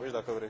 Vieš, ako hovorí.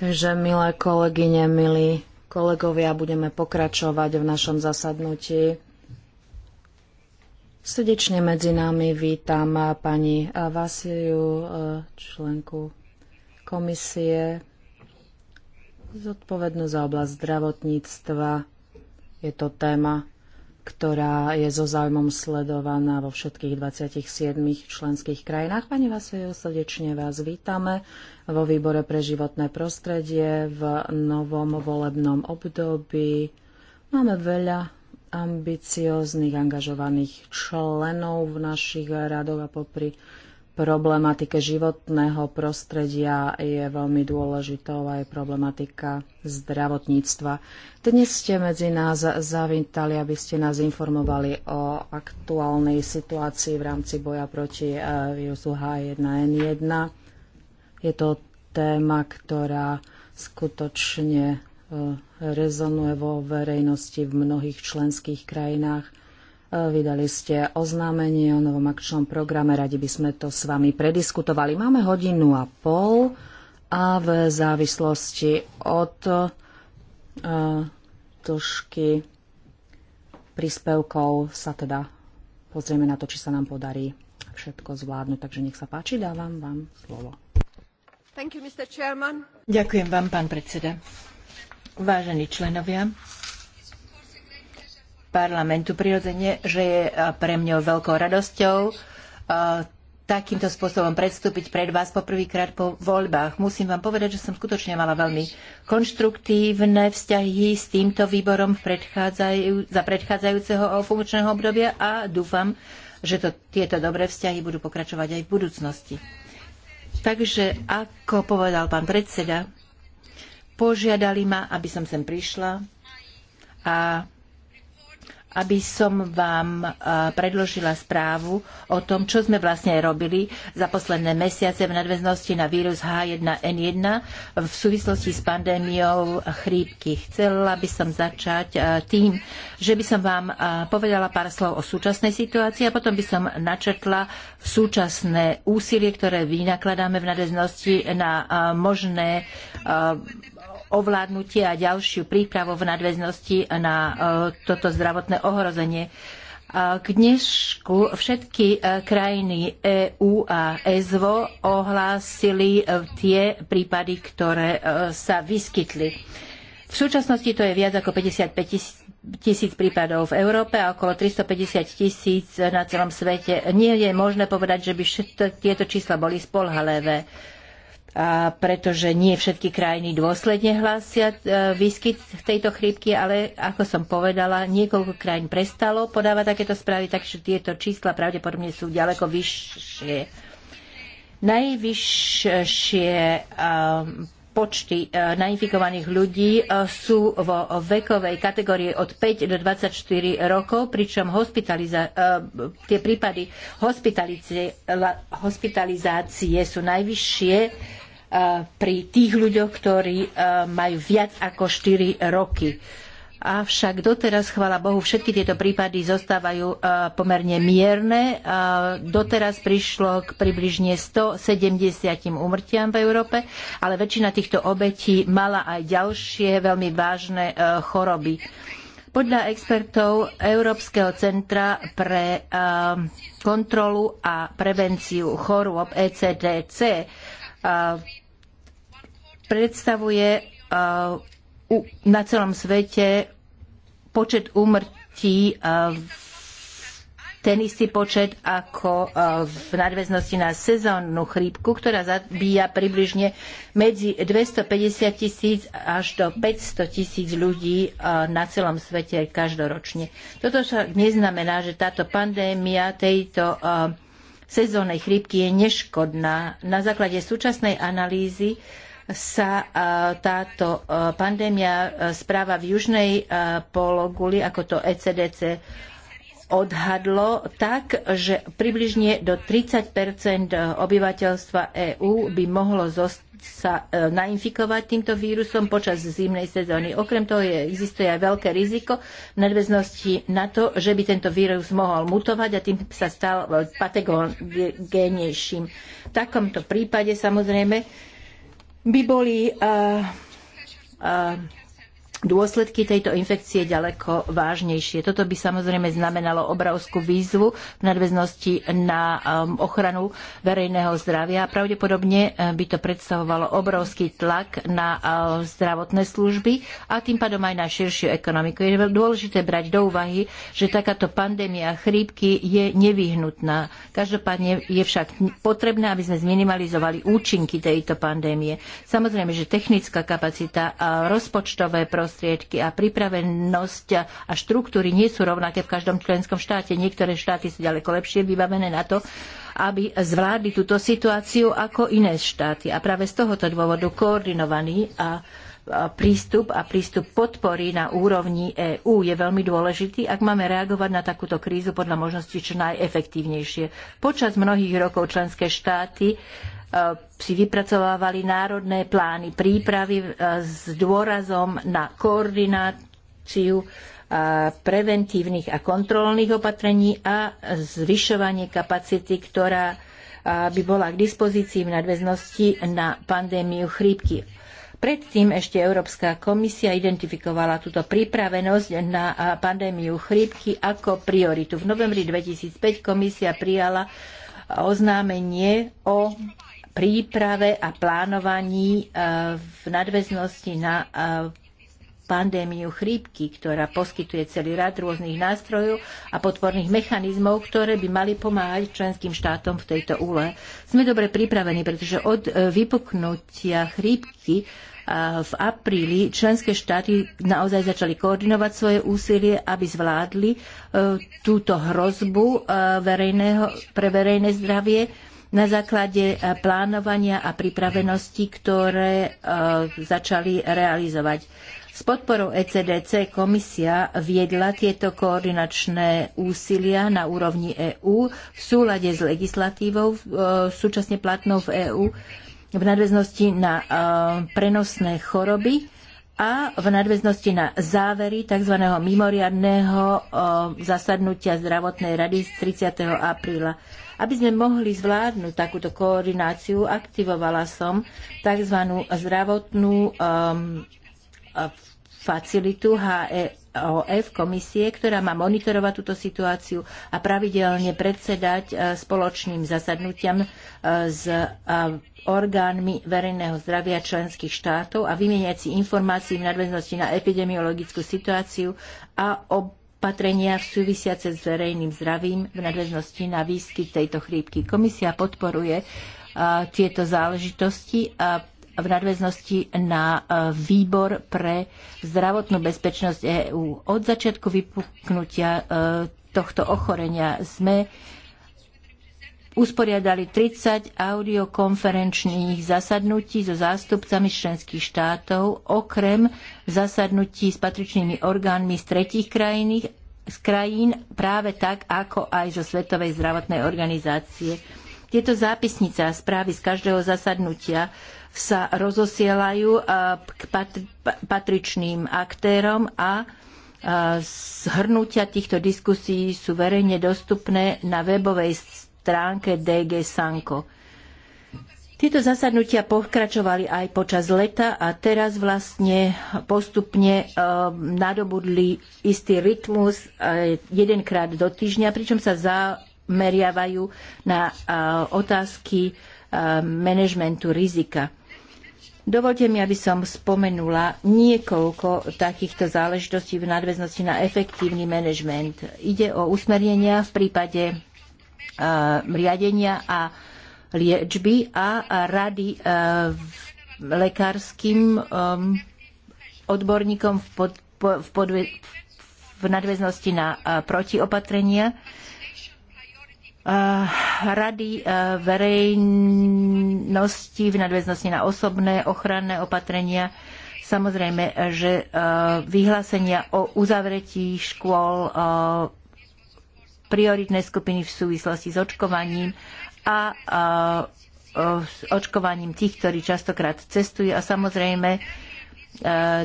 Takže, milé kolegyne, milí kolegovia, budeme pokračovať v našom zasadnutí. Srdečne medzi nami vítam pani Vasiliu, členku komisie, zodpovednú za oblasť zdravotníctva. Je to téma ktorá je so záujmom sledovaná vo všetkých 27 členských krajinách. Pani Vasejo, srdečne vás vítame vo výbore pre životné prostredie v novom volebnom období. Máme veľa ambicióznych, angažovaných členov v našich radoch a popri problematike životného prostredia je veľmi dôležitou aj problematika zdravotníctva. Dnes ste medzi nás zavítali, aby ste nás informovali o aktuálnej situácii v rámci boja proti eh, vírusu H1N1. Je to téma, ktorá skutočne eh, rezonuje vo verejnosti v mnohých členských krajinách Eh, vydali ste oznámenie o novom akčnom programe, radi by sme to s vami prediskutovali. Máme hodinu a pol a v závislosti od eh, dĺžky príspevkov sa teda pozrieme na to, či sa nám podarí všetko zvládnuť. Takže nech sa páči, dávam vám slovo. You, Ďakujem vám, pán predseda. Vážení členovia, parlamentu. Prirodzene, že je pre mňa veľkou radosťou takýmto spôsobom predstúpiť pred vás poprvýkrát po voľbách. Musím vám povedať, že som skutočne mala veľmi konštruktívne vzťahy s týmto výborom predchádzajú, za predchádzajúceho funkčného obdobia a dúfam, že to, tieto dobré vzťahy budú pokračovať aj v budúcnosti. Takže, ako povedal pán predseda, požiadali ma, aby som sem prišla a aby som vám e, predložila správu o tom, čo sme vlastne robili za posledné mesiace v nadväznosti na vírus H1N1 v súvislosti s pandémiou chrípky. Chcela by som začať e, tým, že by som vám e, povedala pár slov o súčasnej situácii a potom by som načetla súčasné úsilie, ktoré vynakladáme v nadväznosti na možné ovládnutie a ďalšiu prípravu v nadväznosti na e, toto zdravotné ohrozenie. E, k dnešku všetky e, krajiny EU a EZVO ohlásili tie prípady, ktoré sa vyskytli. V súčasnosti to je viac ako 55 tisíc prípadov v Európe a okolo 350 tisíc na celom svete. Nie je možné povedať, že by tieto čísla boli spolhalévé pretože nie všetky krajiny dôsledne hlásia e, výskyt tejto chrípky, ale ako som povedala, niekoľko krajín prestalo podávať takéto správy, takže tieto čísla pravdepodobne sú ďaleko vyššie. Najvyššie e, počty e, nainfikovaných ľudí sú vo vekovej kategórii od 5 do 24 rokov, pričom tie prípady hospitalizácie sú najvyššie Eh, pri tých ľuďoch, ktorí eh, majú viac ako 4 roky. Avšak doteraz, chvála Bohu, všetky tieto prípady zostávajú eh, pomerne mierne. Doteraz prišlo k približne 170 úmrtiam v Európe, ale väčšina týchto obetí mala aj ďalšie veľmi vážne choroby. Podľa expertov Európskeho centra pre kontrolu a prevenciu chorôb ECDC predstavuje na celom svete počet úmrtí ten istý počet ako v nadväznosti na sezónnu chrípku, ktorá zabíja približne medzi 250 tisíc až do 500 tisíc ľudí na celom svete každoročne. Toto však neznamená, že táto pandémia tejto sezónnej chrípky je neškodná. Na základe súčasnej analýzy sa e, táto e, pandémia e, správa v južnej pologuli, ako to ECDC odhadlo tak, že približne do 30 obyvateľstva EÚ by mohlo sa e, nainfikovať týmto vírusom počas zimnej sezóny. Okrem toho je, existuje aj veľké riziko v nadväznosti na to, že by tento vírus mohol mutovať a tým sa stal e, patogénejším. V takomto prípade samozrejme by boli uh, uh, dôsledky tejto infekcie ďaleko vážnejšie. Toto by samozrejme znamenalo obrovskú výzvu v nadväznosti na um, ochranu verejného zdravia. Pravdepodobne eh, by to predstavovalo obrovský tlak na eh, zdravotné služby a tým pádom aj na širšiu ekonomiku. Je dôležité brať do úvahy, že takáto pandémia chrípky je nevyhnutná. Každopádne je však potrebné, aby sme zminimalizovali účinky tejto pandémie. Samozrejme, že technická kapacita a rozpočtové prostredie prostriedky a pripravenosť a štruktúry nie sú rovnaké v každom členskom štáte. Niektoré štáty sú ďaleko lepšie vybavené na to, aby zvládli túto situáciu ako iné štáty. A práve z tohoto dôvodu koordinovaný a prístup a prístup podpory na úrovni EÚ je veľmi dôležitý, ak máme reagovať na takúto krízu podľa možností čo najefektívnejšie. Počas mnohých rokov členské štáty si vypracovávali národné plány prípravy e, s dôrazom na koordináciu e, preventívnych a kontrolných opatrení a zvyšovanie kapacity, ktorá e, by bola k dispozícii v nadväznosti na pandémiu chrípky. Predtým ešte Európska komisia identifikovala túto pripravenosť na pandémiu chrípky ako prioritu. V novembri 2005 komisia prijala oznámenie o príprave a plánovaní e, v nadväznosti na e, pandémiu chrípky, ktorá poskytuje celý rad rôznych nástrojov a podporných mechanizmov, ktoré by mali pomáhať členským štátom v tejto úle. Sme dobre pripravení, pretože od e, vypuknutia chrípky v apríli členské štáty naozaj začali koordinovať svoje úsilie, aby zvládli túto hrozbu verejného, pre verejné zdravie na základe eh, plánovania a pripravenosti, ktoré eh, začali realizovať. S podporou ECDC komisia viedla tieto koordinačné úsilia na úrovni EÚ v súlade s legislatívou eh, súčasne platnou v EÚ v nadväznosti na prenosné choroby a v nadväznosti na závery tzv. mimoriadného zasadnutia zdravotnej rady z 30. apríla aby sme mohli zvládnuť takúto koordináciu, aktivovala som tzv. zdravotnú um, facilitu HEOF komisie, ktorá má monitorovať túto situáciu a pravidelne predsedať e, spoločným zasadnutiam e, s e, orgánmi verejného zdravia členských štátov a vymieňať si informácií v nadväznosti na epidemiologickú situáciu a o v súvisiace s verejným zdravím v nadväznosti na výskyt tejto chrípky. Komisia podporuje tieto záležitosti a v nadväznosti na výbor pre zdravotnú bezpečnosť EÚ. Od začiatku vypuknutia e, tohto ochorenia sme usporiadali 30 audiokonferenčných zasadnutí so zástupcami členských štátov, okrem zasadnutí s patričnými orgánmi z tretích krajín, z krajín práve tak, ako aj zo Svetovej zdravotnej organizácie. Tieto zápisnice a správy z každého zasadnutia sa rozosielajú eh, k patričným aktérom a eh, zhrnutia týchto diskusí sú verejne dostupné na webovej stránke DG Sanko. Tieto zasadnutia pokračovali aj počas leta a teraz vlastne postupne eh, nadobudli istý rytmus eh, jedenkrát do týždňa, pričom sa zameriavajú na eh, otázky manažmentu rizika. Dovolte mi, aby som spomenula niekoľko takýchto záležitostí v nadväznosti na efektívny manažment. Ide o usmernenia v prípade Eh, riadenia a liečby a rady eh, lekárským eh, odborníkom v, pod, v, podve, v nadväznosti na protiopatrenia rady verejnosti v nadväznosti na osobné ochranné opatrenia. Samozrejme, že vyhlásenia o uzavretí škôl prioritné skupiny v súvislosti s očkovaním a, s očkovaním tých, ktorí častokrát cestujú a samozrejme e,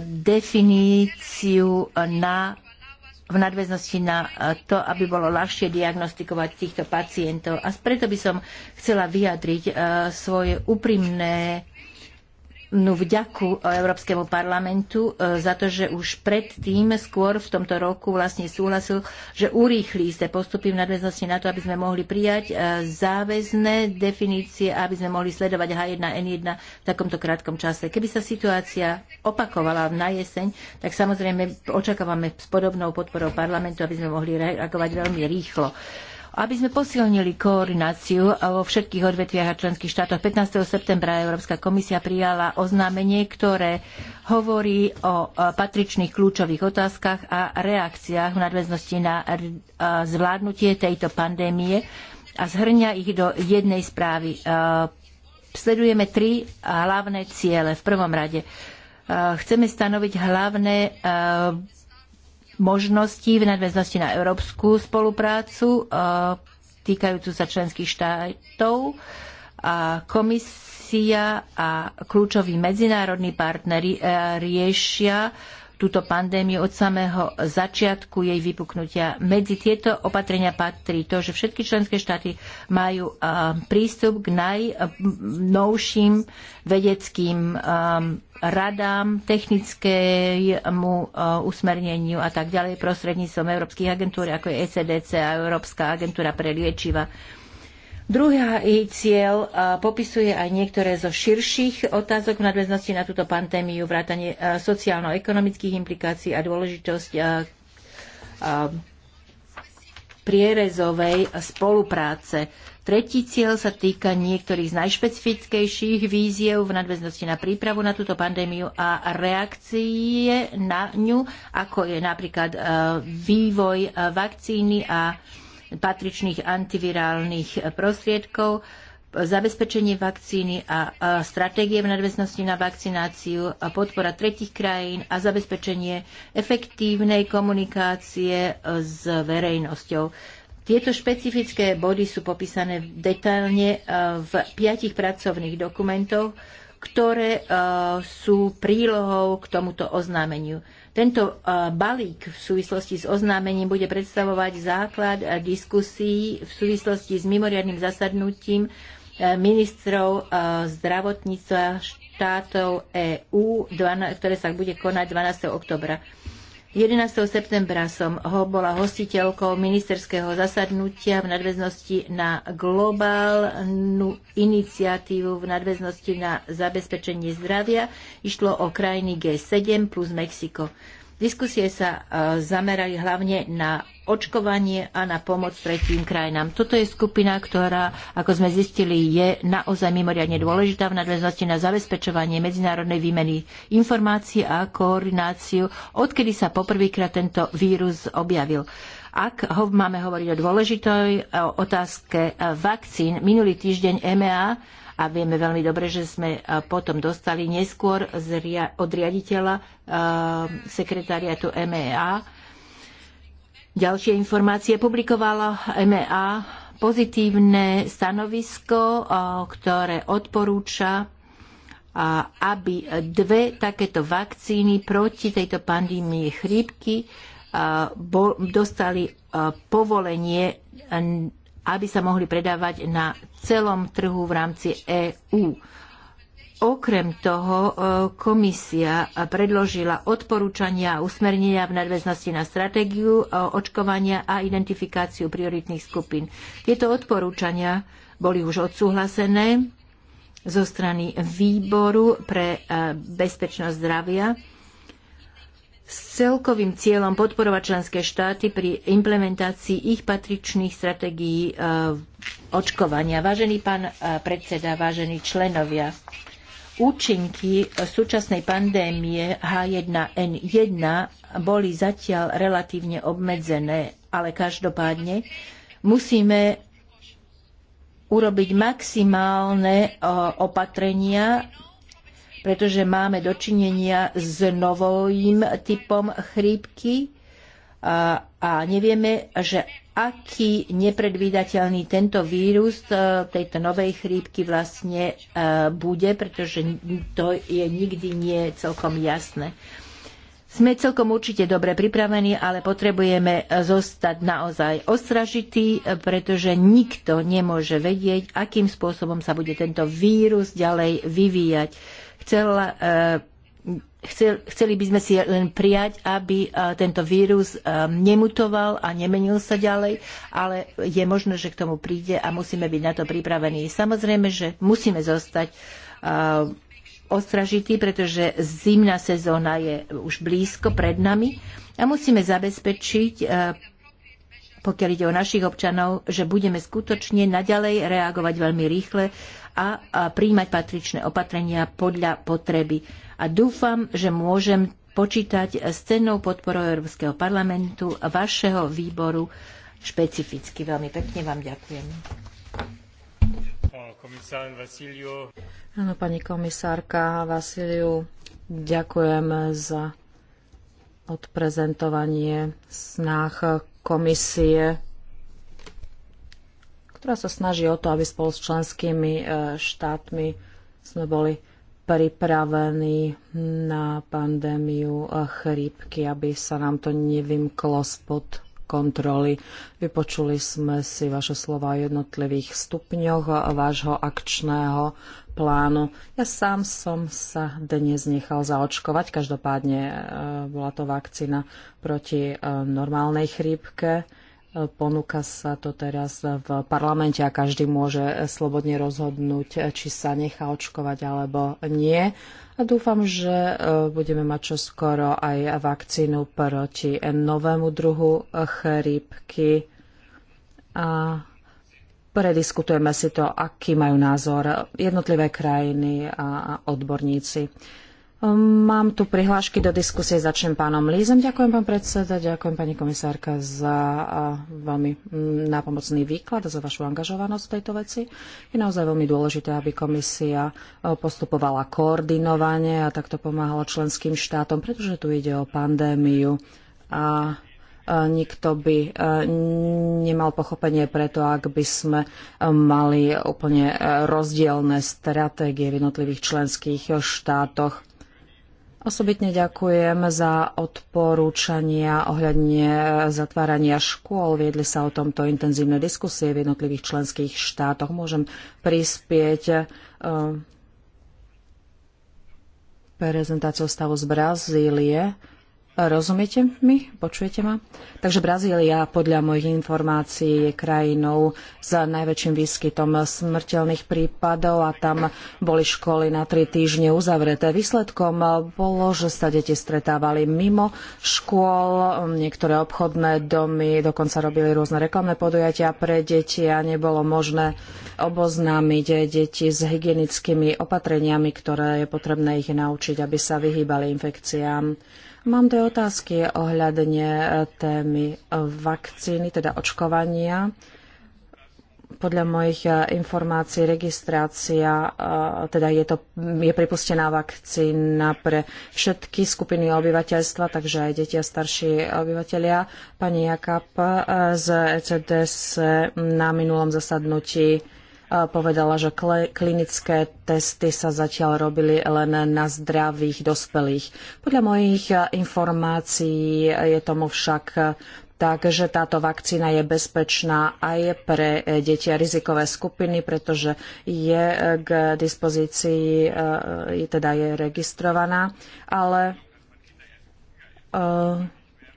definíciu na, v nadväznosti na to, aby bolo ľahšie diagnostikovať týchto pacientov. A preto by som chcela vyjadriť e, svoje úprimné vďaku e, Európskemu parlamentu e, za to, že už predtým skôr v tomto roku vlastne súhlasil, že urýchli ste postupy v nadväznosti na to, aby sme mohli prijať e, záväzné definície, aby sme mohli sledovať H1N1 v takomto krátkom čase. Keby sa situácia opakovala na jeseň, tak samozrejme očakávame s podobnou podporou parlamentu, aby sme mohli reagovať veľmi rýchlo aby sme posilnili koordináciu vo všetkých odvetviach a členských štátoch. 15. septembra Európska komisia prijala oznámenie, ktoré hovorí o patričných kľúčových otázkach a reakciách v nadväznosti na e, zvládnutie tejto pandémie a zhrňa ich do jednej správy. E, sledujeme tri hlavné ciele. V prvom rade e, chceme stanoviť hlavné možností v nadväznosti na európsku spoluprácu e, týkajúcu sa členských štátov a komisia a kľúčoví medzinárodní partneri e, riešia túto pandémiu od samého začiatku jej vypuknutia. Medzi tieto opatrenia patrí to, že všetky členské štáty majú prístup k najnovším vedeckým radám, technickému usmerneniu a tak ďalej prostredníctvom európskych agentúr, ako je ECDC a Európska agentúra pre liečiva Druhý cieľ popisuje aj niektoré zo širších otázok v nadväznosti na túto pandémiu, vrátanie sociálno-ekonomických implikácií a dôležitosť prierezovej spolupráce. Tretí cieľ sa týka niektorých z najšpecifickejších víziev v nadväznosti na prípravu na túto pandémiu a reakcie na ňu, ako je napríklad vývoj vakcíny a patričných antivirálnych e, prostriedkov, zabezpečenie vakcíny a stratégie v nadväznosti na vakcináciu, a podpora tretich krajín a zabezpečenie efektívnej komunikácie e, s verejnosťou. Tieto špecifické body sú popísané detailne e, v piatich pracovných dokumentoch, ktoré sú prílohou k tomuto oznámeniu. Tento e, balík v súvislosti s oznámením bude predstavovať základ e, diskusí v súvislosti s mimoriadným zasadnutím e, ministrov zdravotníctva štátov EÚ, ktoré sa bude konať 12. oktobra. 11. septembra som ho bola hostiteľkou ministerského zasadnutia v nadväznosti na globálnu iniciatívu v nadväznosti na zabezpečenie zdravia. Išlo o krajiny G7 plus Mexiko. Diskusie sa e, zamerali hlavne na očkovanie a na pomoc tretím krajinám. Toto je skupina, ktorá, ako sme zistili, je naozaj mimoriadne dôležitá v nadväznosti na zabezpečovanie medzinárodnej výmeny informácií a koordináciu, odkedy sa poprvýkrát tento vírus objavil. Ak ho máme hovoriť o dôležitej otázke e, vakcín, minulý týždeň EMEA a vieme veľmi dobre, že sme e, potom dostali neskôr od riaditeľa e, sekretariatu MEA ďalšie informácie. Publikovala e MEA pozitívne stanovisko, ktoré odporúča aby dve takéto vakcíny proti tejto pandémii chrípky dostali povolenie aby sa mohli predávať na celom trhu v rámci EÚ. Okrem toho e, komisia predložila odporúčania a usmernenia v nadväznosti na stratégiu e, očkovania a identifikáciu prioritných skupín. Tieto odporúčania boli už odsúhlasené zo strany Výboru pre e, bezpečnosť zdravia s celkovým cieľom podporovať členské štáty pri implementácii ich patričných stratégií e, očkovania. Vážený pán e, predseda, vážení členovia, účinky súčasnej pandémie H1N1 boli zatiaľ relatívne obmedzené, ale každopádne musíme urobiť maximálne e, opatrenia pretože máme dočinenia s novým typom chrípky a, a nevieme, že aký nepredvídateľný tento vírus e, tejto novej chrípky vlastne e, bude, pretože to je nikdy nie celkom jasné. Sme celkom určite dobre pripravení, ale potrebujeme zostať naozaj ostražití, pretože nikto nemôže vedieť, akým spôsobom sa bude tento vírus ďalej vyvíjať E, chcel, chceli by sme si len prijať, aby e, tento vírus e, nemutoval a nemenil sa ďalej, ale je možné, že k tomu príde a musíme byť na to pripravení. Samozrejme, že musíme zostať ostražitý, pretože zimná sezóna je už blízko pred nami a musíme zabezpečiť, pokiaľ ide o našich občanov, že budeme skutočne naďalej reagovať veľmi rýchle a, a príjmať patričné opatrenia podľa potreby. A dúfam, že môžem počítať s cennou podporou Európskeho parlamentu, vašeho výboru špecificky. Veľmi pekne vám ďakujem. Áno, pani komisárka Vasiliu, ďakujem za odprezentovanie snách komisie ktorá sa snaží o to, aby spolu s členskými e, štátmi sme boli pripravení na pandémiu e, chrípky, aby sa nám to nevymklo spod kontroly. Vypočuli sme si vaše slova o jednotlivých stupňoch vášho akčného plánu. Ja sám som sa dnes nechal zaočkovať, každopádne e, bola to vakcína proti normálnej chrípke Ponúka sa to teraz v parlamente a každý môže slobodne rozhodnúť, či sa nechá očkovať alebo nie. A dúfam, že e, budeme mať čoskoro aj vakcínu proti novému druhu chrípky. A prediskutujeme si to, aký majú názor jednotlivé krajiny a odborníci. Ehm, mám tu prihlášky do diskusie. Začnem pánom Lízem. Ďakujem, pán predseda. Ďakujem, pani komisárka, za veľmi mm, nápomocný výklad a za vašu angažovanosť v tejto veci. Je naozaj veľmi dôležité, aby komisia e, postupovala koordinovane a takto pomáhala členským štátom, pretože tu ide o pandémiu a e, nikto by e, nemal pochopenie preto, ak by sme mali úplne rozdielne stratégie v jednotlivých členských štátoch Osobitne ďakujem za odporúčania ohľadne zatvárania škôl. Viedli sa o tomto intenzívne diskusie v jednotlivých členských štátoch. Môžem prispieť eh, prezentáciou stavu z Brazílie Rozumiete mi? Počujete ma? Takže Brazília podľa mojich informácií je krajinou s najväčším výskytom smrteľných prípadov a tam boli školy na tri týždne uzavreté. Výsledkom bolo, že sa deti stretávali mimo škôl, niektoré obchodné domy dokonca robili rôzne reklamné podujatia pre deti a nebolo možné oboznámiť deti s hygienickými opatreniami, ktoré je potrebné ich naučiť, aby sa vyhýbali infekciám. Mám dve otázky ohľadne e, témy e, vakcíny, teda očkovania. Podľa mojich e, informácií registrácia, teda je, to, je pripustená vakcína pre všetky skupiny obyvateľstva, takže aj deti a starší obyvateľia. Pani Jakab z ECDS na minulom zasadnutí povedala, že klinické testy sa zatiaľ robili len na zdravých dospelých. Podľa mojich informácií je tomu však tak, že táto vakcína je bezpečná aj pre deti a rizikové skupiny, pretože je k dispozícii, e, e, teda je registrovaná, ale e,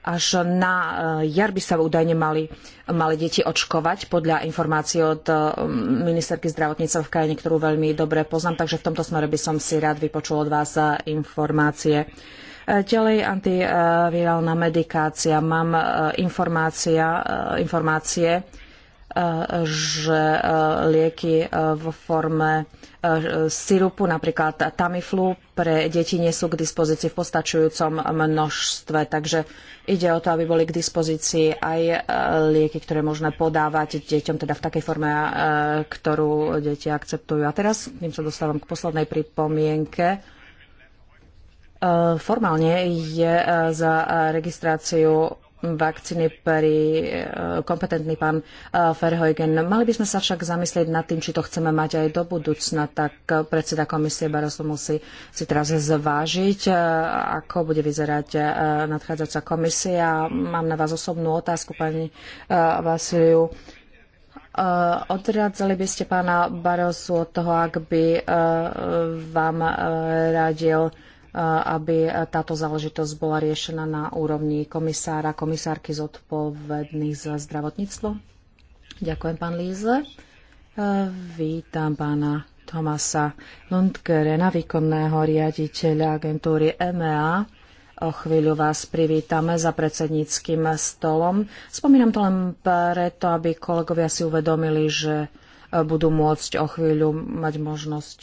až na e, jar by sa údajne mali, mali deti očkovať podľa informácií od e, ministerky zdravotníctva v krajine, ktorú veľmi dobre poznám, takže v tomto smere by som si rád vypočul od vás e, informácie. Ďalej antivirálna medikácia. Mám informácia, informácie, že lieky vo forme Eh, sirupu, napríklad Tamiflu, pre deti nie sú k dispozícii v postačujúcom množstve, takže ide o to, aby boli k dispozícii aj eh, lieky, ktoré možné podávať deťom teda v takej forme, eh, ktorú deti akceptujú. A teraz, tým sa dostávam k poslednej pripomienke, formálne je za registráciu vakcíny pri e, kompetentný pán Verheugen. E, Mali by sme sa však zamyslieť nad tým, či to chceme mať aj do budúcna, tak e, predseda komisie Barroso musí si teraz zvážiť, ako bude vyzerať nadchádzajúca komisia. Mám na vás osobnú otázku, pani Vasiliu. Odradzali by ste pána Barrosu od toho, ak by vám radil aby táto záležitosť bola riešená na úrovni komisára, komisárky zodpovedných za zdravotníctvo. Ďakujem, pán Líze. E, vítam pána Tomasa Lundkerena, výkonného riaditeľa agentúry EMEA. O chvíľu vás privítame za predsedníckým stolom. Spomínam to len preto, aby kolegovia si uvedomili, že e, budú môcť o chvíľu mať možnosť,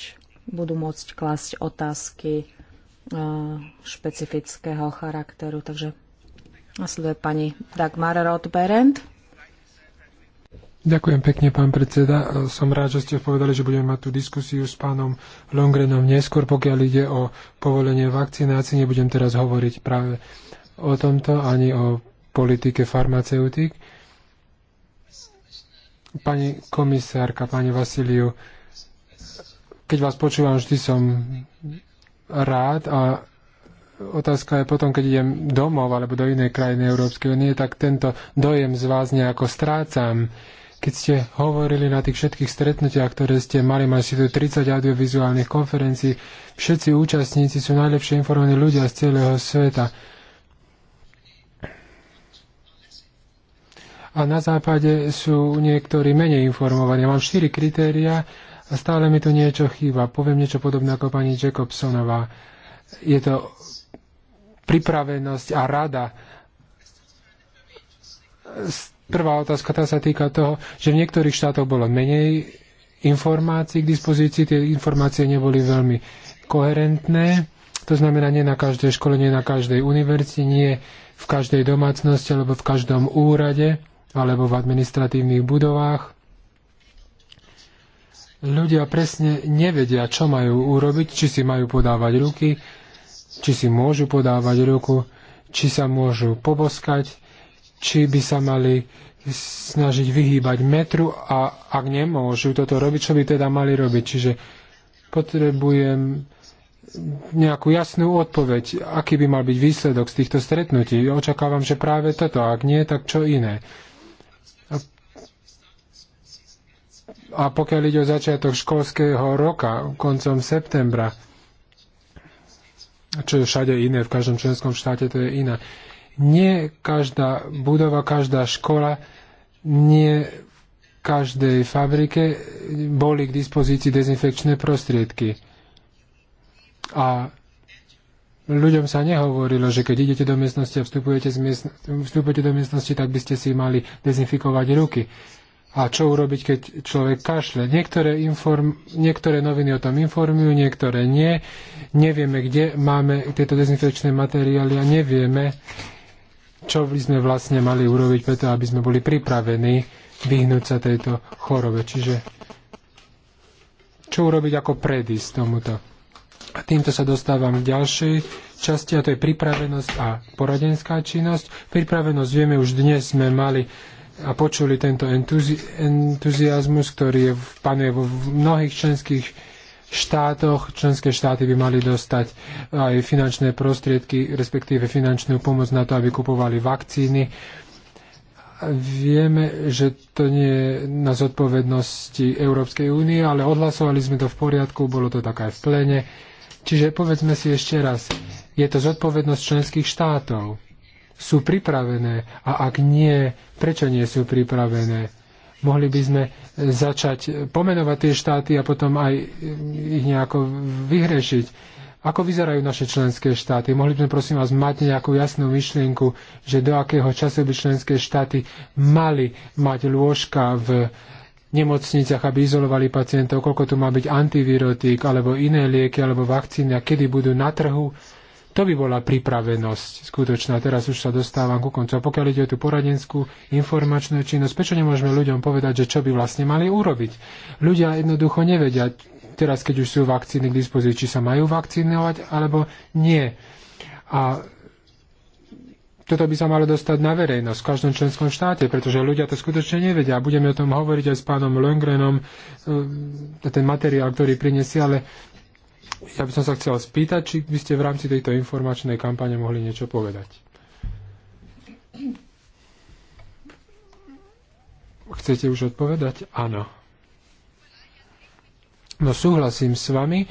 budú môcť klásť otázky E, špecifického charakteru. Takže nasleduje pani Dagmar Rothberend. Ďakujem pekne, pán predseda. E, som rád, že ste povedali, že budeme mať tú diskusiu s pánom Longrenom neskôr, pokiaľ ide o povolenie vakcinácií. Nebudem teraz hovoriť práve o tomto, ani o politike farmaceutík. Pani komisárka, pani Vasiliu, keď vás počúvam, vždy som rád a otázka je potom, keď idem domov alebo do inej krajiny Európskej únie, tak tento dojem z vás nejako strácam. Keď ste hovorili na tých všetkých stretnutiach, ktoré ste mali, mali si tu 30 audiovizuálnych konferencií, všetci účastníci sú najlepšie informovaní ľudia z celého sveta. A na západe sú niektorí menej informovaní. Mám štyri kritéria a stále mi to niečo chýba. Poviem niečo podobné ako pani Jacobsonová. Je to pripravenosť a rada. Prvá otázka tá sa týka toho, že v niektorých štátoch bolo menej informácií k dispozícii, tie informácie neboli veľmi koherentné. To znamená, nie na každej škole, nie na každej univerzite, nie v každej domácnosti alebo v každom úrade alebo v administratívnych budovách ľudia presne nevedia, čo majú urobiť, či si majú podávať ruky, či si môžu podávať ruku, či sa môžu poboskať, či by sa mali snažiť vyhýbať metru a ak nemôžu toto robiť, čo by teda mali robiť. Čiže potrebujem nejakú jasnú odpoveď, aký by mal byť výsledok z týchto stretnutí. Očakávam, že práve toto, ak nie, tak čo iné. A pokiaľ ide o začiatok školského roka, koncom septembra, čo je všade iné, v každom členskom štáte to je iné. Nie každá budova, každá škola, nie v každej fabrike boli k dispozícii dezinfekčné prostriedky. A ľuďom sa nehovorilo, že keď idete do miestnosti a vstupujete, miestn- vstupujete do miestnosti, tak by ste si mali dezinfikovať ruky. A čo urobiť, keď človek kašle? Niektoré, inform, niektoré noviny o tom informujú, niektoré nie. Nevieme, kde máme tieto dezinfekčné materiály a nevieme, čo by sme vlastne mali urobiť preto, aby sme boli pripravení vyhnúť sa tejto chorobe. Čiže čo urobiť ako predísť tomuto. A týmto sa dostávam k ďalšej časti, a to je pripravenosť a poradenská činnosť. Pripravenosť vieme, už dnes sme mali a počuli tento entuzi- entuziasmus, ktorý je v, panuje v mnohých členských štátoch. Členské štáty by mali dostať aj finančné prostriedky, respektíve finančnú pomoc na to, aby kupovali vakcíny. Vieme, že to nie je na zodpovednosti Európskej únie, ale odhlasovali sme to v poriadku, bolo to tak aj v plene. Čiže povedzme si ešte raz, je to zodpovednosť členských štátov sú pripravené a ak nie, prečo nie sú pripravené. Mohli by sme e, začať pomenovať tie štáty a potom aj e, ich nejako vyhrešiť. Ako vyzerajú naše členské štáty? Mohli by sme prosím vás mať nejakú jasnú myšlienku, že do akého času by členské štáty mali mať lôžka v nemocniciach, aby izolovali pacientov, koľko tu má byť antivirotík, alebo iné lieky, alebo vakcíny a kedy budú na trhu to by bola pripravenosť skutočná. Teraz už sa dostávam ku koncu. A pokiaľ ide o tú poradenskú informačnú činnosť, prečo nemôžeme ľuďom povedať, že čo by vlastne mali urobiť? Ľudia jednoducho nevedia, teraz keď už sú vakcíny k dispozícii, či sa majú vakcinovať alebo nie. A toto by sa malo dostať na verejnosť v každom členskom štáte, pretože ľudia to skutočne nevedia. Budeme o tom hovoriť aj s pánom Lengrenom, e, ten materiál, ktorý prinesie, ale ja by som sa chcel spýtať, či by ste v rámci tejto informačnej kampane mohli niečo povedať. Chcete už odpovedať? Áno. No súhlasím s vami,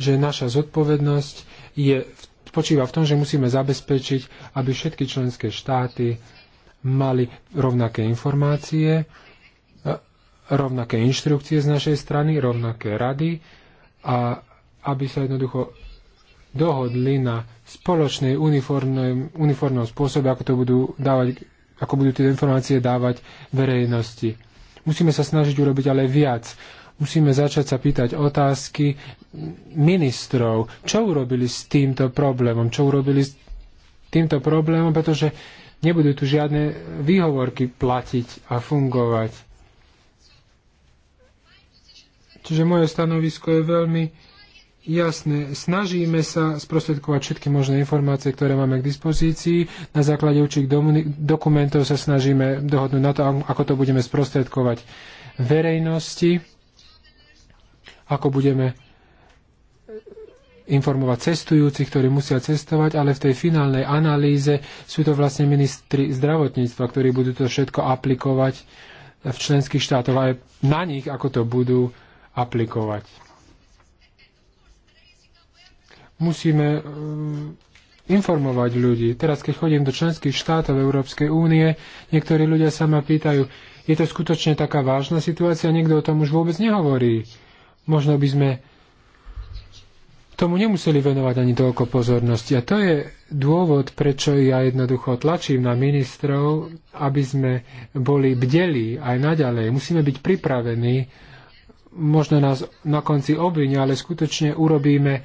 že naša zodpovednosť je, spočíva v tom, že musíme zabezpečiť, aby všetky členské štáty mali rovnaké informácie, rovnaké inštrukcie z našej strany, rovnaké rady a aby sa jednoducho dohodli na spoločnej uniformnom spôsobe, ako to budú dávať, ako budú tie informácie dávať verejnosti. Musíme sa snažiť urobiť ale viac. Musíme začať sa pýtať otázky ministrov, čo urobili s týmto problémom, čo urobili s týmto problémom, pretože nebudú tu žiadne výhovorky platiť a fungovať. Čiže moje stanovisko je veľmi Jasné, snažíme sa sprostredkovať všetky možné informácie, ktoré máme k dispozícii. Na základe určitých dokumentov sa snažíme dohodnúť na to, ako to budeme sprostredkovať verejnosti, ako budeme informovať cestujúcich, ktorí musia cestovať, ale v tej finálnej analýze sú to vlastne ministri zdravotníctva, ktorí budú to všetko aplikovať v členských štátoch, aj na nich, ako to budú aplikovať musíme um, informovať ľudí. Teraz, keď chodím do členských štátov Európskej únie, niektorí ľudia sa ma pýtajú, je to skutočne taká vážna situácia, niekto o tom už vôbec nehovorí. Možno by sme tomu nemuseli venovať ani toľko pozornosti. A to je dôvod, prečo ja jednoducho tlačím na ministrov, aby sme boli bdeli aj naďalej. Musíme byť pripravení. Možno nás na konci obvinia, ale skutočne urobíme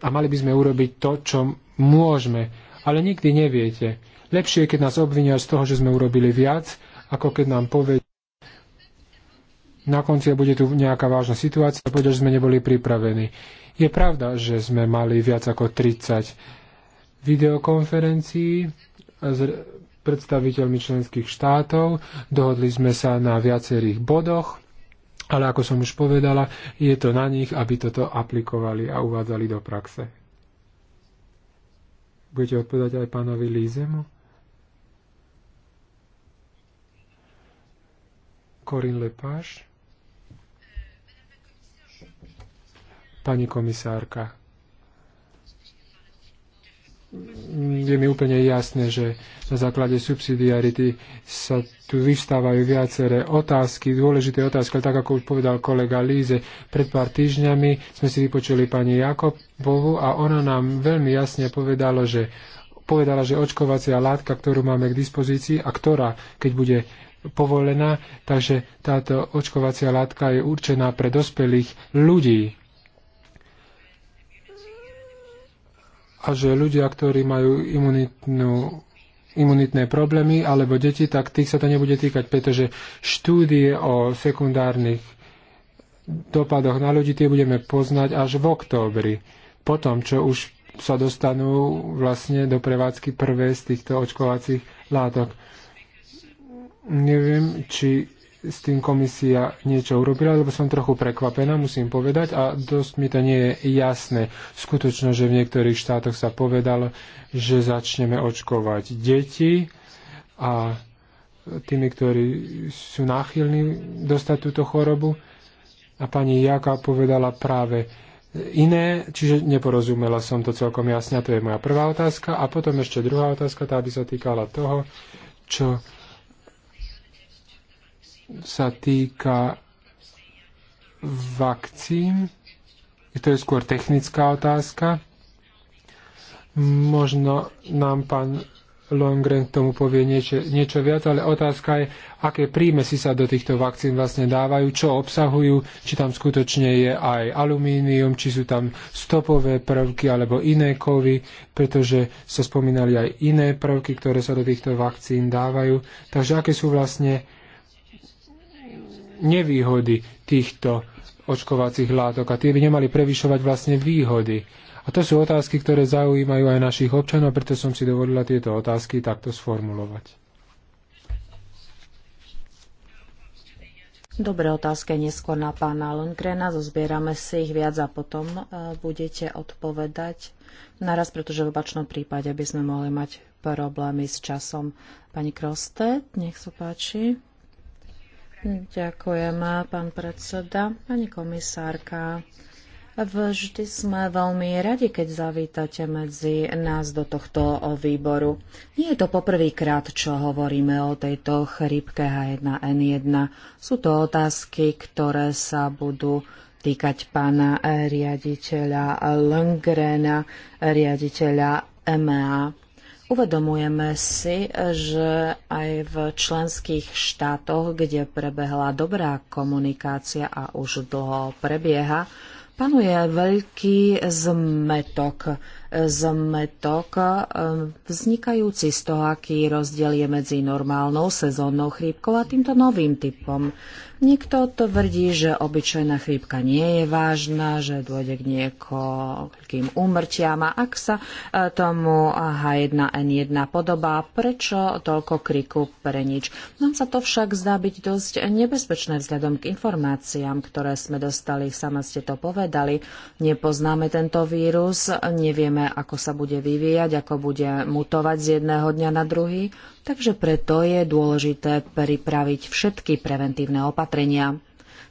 a mali by sme urobiť to, čo môžeme. Ale nikdy neviete. Lepšie je, keď nás obvinia z toho, že sme urobili viac, ako keď nám povedia, na konci bude tu nejaká vážna situácia a povedia, že sme neboli pripravení. Je pravda, že sme mali viac ako 30 videokonferencií s predstaviteľmi členských štátov, dohodli sme sa na viacerých bodoch, ale ako som už povedala, je to na nich, aby toto aplikovali a uvádzali do praxe. Budete odpovedať aj pánovi Lízemu? Corinne Lepage? Pani komisárka, je mi úplne jasné, že na základe subsidiarity sa tu vyvstávajú viaceré otázky, dôležité otázky, ale tak ako už povedal kolega Líze, pred pár týždňami sme si vypočuli pani Jakobovu a ona nám veľmi jasne povedala, že povedala, že očkovacia látka, ktorú máme k dispozícii a ktorá, keď bude povolená, takže táto očkovacia látka je určená pre dospelých ľudí, a že ľudia, ktorí majú imunitnú imunitné problémy alebo deti, tak tých sa to nebude týkať, pretože štúdie o sekundárnych dopadoch na ľudí tie budeme poznať až v októbri, potom čo už sa dostanú vlastne do prevádzky prvé z týchto očkovacích látok. Neviem, či s tým komisia niečo urobila, lebo som trochu prekvapená, musím povedať, a dosť mi to nie je jasné. Skutočno, že v niektorých štátoch sa povedalo, že začneme očkovať deti a tými, ktorí sú náchylní dostať túto chorobu. A pani Jaka povedala práve iné, čiže neporozumela som to celkom jasne, a to je moja prvá otázka. A potom ešte druhá otázka, tá by sa týkala toho, čo sa týka vakcín, to je skôr technická otázka. Možno nám pán Longren k tomu povie niečo, niečo viac, ale otázka je, aké prímesi sa do týchto vakcín vlastne dávajú, čo obsahujú, či tam skutočne je aj alumínium, či sú tam stopové prvky alebo iné kovy, pretože sa spomínali aj iné prvky, ktoré sa do týchto vakcín dávajú. Takže aké sú vlastne nevýhody týchto očkovacích látok a tie by nemali prevyšovať vlastne výhody. A to sú otázky, ktoré zaujímajú aj našich občanov, preto som si dovolila tieto otázky takto sformulovať. Dobré otázky neskôr na pána Lundgrena, zozbierame si ich viac a potom e, budete odpovedať naraz, pretože v opačnom prípade by sme mohli mať problémy s časom. Pani Kroste, nech sa páči. Ďakujem, pán predseda. Pani komisárka, Vždy sme veľmi radi, keď zavítate medzi nás do tohto výboru. Nie je to poprvýkrát, čo hovoríme o tejto chrípke H1N1. Sú to otázky, ktoré sa budú týkať pána riaditeľa Lengrena, riaditeľa EMA. Uvedomujeme si, že aj v členských štátoch, kde prebehla dobrá komunikácia a už dlho prebieha, panuje veľký zmetok zmetok e, vznikajúci z toho, aký rozdiel je medzi normálnou sezónnou chrípkou a týmto novým typom. Niekto tvrdí, že obyčajná chrípka nie je vážna, že dôjde k niekoľkým úmrtiam a ak sa e, tomu H1N1 podobá, prečo toľko kriku pre nič? Nám sa to však zdá byť dosť nebezpečné vzhľadom k informáciám, ktoré sme dostali, sama ste to povedali. Nepoznáme tento vírus, nevieme nevieme, ako sa bude vyvíjať, ako bude mutovať z jedného dňa na druhý, takže preto je dôležité pripraviť všetky preventívne opatrenia.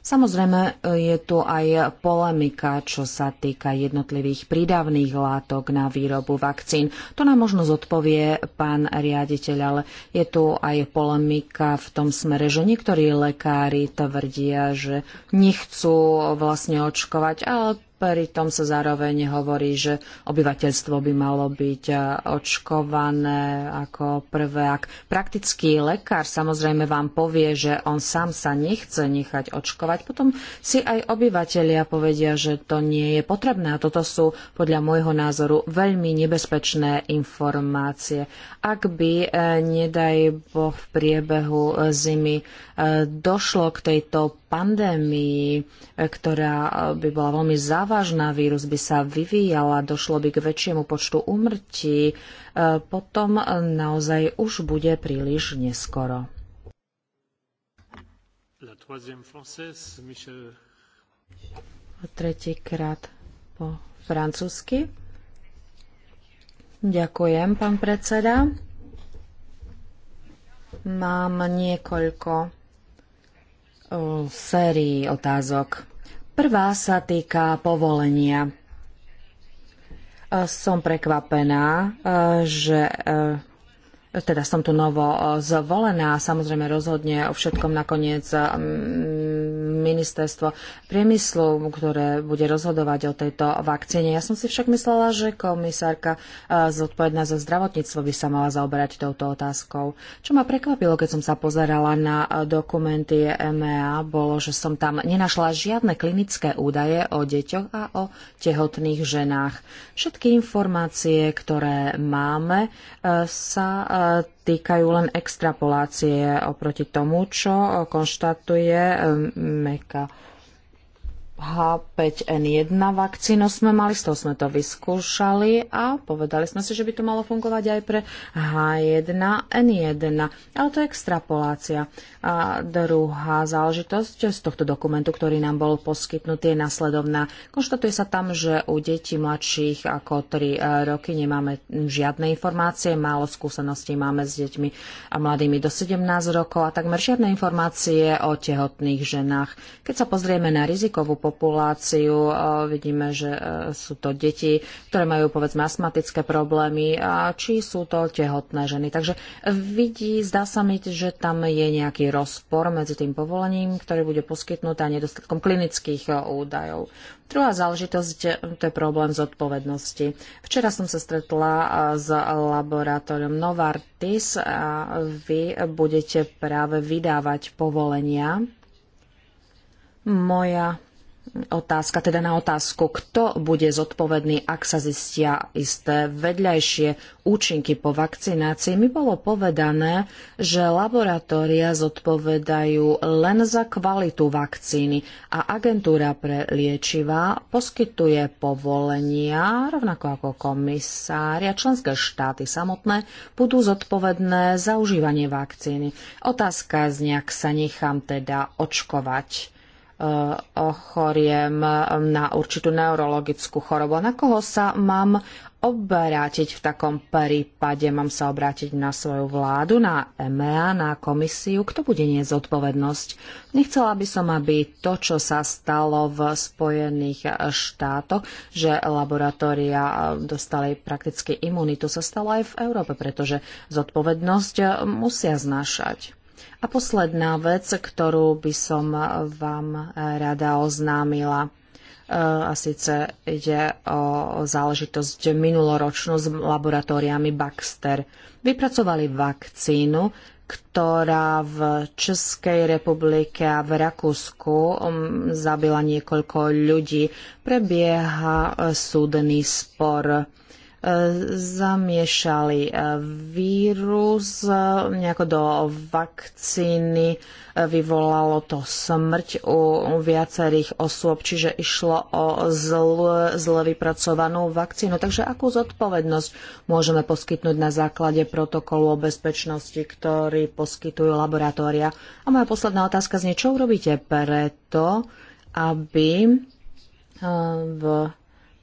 Samozrejme je tu aj polemika, čo sa týka jednotlivých prídavných látok na výrobu vakcín. To nám možno zodpovie pán riaditeľ, ale je tu aj polemika v tom smere, že niektorí lekári tvrdia, že nechcú vlastne očkovať, ale Pritom sa zároveň hovorí, že obyvateľstvo by malo byť eh, očkované ako prvé. Ak praktický lekár samozrejme vám povie, že on sám sa nechce nechať očkovať, potom si aj obyvateľia povedia, že to nie je potrebné. A toto sú podľa môjho názoru veľmi nebezpečné informácie. Ak by, eh, nedaj Boh, v priebehu eh, zimy došlo k tejto pandémii, e, ktorá e, by bola veľmi závažná, vírus by sa vyvíjala, došlo by k väčšiemu počtu úmrtí, e, potom naozaj už bude príliš neskoro. Tretíkrát po francúzsky. Ďakujem, pán predseda. Mám niekoľko sérii otázok. Prvá sa týka povolenia. E, som prekvapená, e, že e, teda som tu novo zvolená a samozrejme rozhodne o všetkom nakoniec ministerstvo priemyslu, ktoré bude rozhodovať o tejto vakcíne. Ja som si však myslela, že komisárka zodpovedná za zdravotníctvo by sa mala zaoberať touto otázkou. Čo ma prekvapilo, keď som sa pozerala na dokumenty e MEA, bolo, že som tam nenašla žiadne klinické údaje o deťoch a o tehotných ženách. Všetky informácie, ktoré máme, sa týkajú len extrapolácie oproti tomu, čo konštatuje ehm, Meka. H5N1 vakcínu sme mali, s tou sme to vyskúšali a povedali sme si, že by to malo fungovať aj pre H1N1. Ale to je extrapolácia. A druhá záležitosť z tohto dokumentu, ktorý nám bol poskytnutý, je nasledovná. Konštatuje sa tam, že u detí mladších ako 3 e, roky nemáme žiadne informácie, málo skúseností máme s deťmi a mladými do 17 rokov a takmer žiadne informácie o tehotných ženách. Keď sa pozrieme na rizikovú populáciu. Vidíme, že e, sú to deti, ktoré majú povedzme astmatické problémy a či sú to tehotné ženy. Takže vidí, zdá sa mi, že tam je nejaký rozpor medzi tým povolením, ktoré bude poskytnuté a nedostatkom klinických e, údajov. Druhá záležitosť, to je problém zodpovednosti. Včera som sa stretla e, s laboratóriom Novartis a vy budete práve vydávať povolenia. Moja otázka, teda na otázku, kto bude zodpovedný, ak sa zistia isté vedľajšie účinky po vakcinácii, mi bolo povedané, že laboratória zodpovedajú len za kvalitu vakcíny a agentúra pre liečivá poskytuje povolenia, rovnako ako komisária, členské štáty samotné budú zodpovedné za užívanie vakcíny. Otázka z nejak sa nechám teda očkovať Eh, ochoriem na určitú neurologickú chorobu. Na koho sa mám obrátiť v takom prípade? Mám sa obrátiť na svoju vládu, na EMEA, na komisiu? Kto bude nie zodpovednosť? Nechcela by som, aby to, čo sa stalo v Spojených štátoch, že laboratória dostali prakticky imunitu, sa stalo aj v Európe, pretože zodpovednosť musia znášať. A posledná vec, ktorú by som vám rada oznámila e, a síce ide o záležitosť minuloročnú s laboratóriami Baxter. Vypracovali vakcínu, ktorá v Českej republike a v Rakúsku zabila niekoľko ľudí. Prebieha súdny spor zamiešali eh, vírus eh, nejako do vakcíny. Eh, vyvolalo to smrť u viacerých osôb, čiže išlo o zl, zle vypracovanú vakcínu. Takže akú zodpovednosť môžeme poskytnúť na základe protokolu o bezpečnosti, ktorý poskytujú laboratória? A moja posledná otázka znie, čo urobíte preto, aby v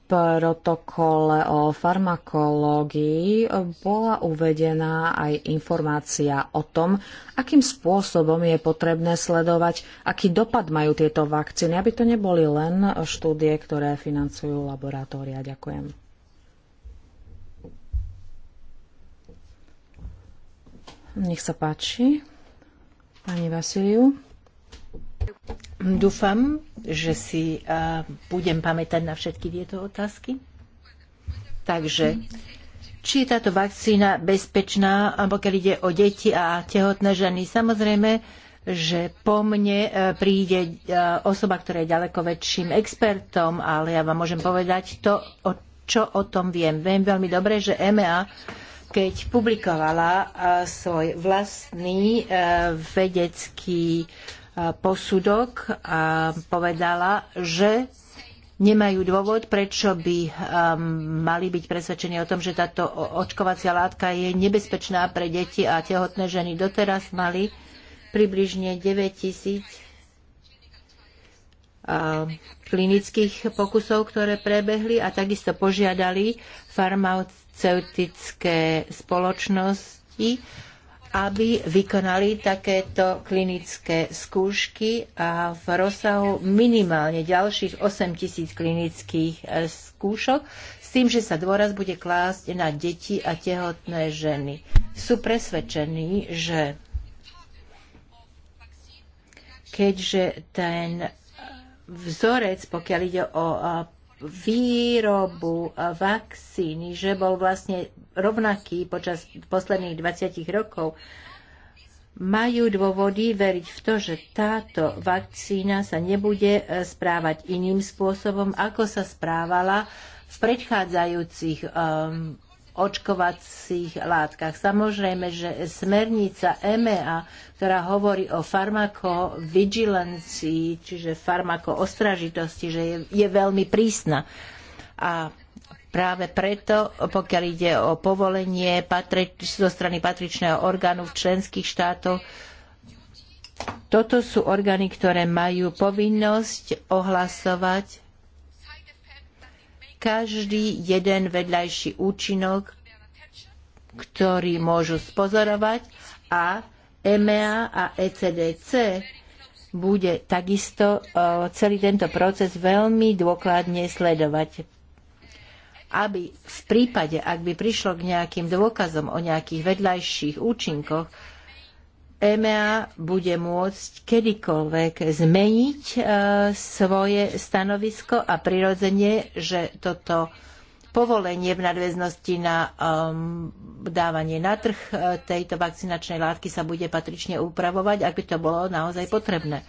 protokole o farmakológii bola uvedená aj informácia o tom, akým spôsobom je potrebné sledovať, aký dopad majú tieto vakcíny, aby to neboli len štúdie, ktoré financujú laboratória. Ďakujem. Nech sa páči, pani Vasiliu. Dúfam, že si budem pamätať na všetky tieto otázky. Takže, či je táto vakcína bezpečná, pokiaľ ide o deti a tehotné ženy? Samozrejme, že po mne e, príde e, osoba, ktorá je ďaleko väčším expertom, ale ja vám môžem povedať to, o čo o tom viem. Viem veľmi dobre, že EMEA, keď publikovala e, svoj vlastný vedecký posudok a povedala, že nemajú dôvod, prečo by mali byť presvedčení o tom, že táto očkovacia látka je nebezpečná pre deti a tehotné ženy. Doteraz mali približne 9 tisíc klinických pokusov, ktoré prebehli a takisto požiadali farmaceutické spoločnosti, aby vykonali takéto klinické skúšky a v rozsahu minimálne ďalších 8 tisíc klinických e, skúšok s tým, že sa dôraz bude klásť na deti a tehotné ženy. Sú presvedčení, že keďže ten vzorec, pokiaľ ide o výrobu vakcíny, že bol vlastne rovnaký počas posledných 20 rokov, majú dôvody veriť v to, že táto vakcína sa nebude e, správať iným spôsobom, ako sa správala v predchádzajúcich um, očkovacích látkach. Samozrejme, že smernica EMEA, ktorá hovorí o farmakovigilancii, čiže farmakoostražitosti, že je, je veľmi prísna. A práve preto, pokiaľ ide o povolenie patri, zo strany patričného orgánu v členských štátoch, toto sú orgány, ktoré majú povinnosť ohlasovať každý jeden vedľajší účinok, ktorý môžu spozorovať a EMEA a ECDC bude takisto e, celý tento proces veľmi dôkladne sledovať. Aby v prípade, ak by prišlo k nejakým dôkazom o nejakých vedľajších účinkoch, EMEA bude môcť kedykoľvek zmeniť e, svoje stanovisko a prirodzene, že toto povolenie v nadväznosti na um, dávanie na trh e, tejto vakcinačnej látky sa bude patrične upravovať, ak by to bolo naozaj potrebné.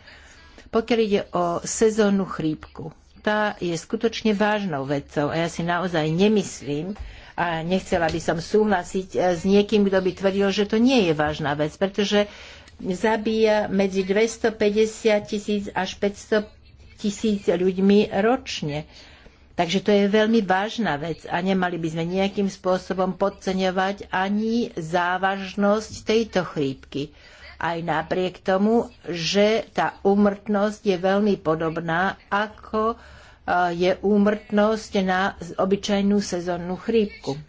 Pokiaľ ide o sezónnu chrípku, tá je skutočne vážnou vecou a ja si naozaj nemyslím, a nechcela by som súhlasiť eh, s niekým, kto by tvrdil, že to nie je vážna vec, pretože zabíja medzi 250 tisíc až 500 tisíc ľuďmi ročne. Takže to je veľmi vážna vec a nemali by sme nejakým spôsobom podceňovať ani závažnosť tejto chrípky. Aj napriek tomu, že tá úmrtnosť je veľmi podobná ako je úmrtnosť na obyčajnú sezónnu chrípku.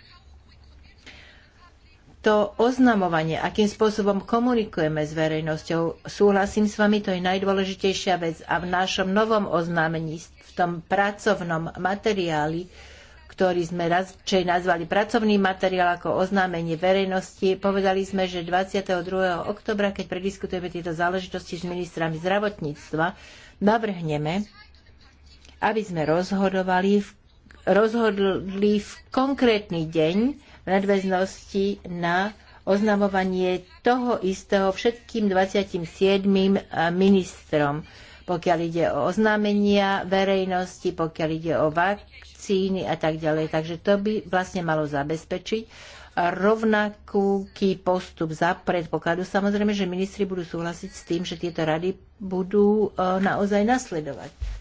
To oznamovanie, akým spôsobom komunikujeme s verejnosťou, súhlasím s vami, to je najdôležitejšia vec. A v našom novom oznámení, v tom pracovnom materiáli, ktorý sme nazvali pracovný materiál ako oznámenie verejnosti. Povedali sme, že 22. oktobra, keď prediskutujeme tieto záležitosti s ministrami zdravotníctva, navrhneme aby sme rozhodovali v, rozhodli v konkrétny deň v nadväznosti na oznamovanie toho istého všetkým 27 eh, ministrom, pokiaľ ide o oznámenia verejnosti, pokiaľ ide o vakcíny a tak ďalej. Takže to by vlastne malo zabezpečiť rovnaký postup za predpokladu. Samozrejme, že ministri budú súhlasiť s tým, že tieto rady budú eh, naozaj nasledovať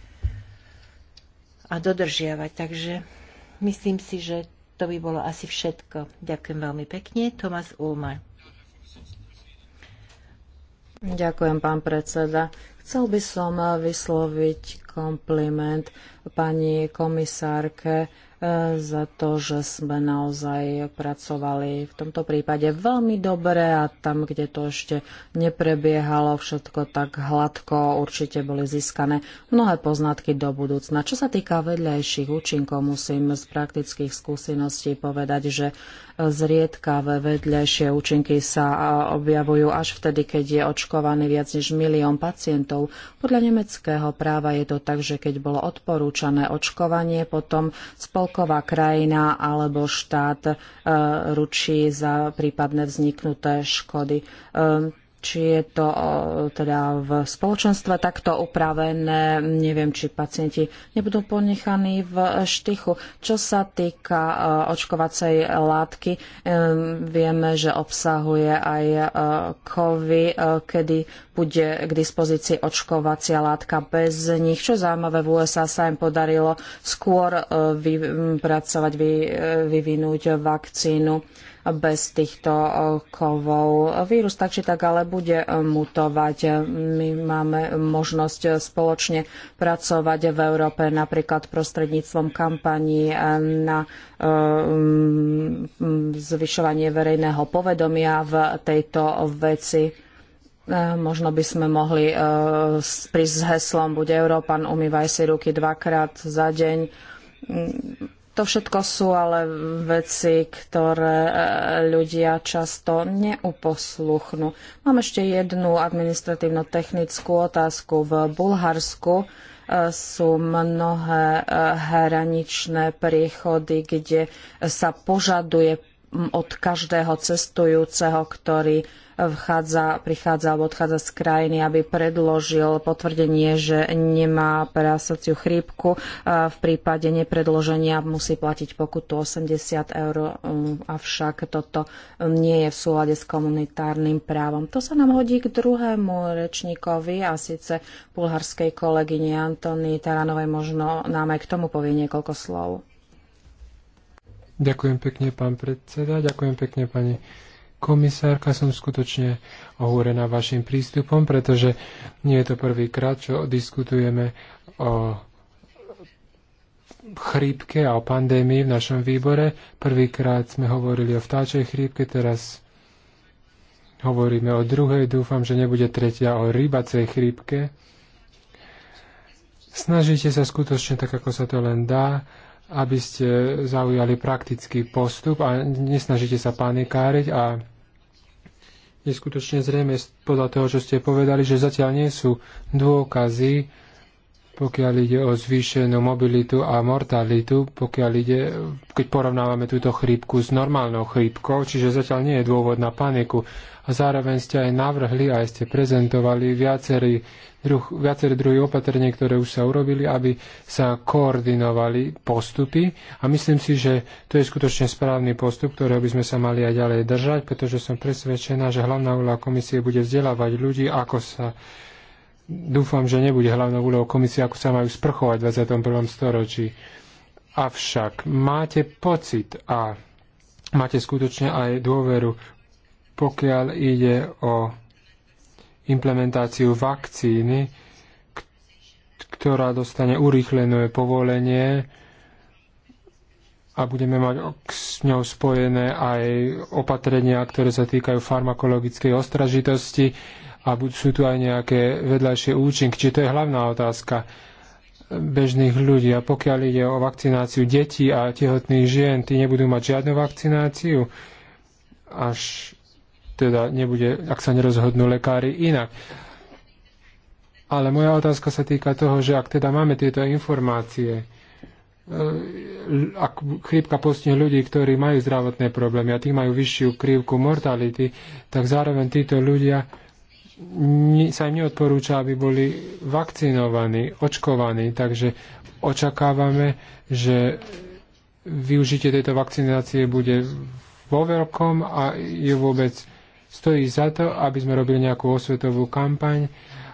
a dodržiavať. Takže myslím si, že to by bolo asi všetko. Ďakujem veľmi pekne. Tomás Ulmar. Ďakujem, pán predseda. Chcel by som vysloviť kompliment pani komisárke za to, že sme naozaj pracovali v tomto prípade veľmi dobre a tam, kde to ešte neprebiehalo všetko tak hladko, určite boli získané mnohé poznatky do budúcna. Čo sa týka vedľajších účinkov, musím z praktických skúseností povedať, že zriedkavé vedľajšie účinky sa objavujú až vtedy, keď je očkovaný viac než milión pacientov. Podľa nemeckého práva je to tak, že keď bolo odporúčané očkovanie, potom spolková krajina alebo štát eh, ručí za prípadne vzniknuté škody eh, či je to e, teda v spoločenstve takto upravené, neviem, či pacienti nebudú ponechaní v štychu. Čo sa týka e, očkovacej látky, e, vieme, že obsahuje aj kovy, kedy bude k dispozícii očkovacia látka bez nich. Čo zaujímavé, v USA sa im podarilo skôr vypracovať, vyvinúť vakcínu bez týchto kovov. Vírus tak či tak ale bude e, mutovať. My máme možnosť spoločne pracovať v Európe napríklad prostredníctvom kampaní e, na e, zvyšovanie verejného povedomia v tejto veci. Možno by sme mohli prísť s heslom Buď Európan, umývaj si ruky dvakrát za deň to všetko sú ale veci, ktoré e, ľudia často neuposluchnú. Mám ešte jednu administratívno-technickú otázku. V Bulharsku e, sú mnohé e, hraničné priechody, kde sa požaduje od každého cestujúceho, ktorý e, vchádza, prichádza alebo odchádza z krajiny, aby predložil potvrdenie, že nemá prasaciu chrípku. E, v prípade nepredloženia musí platiť pokutu 80 eur, avšak toto nie je v súlade s komunitárnym právom. To sa nám hodí k druhému rečníkovi a síce bulharskej kolegyne Antony Taranovej možno nám aj k tomu povie niekoľko slov. Ďakujem pekne, pán predseda, ďakujem pekne, pani komisárka. Som skutočne ohúrená vašim prístupom, pretože nie je to prvýkrát, čo diskutujeme o chrípke a o pandémii v našom výbore. Prvýkrát sme hovorili o vtáčej chrípke, teraz hovoríme o druhej, dúfam, že nebude tretia o rybacej chrípke. Snažíte sa skutočne tak, ako sa to len dá aby ste zaujali praktický postup a nesnažite sa panikáriť a je skutočne zrejme podľa toho, čo ste povedali, že zatiaľ nie sú dôkazy, pokiaľ ide o zvýšenú mobilitu a mortalitu, pokiaľ ide, keď porovnávame túto chrípku s normálnou chrípkou, čiže zatiaľ nie je dôvod na paniku. A zároveň ste aj navrhli, aj ste prezentovali viacerých druh, viaceré druhy opatrenie, ktoré už sa urobili, aby sa koordinovali postupy a myslím si, že to je skutočne správny postup, ktorého by sme sa mali aj ďalej držať, pretože som presvedčená, že hlavná úloha komisie bude vzdelávať ľudí, ako sa dúfam, že nebude hlavnou úlohou komisie, ako sa majú sprchovať v 21. storočí. Avšak máte pocit a máte skutočne aj dôveru, pokiaľ ide o implementáciu vakcíny, ktorá dostane urýchlené povolenie a budeme mať s ňou spojené aj opatrenia, ktoré sa týkajú farmakologickej ostražitosti a sú tu aj nejaké vedľajšie účinky. Čiže to je hlavná otázka bežných ľudí. A pokiaľ ide o vakcináciu detí a tehotných žien, tí nebudú mať žiadnu vakcináciu, až teda nebude, ak sa nerozhodnú lekári inak. Ale moja otázka sa týka toho, že ak teda máme tieto informácie, e, ak chrípka postihne ľudí, ktorí majú zdravotné problémy a tí majú vyššiu krivku mortality, tak zároveň títo ľudia sa im neodporúča, aby boli vakcinovaní, očkovaní. Takže očakávame, že využitie tejto vakcinácie bude vo veľkom a je vôbec stojí za to, aby sme robili nejakú osvetovú kampaň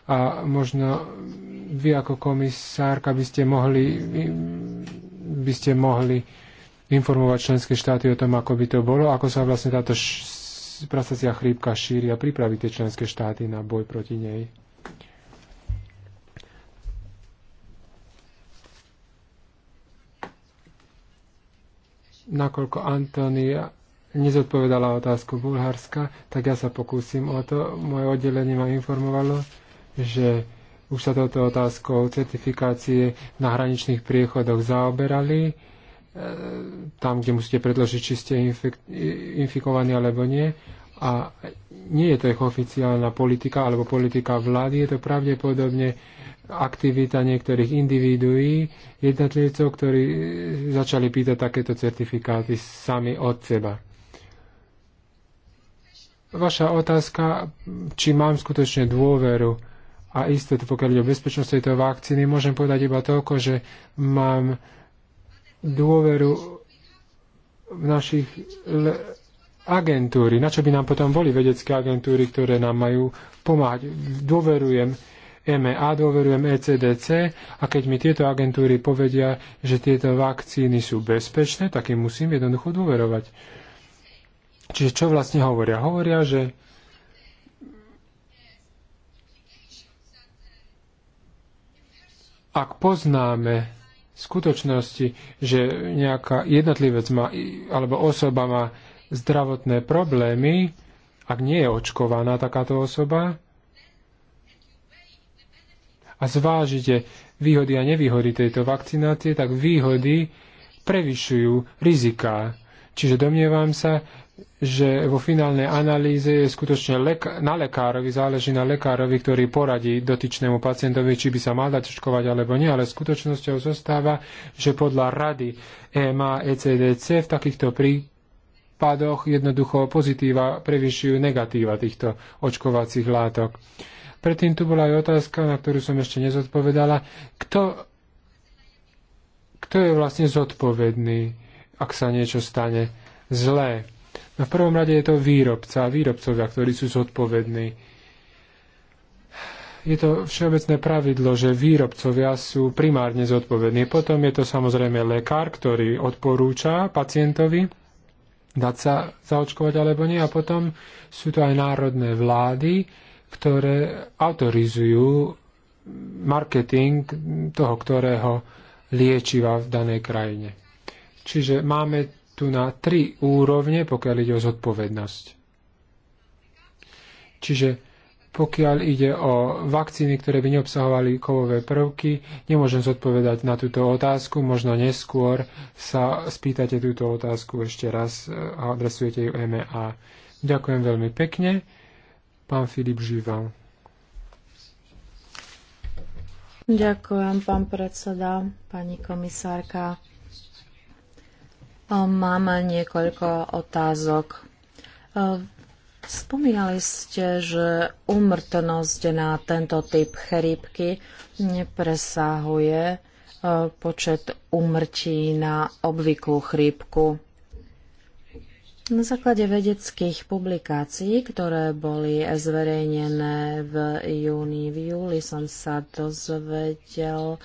a možno vy ako komisárka by ste mohli, by ste mohli informovať členské štáty o tom, ako by to bolo, ako sa vlastne táto prasacia chrípka šíri a pripraviť tie členské štáty na boj proti nej. Nakoľko Antonia nezodpovedala otázku Bulharska, tak ja sa pokúsim o to. Moje oddelenie ma informovalo, že už sa toto otázkou certifikácie na hraničných priechodoch zaoberali, e, tam, kde musíte predložiť, či ste infikovaní alebo nie. A nie je to ich oficiálna politika alebo politika vlády, je to pravdepodobne aktivita niektorých individuí, jednotlivcov, ktorí začali pýtať takéto certifikáty sami od seba. Vaša otázka, či mám skutočne dôveru a istotu, pokiaľ ide o bezpečnosť tejto vakcíny, môžem povedať iba toľko, že mám dôveru v našich agentúry. Na čo by nám potom boli vedecké agentúry, ktoré nám majú pomáhať? Dôverujem EMA, dôverujem ECDC a keď mi tieto agentúry povedia, že tieto vakcíny sú bezpečné, tak im musím jednoducho dôverovať. Čiže čo vlastne hovoria? Hovoria, že ak poznáme skutočnosti, že nejaká jednotlivec má, alebo osoba má zdravotné problémy, ak nie je očkovaná takáto osoba, a zvážite výhody a nevýhody tejto vakcinácie, tak výhody prevyšujú riziká. Čiže domnievam sa, že vo finálnej analýze je skutočne lek- na lekárovi, záleží na lekárovi, ktorý poradí dotyčnému pacientovi, či by sa mal dať očkovať alebo nie, ale skutočnosťou zostáva, že podľa rady EMA, ECDC v takýchto prípadoch jednoducho pozitíva prevyšujú negatíva týchto očkovacích látok. Predtým tu bola aj otázka, na ktorú som ešte nezodpovedala. Kto, kto je vlastne zodpovedný, ak sa niečo stane zlé? No v prvom rade je to výrobca a výrobcovia, ktorí sú zodpovední. Je to všeobecné pravidlo, že výrobcovia sú primárne zodpovední. Potom je to samozrejme lekár, ktorý odporúča pacientovi dať sa zaočkovať alebo nie. A potom sú to aj národné vlády, ktoré autorizujú marketing toho, ktorého liečiva v danej krajine. Čiže máme tu na tri úrovne, pokiaľ ide o zodpovednosť. Čiže pokiaľ ide o vakcíny, ktoré by neobsahovali kovové prvky, nemôžem zodpovedať na túto otázku. Možno neskôr sa spýtate túto otázku ešte raz e, a adresujete ju EMA. Ďakujem veľmi pekne. Pán Filip Živa. Ďakujem, pán predseda, pani komisárka. Mám niekoľko otázok. E, spomínali ste, že umrtnosť na tento typ chrípky nepresahuje e, počet umrtí na obvyklú chrípku. Na základe vedeckých publikácií, ktoré boli zverejnené v júni, v júli som sa dozvedel,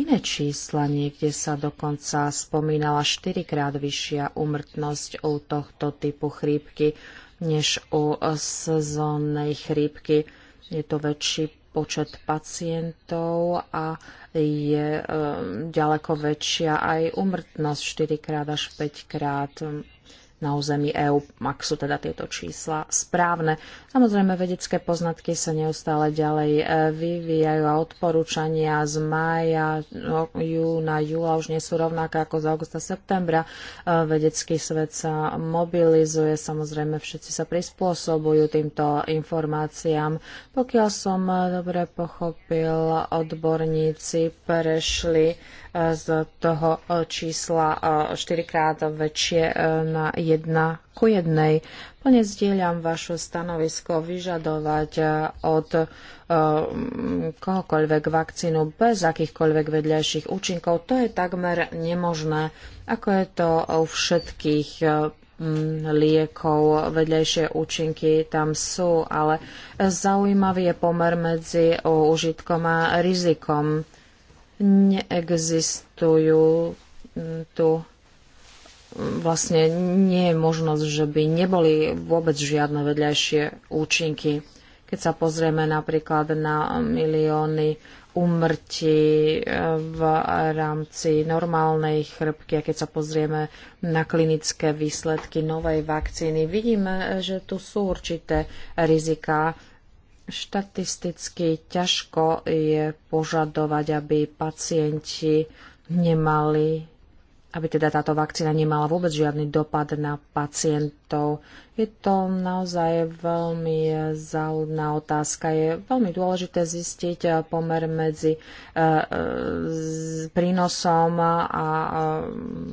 iné čísla. Niekde sa dokonca spomínala štyrikrát vyššia úmrtnosť u tohto typu chrípky než u sezónnej chrípky. Je to väčší počet pacientov a je um, ďaleko väčšia aj umrtnosť 4 krát až 5 krát na území EÚ, ak sú teda tieto čísla správne. Samozrejme, vedecké poznatky sa neustále ďalej eh, vyvíjajú a odporúčania z mája, no, júna, júla už nie sú rovnaké ako z augusta, septembra. Eh, vedecký svet sa mobilizuje, samozrejme všetci sa prispôsobujú týmto informáciám. Pokiaľ som eh, dobre pochopil, odborníci prešli z toho čísla štyrikrát väčšie na jedna ku jednej. Plne zdieľam vaše stanovisko vyžadovať eh, od eh, kohokoľvek vakcínu bez akýchkoľvek vedľajších účinkov. To je takmer nemožné, ako je to u všetkých eh, mm, liekov, vedľajšie účinky tam sú, ale zaujímavý je pomer medzi užitkom a rizikom. Neexistujú tu vlastne nie je možnosť, že by neboli vôbec žiadne vedľajšie účinky. Keď sa pozrieme napríklad na milióny umrtí e, v rámci normálnej chrbky a keď sa pozrieme na klinické výsledky novej vakcíny, vidíme, že tu sú určité rizika. Štatisticky ťažko je požadovať, aby pacienti nemali aby teda táto vakcína nemala vôbec žiadny dopad na pacientov. Je to naozaj veľmi záľudná otázka. Je veľmi dôležité zistiť pomer medzi e, e, prínosom a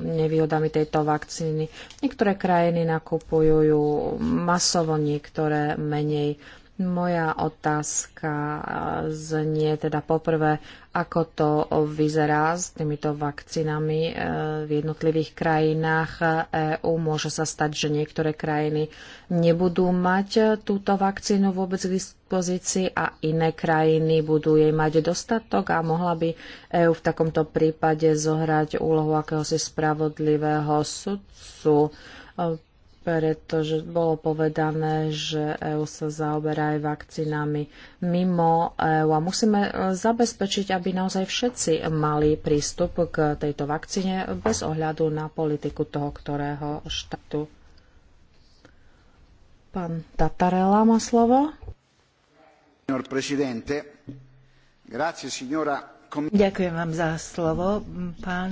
nevýhodami tejto vakcíny. Niektoré krajiny nakupujú masovo, niektoré menej moja otázka znie teda poprvé, ako to vyzerá s týmito vakcínami eh, v jednotlivých krajinách EÚ. Môže sa stať, že niektoré krajiny nebudú mať túto vakcínu vôbec k dispozícii a iné krajiny budú jej mať dostatok a mohla by EÚ v takomto prípade zohrať úlohu akéhosi spravodlivého sudcu pretože bolo povedané, že EÚ sa zaoberá aj vakcínami mimo EÚ a musíme e, zabezpečiť, aby naozaj všetci mali prístup k tejto vakcíne bez ohľadu na politiku toho, ktorého štátu. Pán Tatarela má slovo. Ďakujem vám za slovo, pán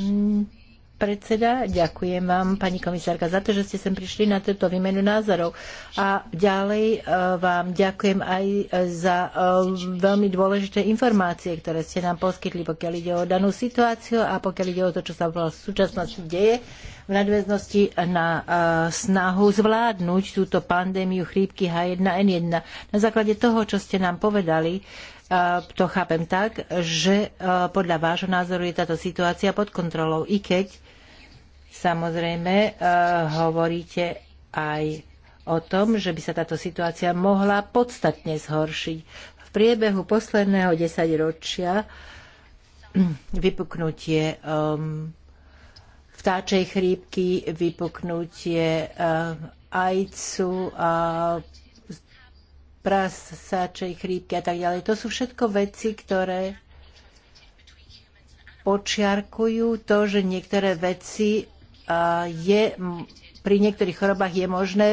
predseda. Ďakujem vám, pani komisárka, za to, že ste sem prišli na túto výmenu názorov. A ďalej e, vám ďakujem aj za e, veľmi dôležité informácie, ktoré ste nám poskytli, pokiaľ ide o danú situáciu a pokiaľ ide o to, čo sa v súčasnosti deje v nadväznosti na e, snahu zvládnuť túto pandémiu chrípky H1N1. Na základe toho, čo ste nám povedali, to chápem tak, že podľa vášho názoru je táto situácia pod kontrolou, i keď Samozrejme, eh, hovoríte aj o tom, že by sa táto situácia mohla podstatne zhoršiť. V priebehu posledného desaťročia vypuknutie um, vtáčej chrípky, vypuknutie um, ajcu a prasačej chrípky a tak ďalej. To sú všetko veci, ktoré počiarkujú to, že niektoré veci je, pri niektorých chorobách je možné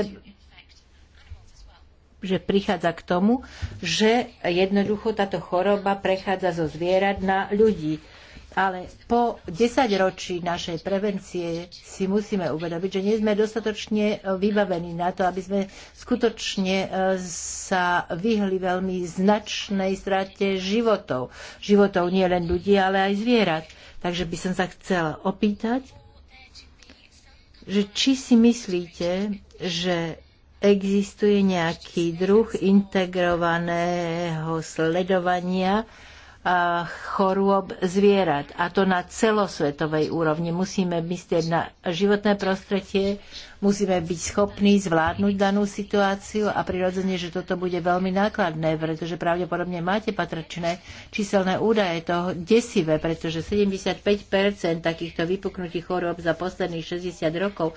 že prichádza k tomu, že jednoducho táto choroba prechádza zo zvierat na ľudí. Ale po 10 ročí našej prevencie si musíme uvedomiť, že nie sme dostatočne e, vybavení na to, aby sme skutočne e, sa vyhli veľmi značnej strate životov. Životov nie len ľudí, ale aj zvierat. Takže by som sa chcela opýtať, že či si myslíte, že existuje nejaký druh integrovaného sledovania a chorôb zvierat. A to na celosvetovej úrovni. Musíme myslieť na životné prostredie, Musíme byť schopní zvládnuť danú situáciu a prirodzene, že toto bude veľmi nákladné, pretože pravdepodobne máte patričné číselné údaje. To desivé, pretože 75 takýchto vypuknutých chorôb za posledných 60 rokov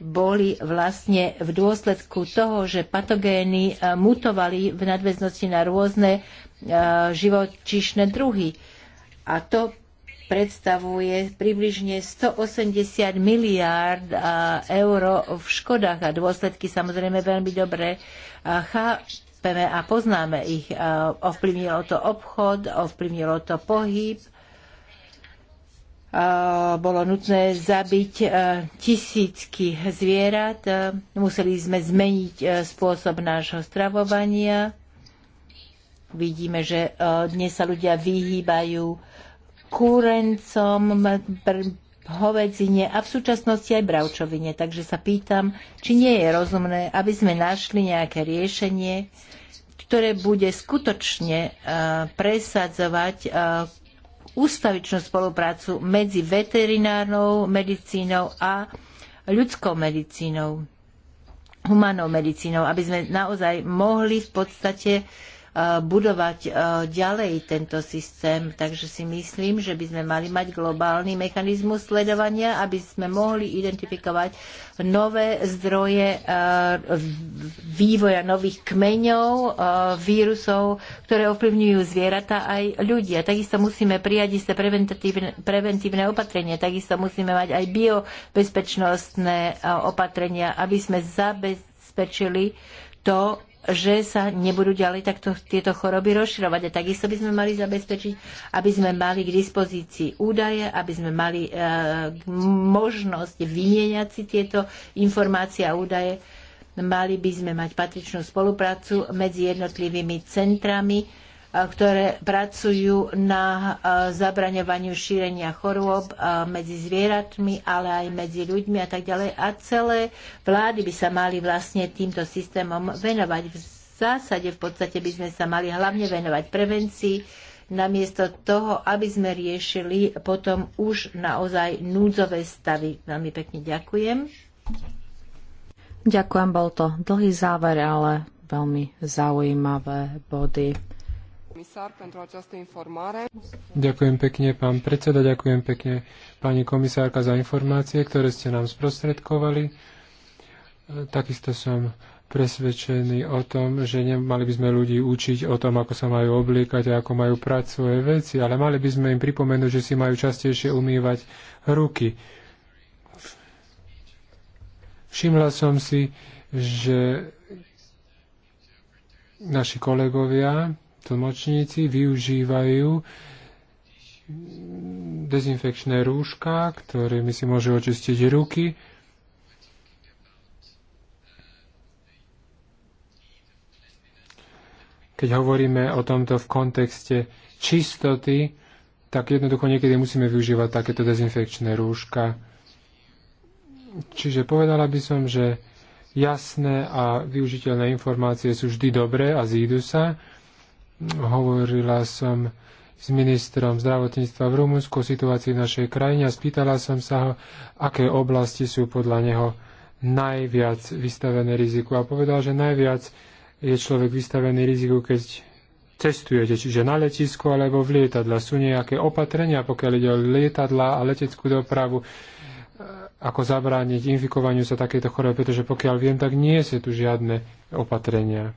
boli vlastne v dôsledku toho, že patogény eh, mutovali v nadväznosti na rôzne eh, živočišné druhy. A to predstavuje približne 180 miliárd eur v škodách a dôsledky samozrejme veľmi dobre chápeme a poznáme ich. Ovplyvnilo to obchod, ovplyvnilo to pohyb, bolo nutné zabiť tisícky zvierat, museli sme zmeniť spôsob nášho stravovania. Vidíme, že dnes sa ľudia vyhýbajú kúrencom, hovedzine a v súčasnosti aj bravčovine. Takže sa pýtam, či nie je rozumné, aby sme našli nejaké riešenie, ktoré bude skutočne e, presadzovať e, ústavičnú spoluprácu medzi veterinárnou medicínou a ľudskou medicínou, humanou medicínou, aby sme naozaj mohli v podstate uh, E, budovať e, ďalej tento systém. Takže si myslím, že by sme mali mať globálny mechanizmus sledovania, aby sme mohli identifikovať nové zdroje e, vývoja nových kmeňov, vírusov, ktoré ovplyvňujú zvieratá aj ľudia. Takisto musíme prijať isté preventívne, preventívne opatrenie, takisto musíme mať aj biobezpečnostné opatrenia, aby sme zabezpečili to, že sa nebudú ďalej takto tieto choroby rozširovať. A takisto by sme mali zabezpečiť, aby sme mali k dispozícii údaje, aby sme mali uh, možnosť vymieňať si tieto informácie a údaje. Mali by sme mať patričnú spoluprácu medzi jednotlivými centrami, ktoré pracujú na zabraňovaniu šírenia chorôb medzi zvieratmi, ale aj medzi ľuďmi a tak ďalej. A celé vlády by sa mali vlastne týmto systémom venovať. V zásade v podstate by sme sa mali hlavne venovať prevencii, namiesto toho, aby sme riešili potom už naozaj núdzové stavy. Veľmi pekne ďakujem. Ďakujem, bol to dlhý záver, ale veľmi zaujímavé body pentru această informare. Ďakujem pekne, pán predseda, ďakujem pekne pani komisárka za informácie, ktoré ste nám sprostredkovali. Takisto som presvedčený o tom, že nemali by sme ľudí učiť o tom, ako sa majú obliekať a ako majú prať svoje veci, ale mali by sme im pripomenúť, že si majú častejšie umývať ruky. Všimla som si, že naši kolegovia tlmočníci využívajú dezinfekčné rúška, ktorými si môžu očistiť ruky. Keď hovoríme o tomto v kontexte čistoty, tak jednoducho niekedy musíme využívať takéto dezinfekčné rúška. Čiže povedala by som, že jasné a využiteľné informácie sú vždy dobré a zídu sa hovorila som s ministrom zdravotníctva v Rumunsku o situácii v našej krajine a spýtala som sa ho, aké oblasti sú podľa neho najviac vystavené riziku. A povedal, že najviac je človek vystavený riziku, keď cestujete, čiže na letisku alebo v lietadla. Sú nejaké opatrenia, pokiaľ ide o lietadla a leteckú dopravu, ako zabrániť infikovaniu sa takéto choroby, pretože pokiaľ viem, tak nie sú tu žiadne opatrenia.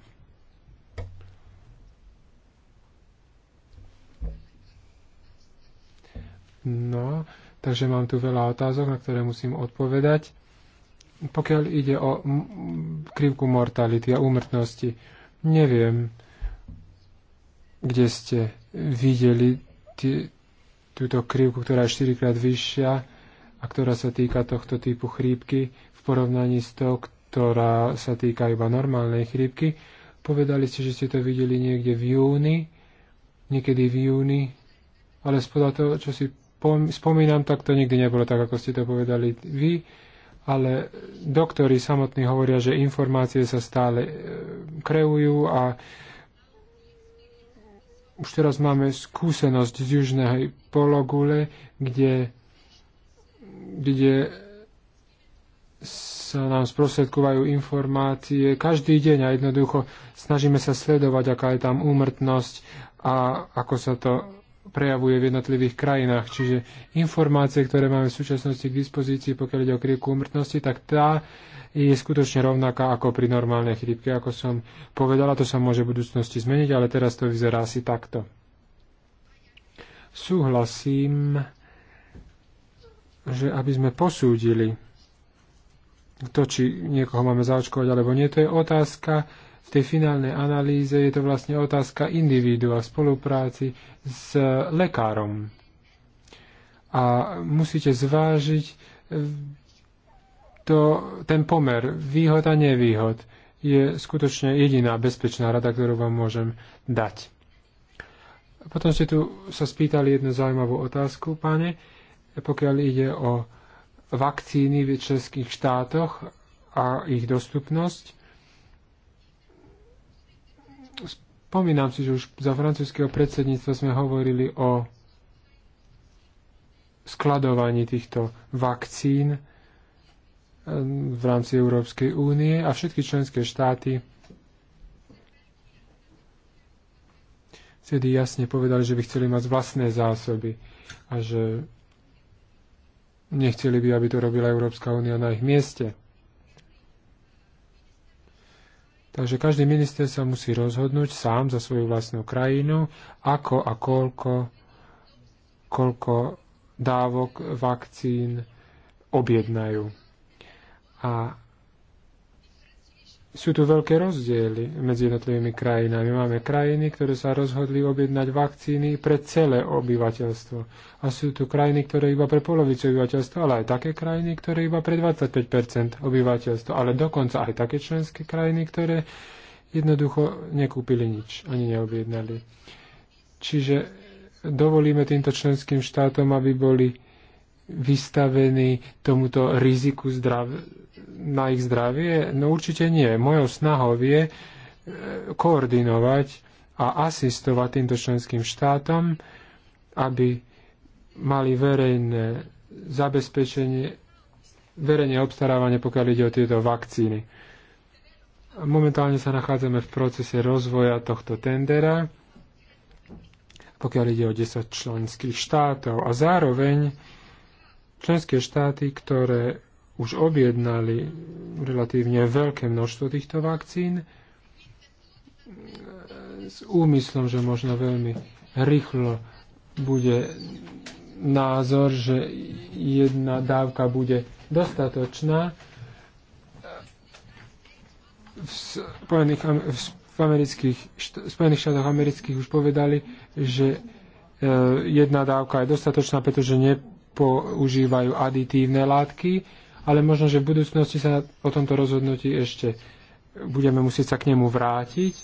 No, takže mám tu veľa otázok, na ktoré musím odpovedať. Pokiaľ ide o krivku mortality a úmrtnosti, neviem, kde ste videli túto krivku, ktorá je 4 krát vyššia a ktorá sa týka tohto typu chrípky v porovnaní s tou, ktorá sa týka iba normálnej chrípky. Povedali ste, že ste to videli niekde v júni, niekedy v júni, ale spodľa toho, čo si spomínam, tak to nikdy nebolo tak, ako ste to povedali vy, ale doktori samotní hovoria, že informácie sa stále e, kreujú a už teraz máme skúsenosť z južnej pologule, kde, kde sa nám sprostredkovajú informácie každý deň a jednoducho snažíme sa sledovať, aká je tam úmrtnosť a ako sa to prejavuje v jednotlivých krajinách. Čiže informácie, ktoré máme v súčasnosti k dispozícii, pokiaľ ide o krivku umrtnosti, tak tá je skutočne rovnaká ako pri normálnej chrípke. Ako som povedala, to sa môže v budúcnosti zmeniť, ale teraz to vyzerá asi takto. Súhlasím, že aby sme posúdili to, či niekoho máme zaočkovať alebo nie, to je otázka, v tej finálnej analýze je to vlastne otázka individu a spolupráci s lekárom. A musíte zvážiť eh, to, ten pomer výhod a nevýhod je skutočne jediná bezpečná rada, ktorú vám môžem dať. Potom ste tu sa spýtali jednu zaujímavú otázku, páne, pokiaľ ide o vakcíny v českých štátoch a ich dostupnosť. Pomínam si, že už za francúzského predsedníctva sme hovorili o skladovaní týchto vakcín v rámci Európskej únie a všetky členské štáty vtedy jasne povedali, že by chceli mať vlastné zásoby a že nechceli by, aby to robila Európska únia na ich mieste. Takže každý minister sa musí rozhodnúť sám za svoju vlastnú krajinu, ako a koľko, koľko dávok vakcín objednajú. A sú tu veľké rozdiely medzi jednotlivými krajinami. Máme krajiny, ktoré sa rozhodli objednať vakcíny pre celé obyvateľstvo. A sú tu krajiny, ktoré iba pre polovicu obyvateľstva, ale aj také krajiny, ktoré iba pre 25 obyvateľstva, ale dokonca aj také členské krajiny, ktoré jednoducho nekúpili nič, ani neobjednali. Čiže dovolíme týmto členským štátom, aby boli vystavení tomuto riziku zdravia na ich zdravie? No určite nie. Mojou snahou je e, koordinovať a asistovať týmto členským štátom, aby mali verejné zabezpečenie, verejné obstarávanie, pokiaľ ide o tieto vakcíny. Momentálne sa nachádzame v procese rozvoja tohto tendera, pokiaľ ide o 10 členských štátov a zároveň členské štáty, ktoré už objednali relatívne veľké množstvo týchto vakcín e, s úmyslom, že možno veľmi rýchlo bude názor, že jedna dávka bude dostatočná. V Spojených, v amerických, v Spojených štátoch amerických už povedali, že e, jedna dávka je dostatočná, pretože nepoužívajú aditívne látky ale možno, že v budúcnosti sa o tomto rozhodnutí ešte budeme musieť sa k nemu vrátiť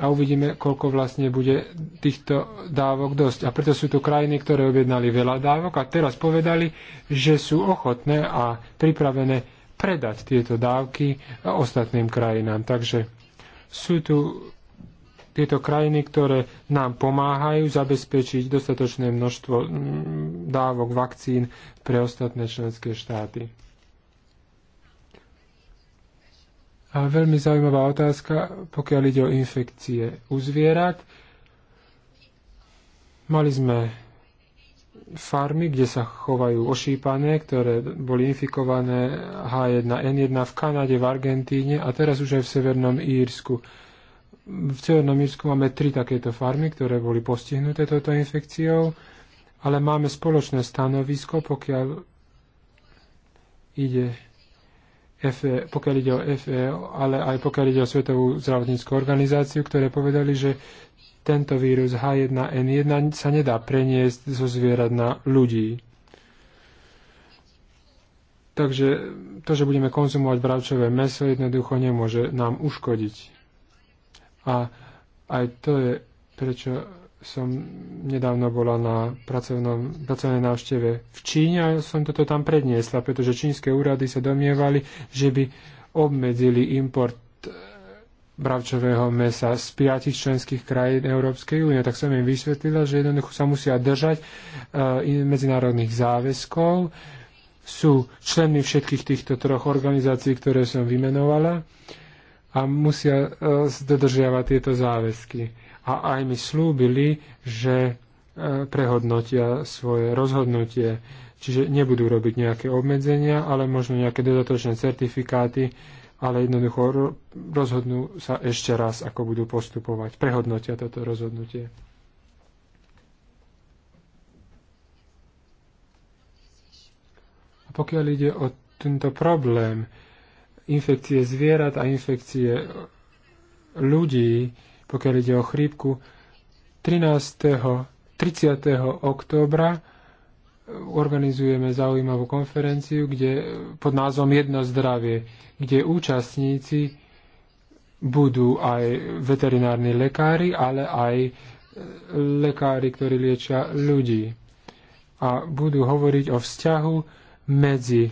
a uvidíme, koľko vlastne bude týchto dávok dosť. A preto sú tu krajiny, ktoré objednali veľa dávok a teraz povedali, že sú ochotné a pripravené predať tieto dávky ostatným krajinám. Takže sú tu tieto krajiny, ktoré nám pomáhajú zabezpečiť dostatočné množstvo dávok vakcín pre ostatné členské štáty. A veľmi zaujímavá otázka, pokiaľ ide o infekcie u zvierat. Mali sme farmy, kde sa chovajú ošípané, ktoré boli infikované H1N1 v Kanade, v Argentíne a teraz už aj v Severnom Írsku v celom Írsku máme tri takéto farmy, ktoré boli postihnuté touto infekciou, ale máme spoločné stanovisko, pokiaľ ide, FE, pokiaľ ide o FEO, ale aj pokiaľ ide o Svetovú zdravotníckú organizáciu, ktoré povedali, že tento vírus H1N1 sa nedá preniesť zo zvierat na ľudí. Takže to, že budeme konzumovať bravčové meso, jednoducho nemôže nám uškodiť. A aj to je, prečo som nedávno bola na pracovnom, pracovnej návšteve v Číne a som toto tam predniesla, pretože čínske úrady sa domnievali, že by obmedzili import eh, bravčového mesa z piatich členských krajín Európskej únie. Tak som im vysvetlila, že jednoducho sa musia držať eh, medzinárodných záväzkov, sú členmi všetkých týchto troch organizácií, ktoré som vymenovala a musia e, dodržiavať tieto záväzky. A aj mi slúbili, že e, prehodnotia svoje rozhodnutie, čiže nebudú robiť nejaké obmedzenia, ale možno nejaké dodatočné certifikáty, ale jednoducho rozhodnú sa ešte raz, ako budú postupovať, prehodnotia toto rozhodnutie. A pokiaľ ide o tento problém, infekcie zvierat a infekcie ľudí, pokiaľ ide o chrípku, 13. 30. októbra organizujeme zaujímavú konferenciu kde, pod názvom Jedno zdravie, kde účastníci budú aj veterinárni lekári, ale aj lekári, ktorí liečia ľudí. A budú hovoriť o vzťahu medzi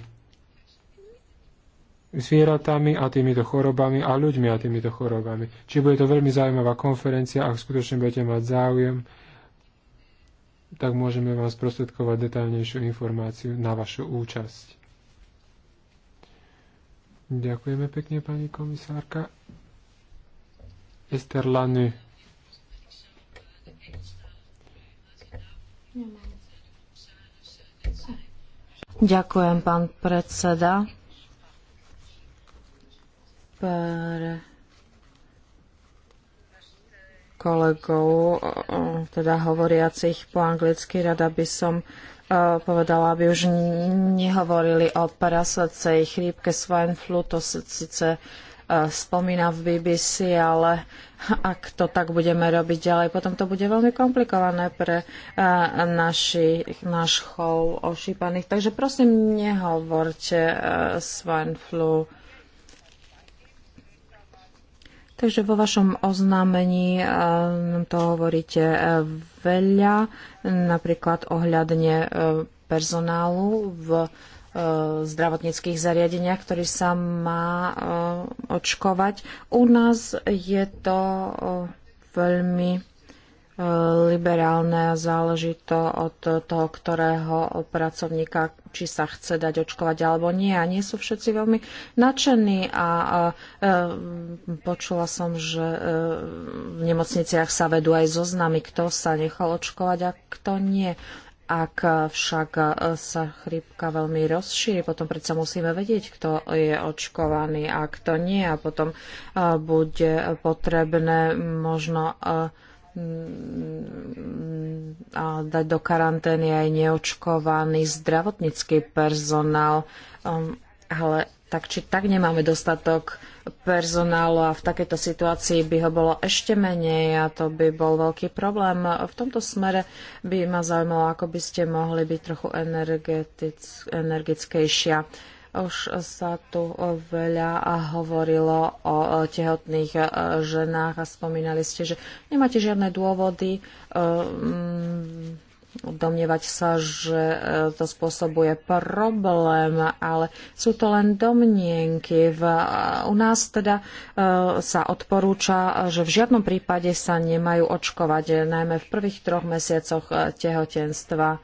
zvieratami a týmito chorobami a ľuďmi a týmito chorobami. Čiže bude to veľmi zaujímavá konferencia, ak skutočne budete mať záujem, tak môžeme vám sprostredkovať detaľnejšiu informáciu na vašu účasť. Ďakujeme pekne, pani komisárka. Ester Lany. Ďakujem, pán predseda pár kolegov, eh, teda hovoriacich po anglicky, rada by som eh, povedala, aby už nehovorili o prasacej chrípke swine flu, to sa síce eh, spomína v BBC, ale ak to tak budeme robiť ďalej, potom to bude veľmi komplikované pre naši, náš chov ošípaných. Takže prosím, nehovorte swine flu Takže vo vašom oznámení eh, to hovoríte eh, veľa, napríklad ohľadne eh, personálu v zdravotníckých zariadeniach, ktorý sa má očkovať. U nás je to veľmi liberálne záleží to od toho, ktorého pracovníka, či sa chce dať očkovať alebo nie. A nie sú všetci veľmi nadšení a, a, a e, počula som, že a, e, v nemocniciach sa vedú aj zoznamy, kto sa nechal očkovať a kto nie. Ak však e, sa chrípka veľmi rozšíri, potom predsa musíme vedieť, kto je očkovaný a kto nie. A potom bude potrebné možno a dať do karantény aj neočkovaný zdravotnícky personál. Um, ale tak či tak nemáme dostatok personálu a v takejto situácii by ho bolo ešte menej a to by bol veľký problém. V tomto smere by ma zaujímalo, ako by ste mohli byť trochu energickejšia. Už sa tu veľa hovorilo o tehotných ženách a spomínali ste, že nemáte žiadne dôvody ehm, domnievať sa, že e, to spôsobuje problém, ale sú to len domnienky. V, e, u nás teda e, sa odporúča, že v žiadnom prípade sa nemajú očkovať, najmä v prvých troch mesiacoch e, tehotenstva.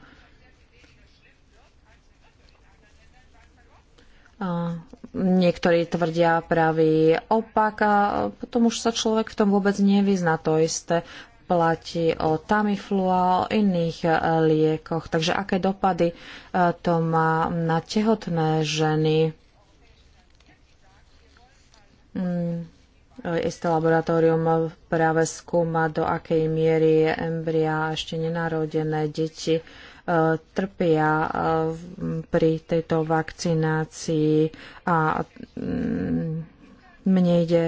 Niektorí tvrdia pravý opak a potom už sa človek v tom vôbec nevyzná. To isté platí o Tamiflu a o iných e, liekoch. Takže aké dopady e, to má na tehotné ženy? Mm, e, isté laboratórium práve skúma, do akej miery je embria ešte nenarodené deti trpia eh, pri tejto vakcinácii a mm, mne ide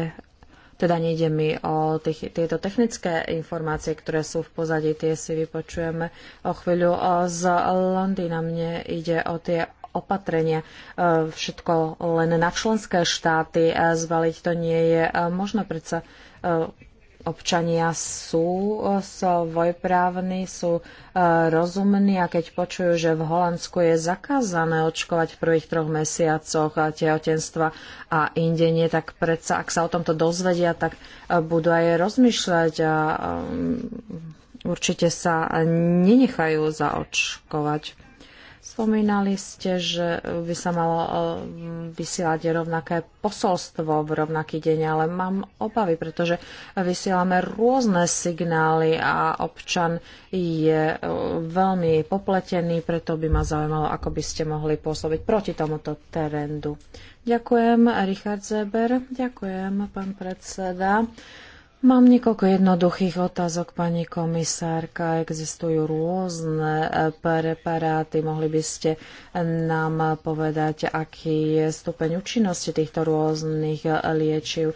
teda nejde mi o tých, tieto technické informácie, ktoré sú v pozadí, tie si vypočujeme o chvíľu. Z Londýna mne ide o tie opatrenia eh, všetko len na členské štáty eh, zvaliť. To nie je možno predsa občania sú e, svojprávni, sú e, rozumní a keď počujú, že v Holandsku je zakázané očkovať v prvých troch mesiacoch e, tehotenstva a inde nie, tak predsa, ak sa o tomto dozvedia, tak budú aj rozmýšľať a určite sa nenechajú zaočkovať. Spomínali ste, že by sa malo e, vysielať rovnaké posolstvo v rovnaký deň, ale mám obavy, pretože vysielame rôzne signály a občan je e, veľmi popletený, preto by ma zaujímalo, ako by ste mohli pôsobiť proti tomuto terendu. Ďakujem, Richard Zeber. Ďakujem, pán predseda. Mám niekoľko jednoduchých otázok, pani komisárka. Existujú rôzne e, preparáty. Mohli by ste nám povedať, aký je stupeň účinnosti týchto rôznych e, liečiv. E,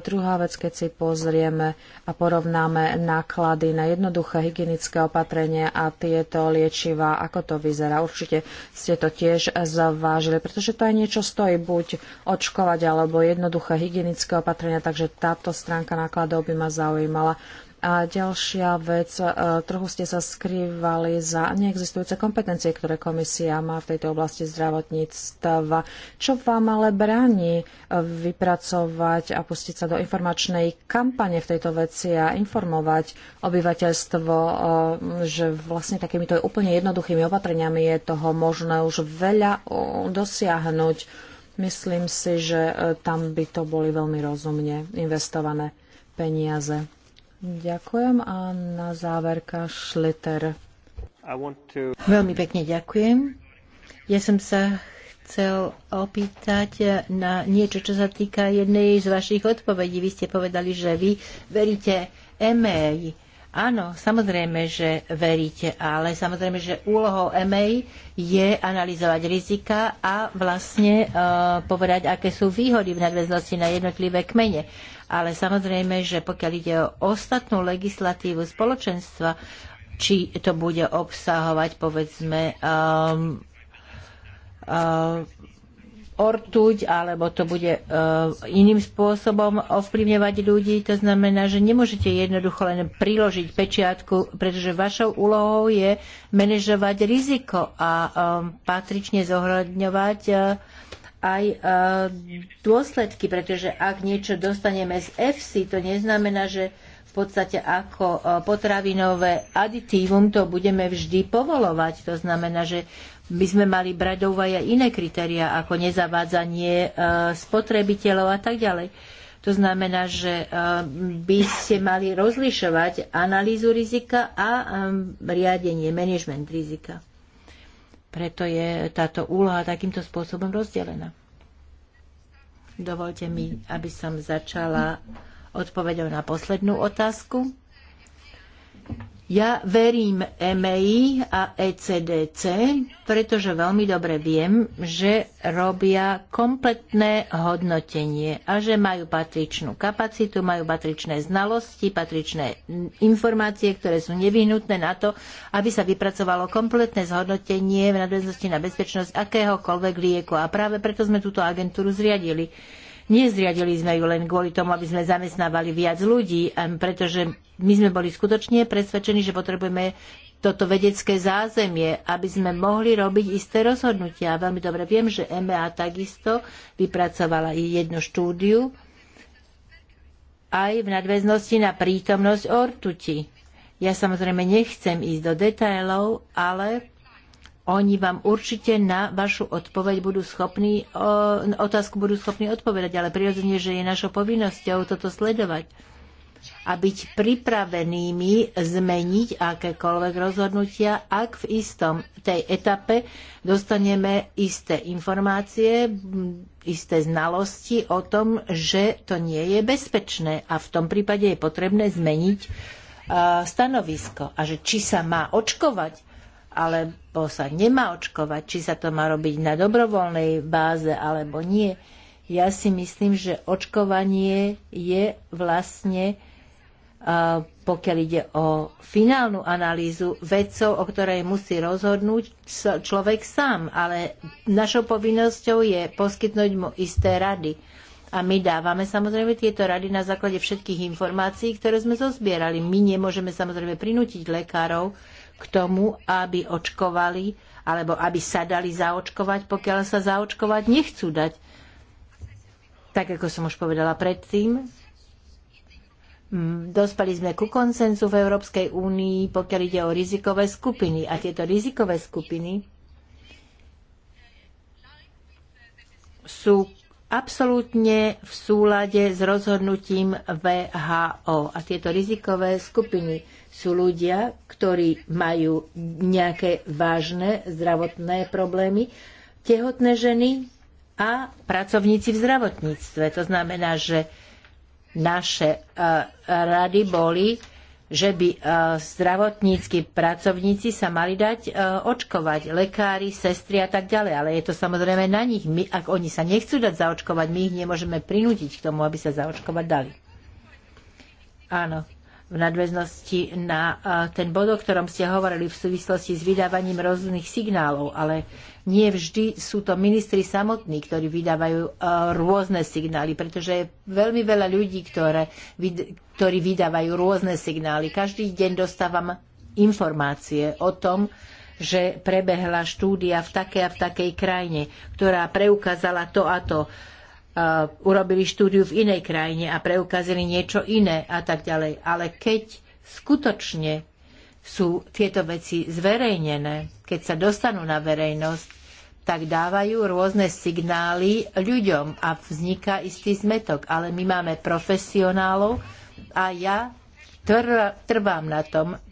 druhá vec, keď si pozrieme a porovnáme náklady na jednoduché hygienické opatrenie a tieto liečiva, ako to vyzerá. Určite ste to tiež zvážili, pretože to aj niečo stojí, buď očkovať alebo jednoduché hygienické opatrenia, takže táto stránka nákladov to by ma zaujímala. A ďalšia vec, e, trochu ste sa skrývali za neexistujúce kompetencie, ktoré komisia má v tejto oblasti zdravotníctva. Čo vám ale bráni e, vypracovať a pustiť sa do informačnej kampane v tejto veci a informovať obyvateľstvo, e, že vlastne takýmito úplne jednoduchými opatreniami je toho možné už veľa dosiahnuť. Myslím si, že tam by to boli veľmi rozumne investované peniaze. Ďakujem a na záverka Schlitter. To... Veľmi pekne ďakujem. Ja som sa chcel opýtať na niečo, čo sa týka jednej z vašich odpovedí. Vy ste povedali, že vy veríte EMEI Áno, samozrejme, že veríte, ale samozrejme, že úlohou EMA je analyzovať rizika a vlastne e, povedať, aké sú výhody v nadväznosti na jednotlivé kmene. Ale samozrejme, že pokiaľ ide o ostatnú legislatívu spoločenstva, či to bude obsahovať, povedzme, um, um, ortuť, alebo to bude e, iným spôsobom ovplyvňovať ľudí. To znamená, že nemôžete jednoducho len priložiť pečiatku, pretože vašou úlohou je manažovať riziko a e, patrične zohľadňovať e, aj dôsledky, pretože ak niečo dostaneme z FC, to neznamená, že v podstate ako potravinové aditívum to budeme vždy povolovať. To znamená, že by sme mali brať do úvahy aj iné kritéria, ako nezavádzanie e, spotrebiteľov a tak ďalej. To znamená, že e, by ste mali rozlišovať analýzu rizika a e, riadenie, management rizika. Preto je táto úloha takýmto spôsobom rozdelená. Dovolte mi, aby som začala odpovedou na poslednú otázku. Ja verím EMEI a ECDC, pretože veľmi dobre viem, že robia kompletné hodnotenie a že majú patričnú kapacitu, majú patričné znalosti, patričné informácie, ktoré sú nevyhnutné na to, aby sa vypracovalo kompletné zhodnotenie v nadväznosti na bezpečnosť akéhokoľvek lieku. A práve preto sme túto agentúru zriadili. Nezriadili sme ju len kvôli tomu, aby sme zamestnávali viac ľudí, pretože my sme boli skutočne presvedčení, že potrebujeme toto vedecké zázemie, aby sme mohli robiť isté rozhodnutia. Veľmi dobre viem, že MA e takisto vypracovala i jednu štúdiu aj v nadväznosti na prítomnosť ortuti. Ja samozrejme nechcem ísť do detailov, ale oni vám určite na vašu odpoveď budú schopní, otázku budú schopní odpovedať, ale prirodzene, že je našou povinnosťou toto sledovať a byť pripravenými zmeniť akékoľvek rozhodnutia, ak v istom tej etape dostaneme isté informácie, isté znalosti o tom, že to nie je bezpečné a v tom prípade je potrebné zmeniť e, stanovisko. A že či sa má očkovať, ale alebo sa nemá očkovať, či sa to má robiť na dobrovoľnej báze alebo nie. Ja si myslím, že očkovanie je vlastne, pokiaľ ide o finálnu analýzu vedcov, o ktorej musí rozhodnúť človek sám, ale našou povinnosťou je poskytnúť mu isté rady. A my dávame samozrejme tieto rady na základe všetkých informácií, ktoré sme zozbierali. My nemôžeme samozrejme prinútiť lekárov k tomu, aby očkovali alebo aby sa dali zaočkovať, pokiaľ sa zaočkovať nechcú dať. Tak ako som už povedala predtým, dospeli sme ku konsenzu v Európskej únii, pokiaľ ide o rizikové skupiny. A tieto rizikové skupiny sú absolútne v súlade s rozhodnutím VHO. A tieto rizikové skupiny sú ľudia, ktorí majú nejaké vážne zdravotné problémy, tehotné ženy a pracovníci v zdravotníctve. To znamená, že naše eh, rady boli že by e, zdravotnícky pracovníci sa mali dať e, očkovať, lekári, sestry a tak ďalej. Ale je to samozrejme na nich. My, ak oni sa nechcú dať zaočkovať, my ich nemôžeme prinútiť k tomu, aby sa zaočkovať dali. Áno v nadväznosti na ten bod, o ktorom ste hovorili v súvislosti s vydávaním rôznych signálov, ale nie vždy sú to ministri samotní, ktorí vydávajú rôzne signály, pretože je veľmi veľa ľudí, ktoré, ktorí vydávajú rôzne signály. Každý deň dostávam informácie o tom, že prebehla štúdia v takej a v takej krajine, ktorá preukázala to a to Uh, urobili štúdiu v inej krajine a preukázali niečo iné a tak ďalej. Ale keď skutočne sú tieto veci zverejnené, keď sa dostanú na verejnosť, tak dávajú rôzne signály ľuďom a vzniká istý zmetok. Ale my máme profesionálov a ja trvám na tom,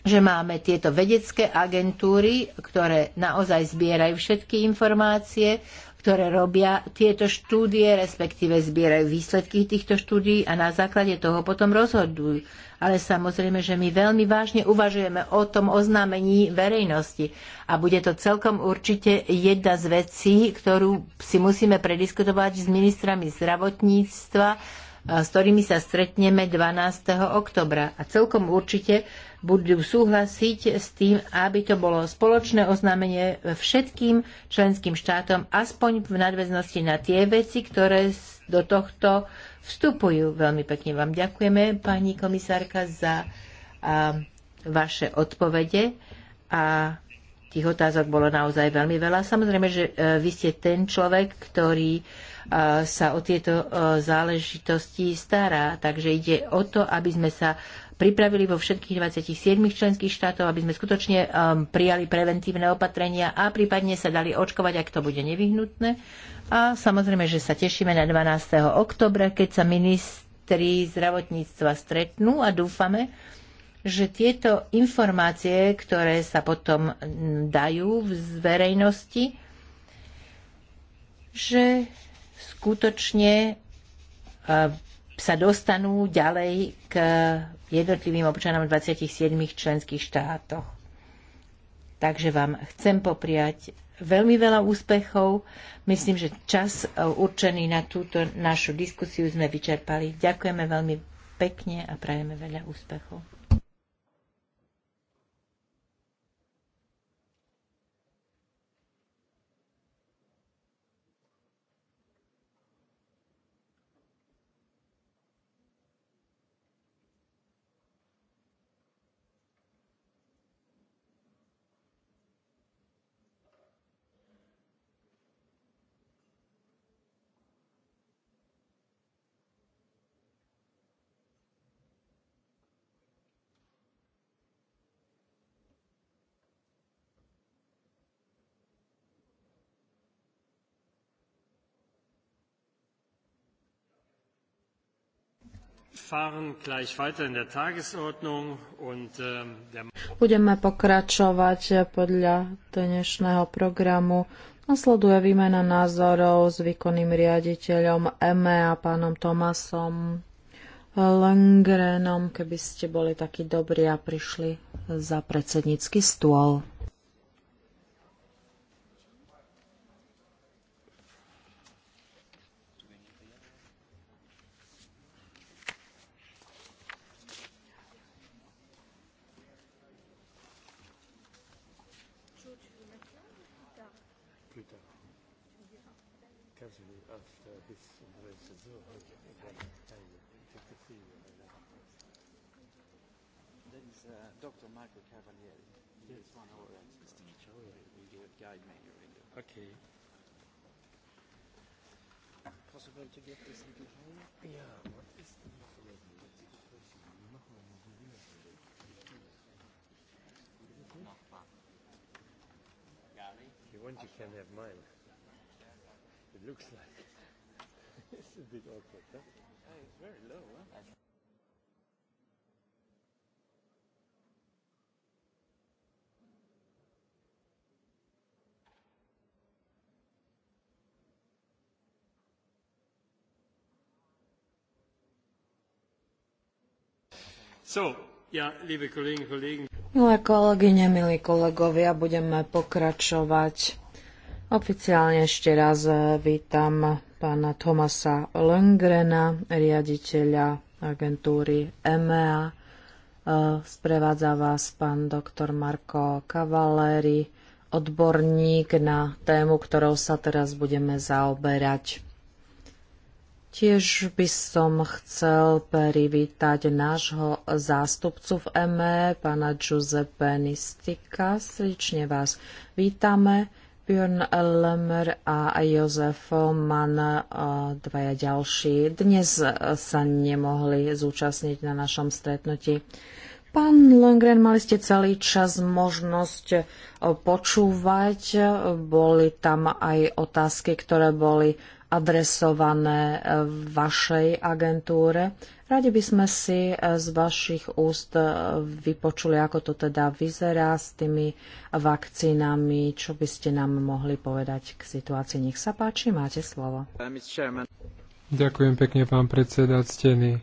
že máme tieto vedecké agentúry, ktoré naozaj zbierajú všetky informácie ktoré robia tieto štúdie, respektíve zbierajú výsledky týchto štúdií a na základe toho potom rozhodujú. Ale samozrejme, že my veľmi vážne uvažujeme o tom oznámení verejnosti. A bude to celkom určite jedna z vecí, ktorú si musíme prediskutovať s ministrami zdravotníctva, s ktorými sa stretneme 12. oktobra. A celkom určite budú súhlasiť s tým, aby to bolo spoločné oznámenie všetkým členským štátom, aspoň v nadväznosti na tie veci, ktoré do tohto vstupujú. Veľmi pekne vám ďakujeme, pani komisárka, za a, vaše odpovede a tých otázok bolo naozaj veľmi veľa. Samozrejme, že e, vy ste ten človek, ktorý e, sa o tieto e, záležitosti stará, takže ide o to, aby sme sa pripravili vo všetkých 27 členských štátov, aby sme skutočne um, prijali preventívne opatrenia a prípadne sa dali očkovať, ak to bude nevyhnutné. A samozrejme, že sa tešíme na 12. oktobra, keď sa ministri zdravotníctva stretnú a dúfame, že tieto informácie, ktoré sa potom mm, dajú v verejnosti, že skutočne uh, sa dostanú ďalej k jednotlivým občanom 27 členských štátoch. Takže vám chcem popriať veľmi veľa úspechov. Myslím, že čas e, určený na túto našu diskusiu sme vyčerpali. Ďakujeme veľmi pekne a prajeme veľa úspechov. Ähm, Budeme pokračovať podľa dnešného programu. Nasleduje výmena názorov s výkonným riaditeľom EME a pánom Tomasom Lengrenom, keby ste boli takí dobrí a prišli za predsednícky stôl. kolegyne, Milé kolegyne, milí kolegovia, budeme pokračovať. Oficiálne ešte raz vítam pána Tomasa Lengrena, riaditeľa agentúry EMEA. E, sprevádza vás pán doktor Marko Cavaleri, odborník na tému, ktorou sa teraz budeme zaoberať. Tiež by som chcel privítať nášho zástupcu v EME, pána Giuseppe Nistika. Srdečne vás vítame. Björn Lemmer a Jozef Mann, eh, dvaja ďalší, dnes sa nemohli zúčastniť na našom stretnutí. Pán Longren, mali ste celý čas možnosť eh, počúvať. Boli tam aj otázky, ktoré boli adresované e, vašej agentúre. Radi by sme si e, z vašich úst e, vypočuli, ako to teda vyzerá s tými vakcínami, čo by ste nám mohli povedať k situácii. Nech sa páči, máte slovo. Ďakujem pekne, pán predseda, ctení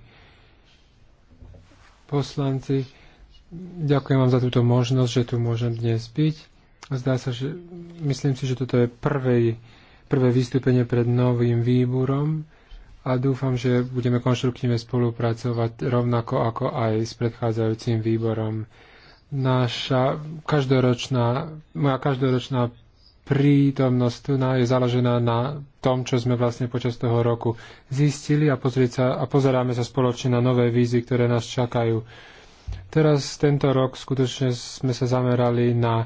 poslanci. Ďakujem vám za túto možnosť, že tu môžem dnes byť. Zdá sa, že myslím si, že toto je prvý prvé vystúpenie pred novým výborom a dúfam, že budeme konštruktívne spolupracovať rovnako ako aj s predchádzajúcim výborom. Naša každoročná, moja každoročná prítomnosť tu je založená na tom, čo sme vlastne počas toho roku zistili a, sa, a pozeráme sa spoločne na nové vízy, ktoré nás čakajú. Teraz tento rok skutočne sme sa zamerali na e,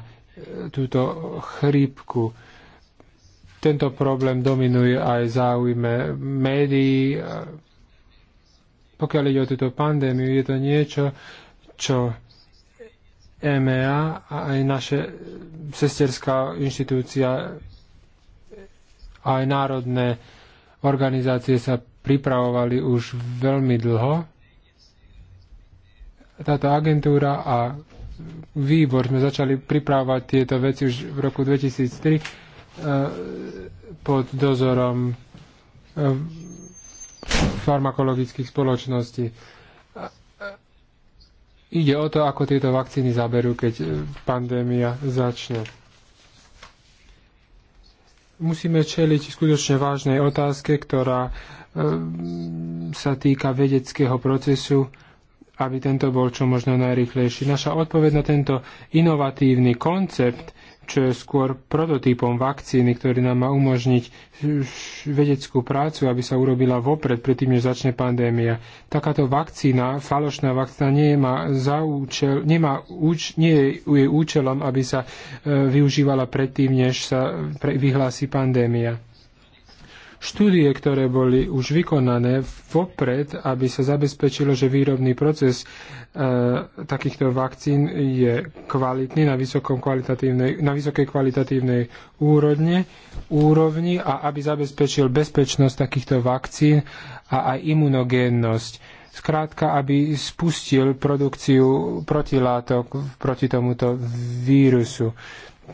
túto chrípku, tento problém dominuje aj záujme médií. Pokiaľ ide o túto pandémiu, je to niečo, čo EMEA a aj naše sesterská inštitúcia a aj národné organizácie sa pripravovali už veľmi dlho. Táto agentúra a výbor sme začali pripravovať tieto veci už v roku 2003 E, pod dozorom e, farmakologických spoločností. E, ide o to, ako tieto vakcíny zaberú, keď pandémia začne. Musíme čeliť skutočne vážnej otázke, ktorá sa týka vedeckého procesu, aby tento bol čo možno najrychlejší. Naša odpoveď na tento inovatívny koncept čo je skôr prototypom vakcíny, ktorý nám má umožniť vedeckú prácu, aby sa urobila vopred, predtým, než začne pandémia. Takáto vakcína, falošná vakcína, má za účel, nemá úč, nie je jej účelom, aby sa e, využívala predtým, než sa pre, vyhlási pandémia štúdie, ktoré boli už vykonané vopred, aby sa zabezpečilo, že výrobný proces e, takýchto vakcín je kvalitný na, na vysokej kvalitatívnej úrovni, úrovni a aby zabezpečil bezpečnosť takýchto vakcín a aj imunogénnosť skrátka, aby spustil produkciu protilátok proti tomuto vírusu.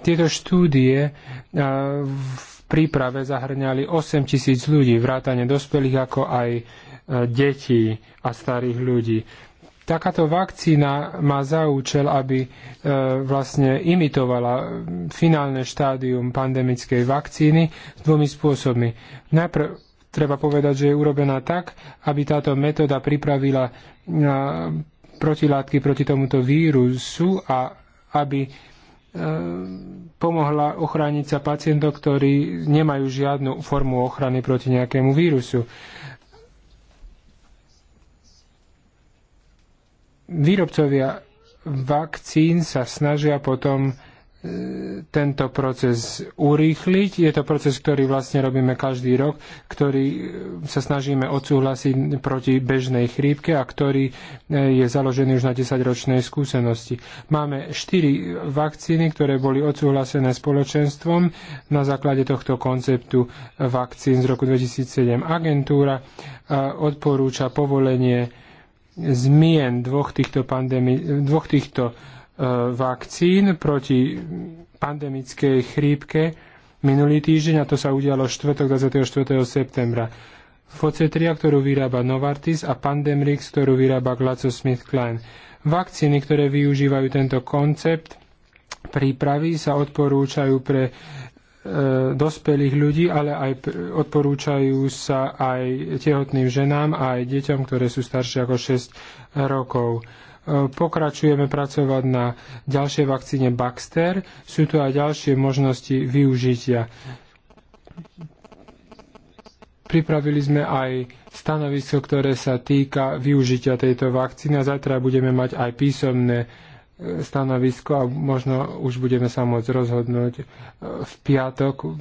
Tieto štúdie e, príprave zahrňali 8 tisíc ľudí, vrátane dospelých ako aj e, detí a starých ľudí. Takáto vakcína má za účel, aby e, vlastne imitovala finálne štádium pandemickej vakcíny s dvomi spôsobmi. Najprv treba povedať, že je urobená tak, aby táto metóda pripravila e, protilátky proti tomuto vírusu a aby E, pomohla ochrániť sa pacientov, ktorí nemajú žiadnu formu ochrany proti nejakému vírusu. Výrobcovia vakcín sa snažia potom tento proces urýchliť. Je to proces, ktorý vlastne robíme každý rok, ktorý e, sa snažíme odsúhlasiť proti bežnej chrípke a ktorý e, je založený už na 10-ročnej skúsenosti. Máme 4 vakcíny, ktoré boli odsúhlasené spoločenstvom na základe tohto konceptu vakcín z roku 2007. Agentúra e, odporúča povolenie zmien dvoch týchto, pandémi- dvoch týchto E, vakcín proti pandemickej chrípke minulý týždeň a to sa udialo 4. 24. septembra. Focetria, ktorú vyrába Novartis a Pandemrix, ktorú vyrába GlaxoSmithKline. Vakcíny, ktoré využívajú tento koncept prípravy, sa odporúčajú pre e, dospelých ľudí, ale aj odporúčajú sa aj tehotným ženám a aj deťom, ktoré sú staršie ako 6 rokov. Pokračujeme pracovať na ďalšej vakcíne Baxter. Sú tu aj ďalšie možnosti využitia. Pripravili sme aj stanovisko, ktoré sa týka využitia tejto vakcíny a zajtra budeme mať aj písomné e, stanovisko a možno už budeme sa môcť rozhodnúť e, v piatok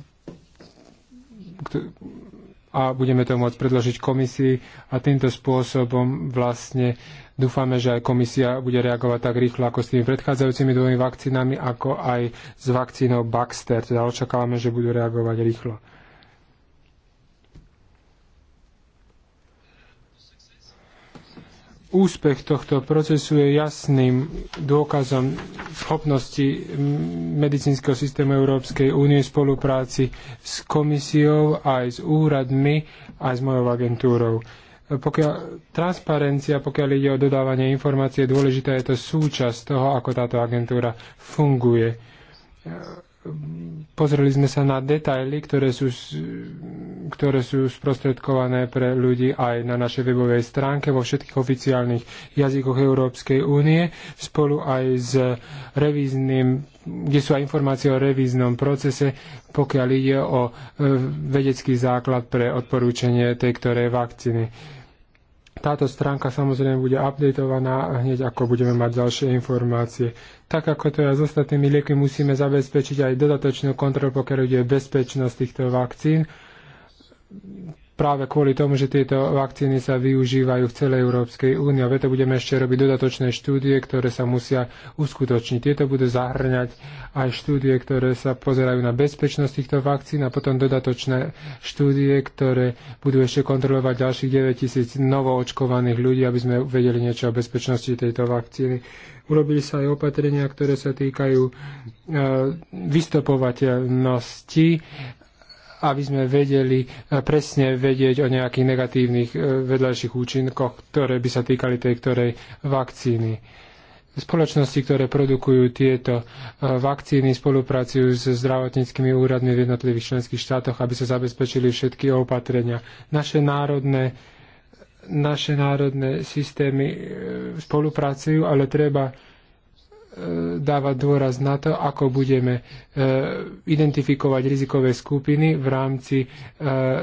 a budeme to môcť predložiť komisii a týmto spôsobom vlastne Dúfame, že aj komisia bude reagovať tak rýchlo ako s tými predchádzajúcimi dvomi vakcínami, ako aj s vakcínou Baxter. Teda očakávame, že budú reagovať rýchlo. úspech tohto procesu je jasným dôkazom schopnosti medicínskeho systému Európskej únie v spolupráci s komisiou, aj s úradmi, aj s mojou agentúrou pokiaľ, transparencia, pokiaľ ide o dodávanie informácie, dôležitá je to súčasť toho, ako táto agentúra funguje. Pozreli sme sa na detaily, ktoré sú, ktoré sú sprostredkované pre ľudí aj na našej webovej stránke vo všetkých oficiálnych jazykoch Európskej únie, spolu aj s revíznym, kde sú aj informácie o revíznom procese, pokiaľ ide o e, vedecký základ pre odporúčanie tej ktorej vakcíny táto stránka samozrejme bude updatovaná hneď ako budeme mať ďalšie informácie. Tak ako to je s ostatnými lieky, musíme zabezpečiť aj dodatočnú kontrolu, pokiaľ ide bezpečnosť týchto vakcín práve kvôli tomu, že tieto vakcíny sa využívajú v celej Európskej únii. A preto budeme ešte robiť dodatočné štúdie, ktoré sa musia uskutočniť. Tieto budú zahrňať aj štúdie, ktoré sa pozerajú na bezpečnosť týchto vakcín a potom dodatočné štúdie, ktoré budú ešte kontrolovať ďalších 9 tisíc novoočkovaných ľudí, aby sme vedeli niečo o bezpečnosti tejto vakcíny. Urobili sa aj opatrenia, ktoré sa týkajú e, vystopovateľnosti aby sme vedeli e, presne vedieť o nejakých negatívnych e, vedľajších účinkoch, ktoré by sa týkali tej ktorej vakcíny. Spoločnosti, ktoré produkujú tieto e, vakcíny, spolupracujú s zdravotníckými úradmi v jednotlivých členských štátoch, aby sa zabezpečili všetky opatrenia. Naše národné naše národné systémy spolupracujú, ale treba E, dávať dôraz na to, ako budeme e, identifikovať rizikové skupiny v rámci e,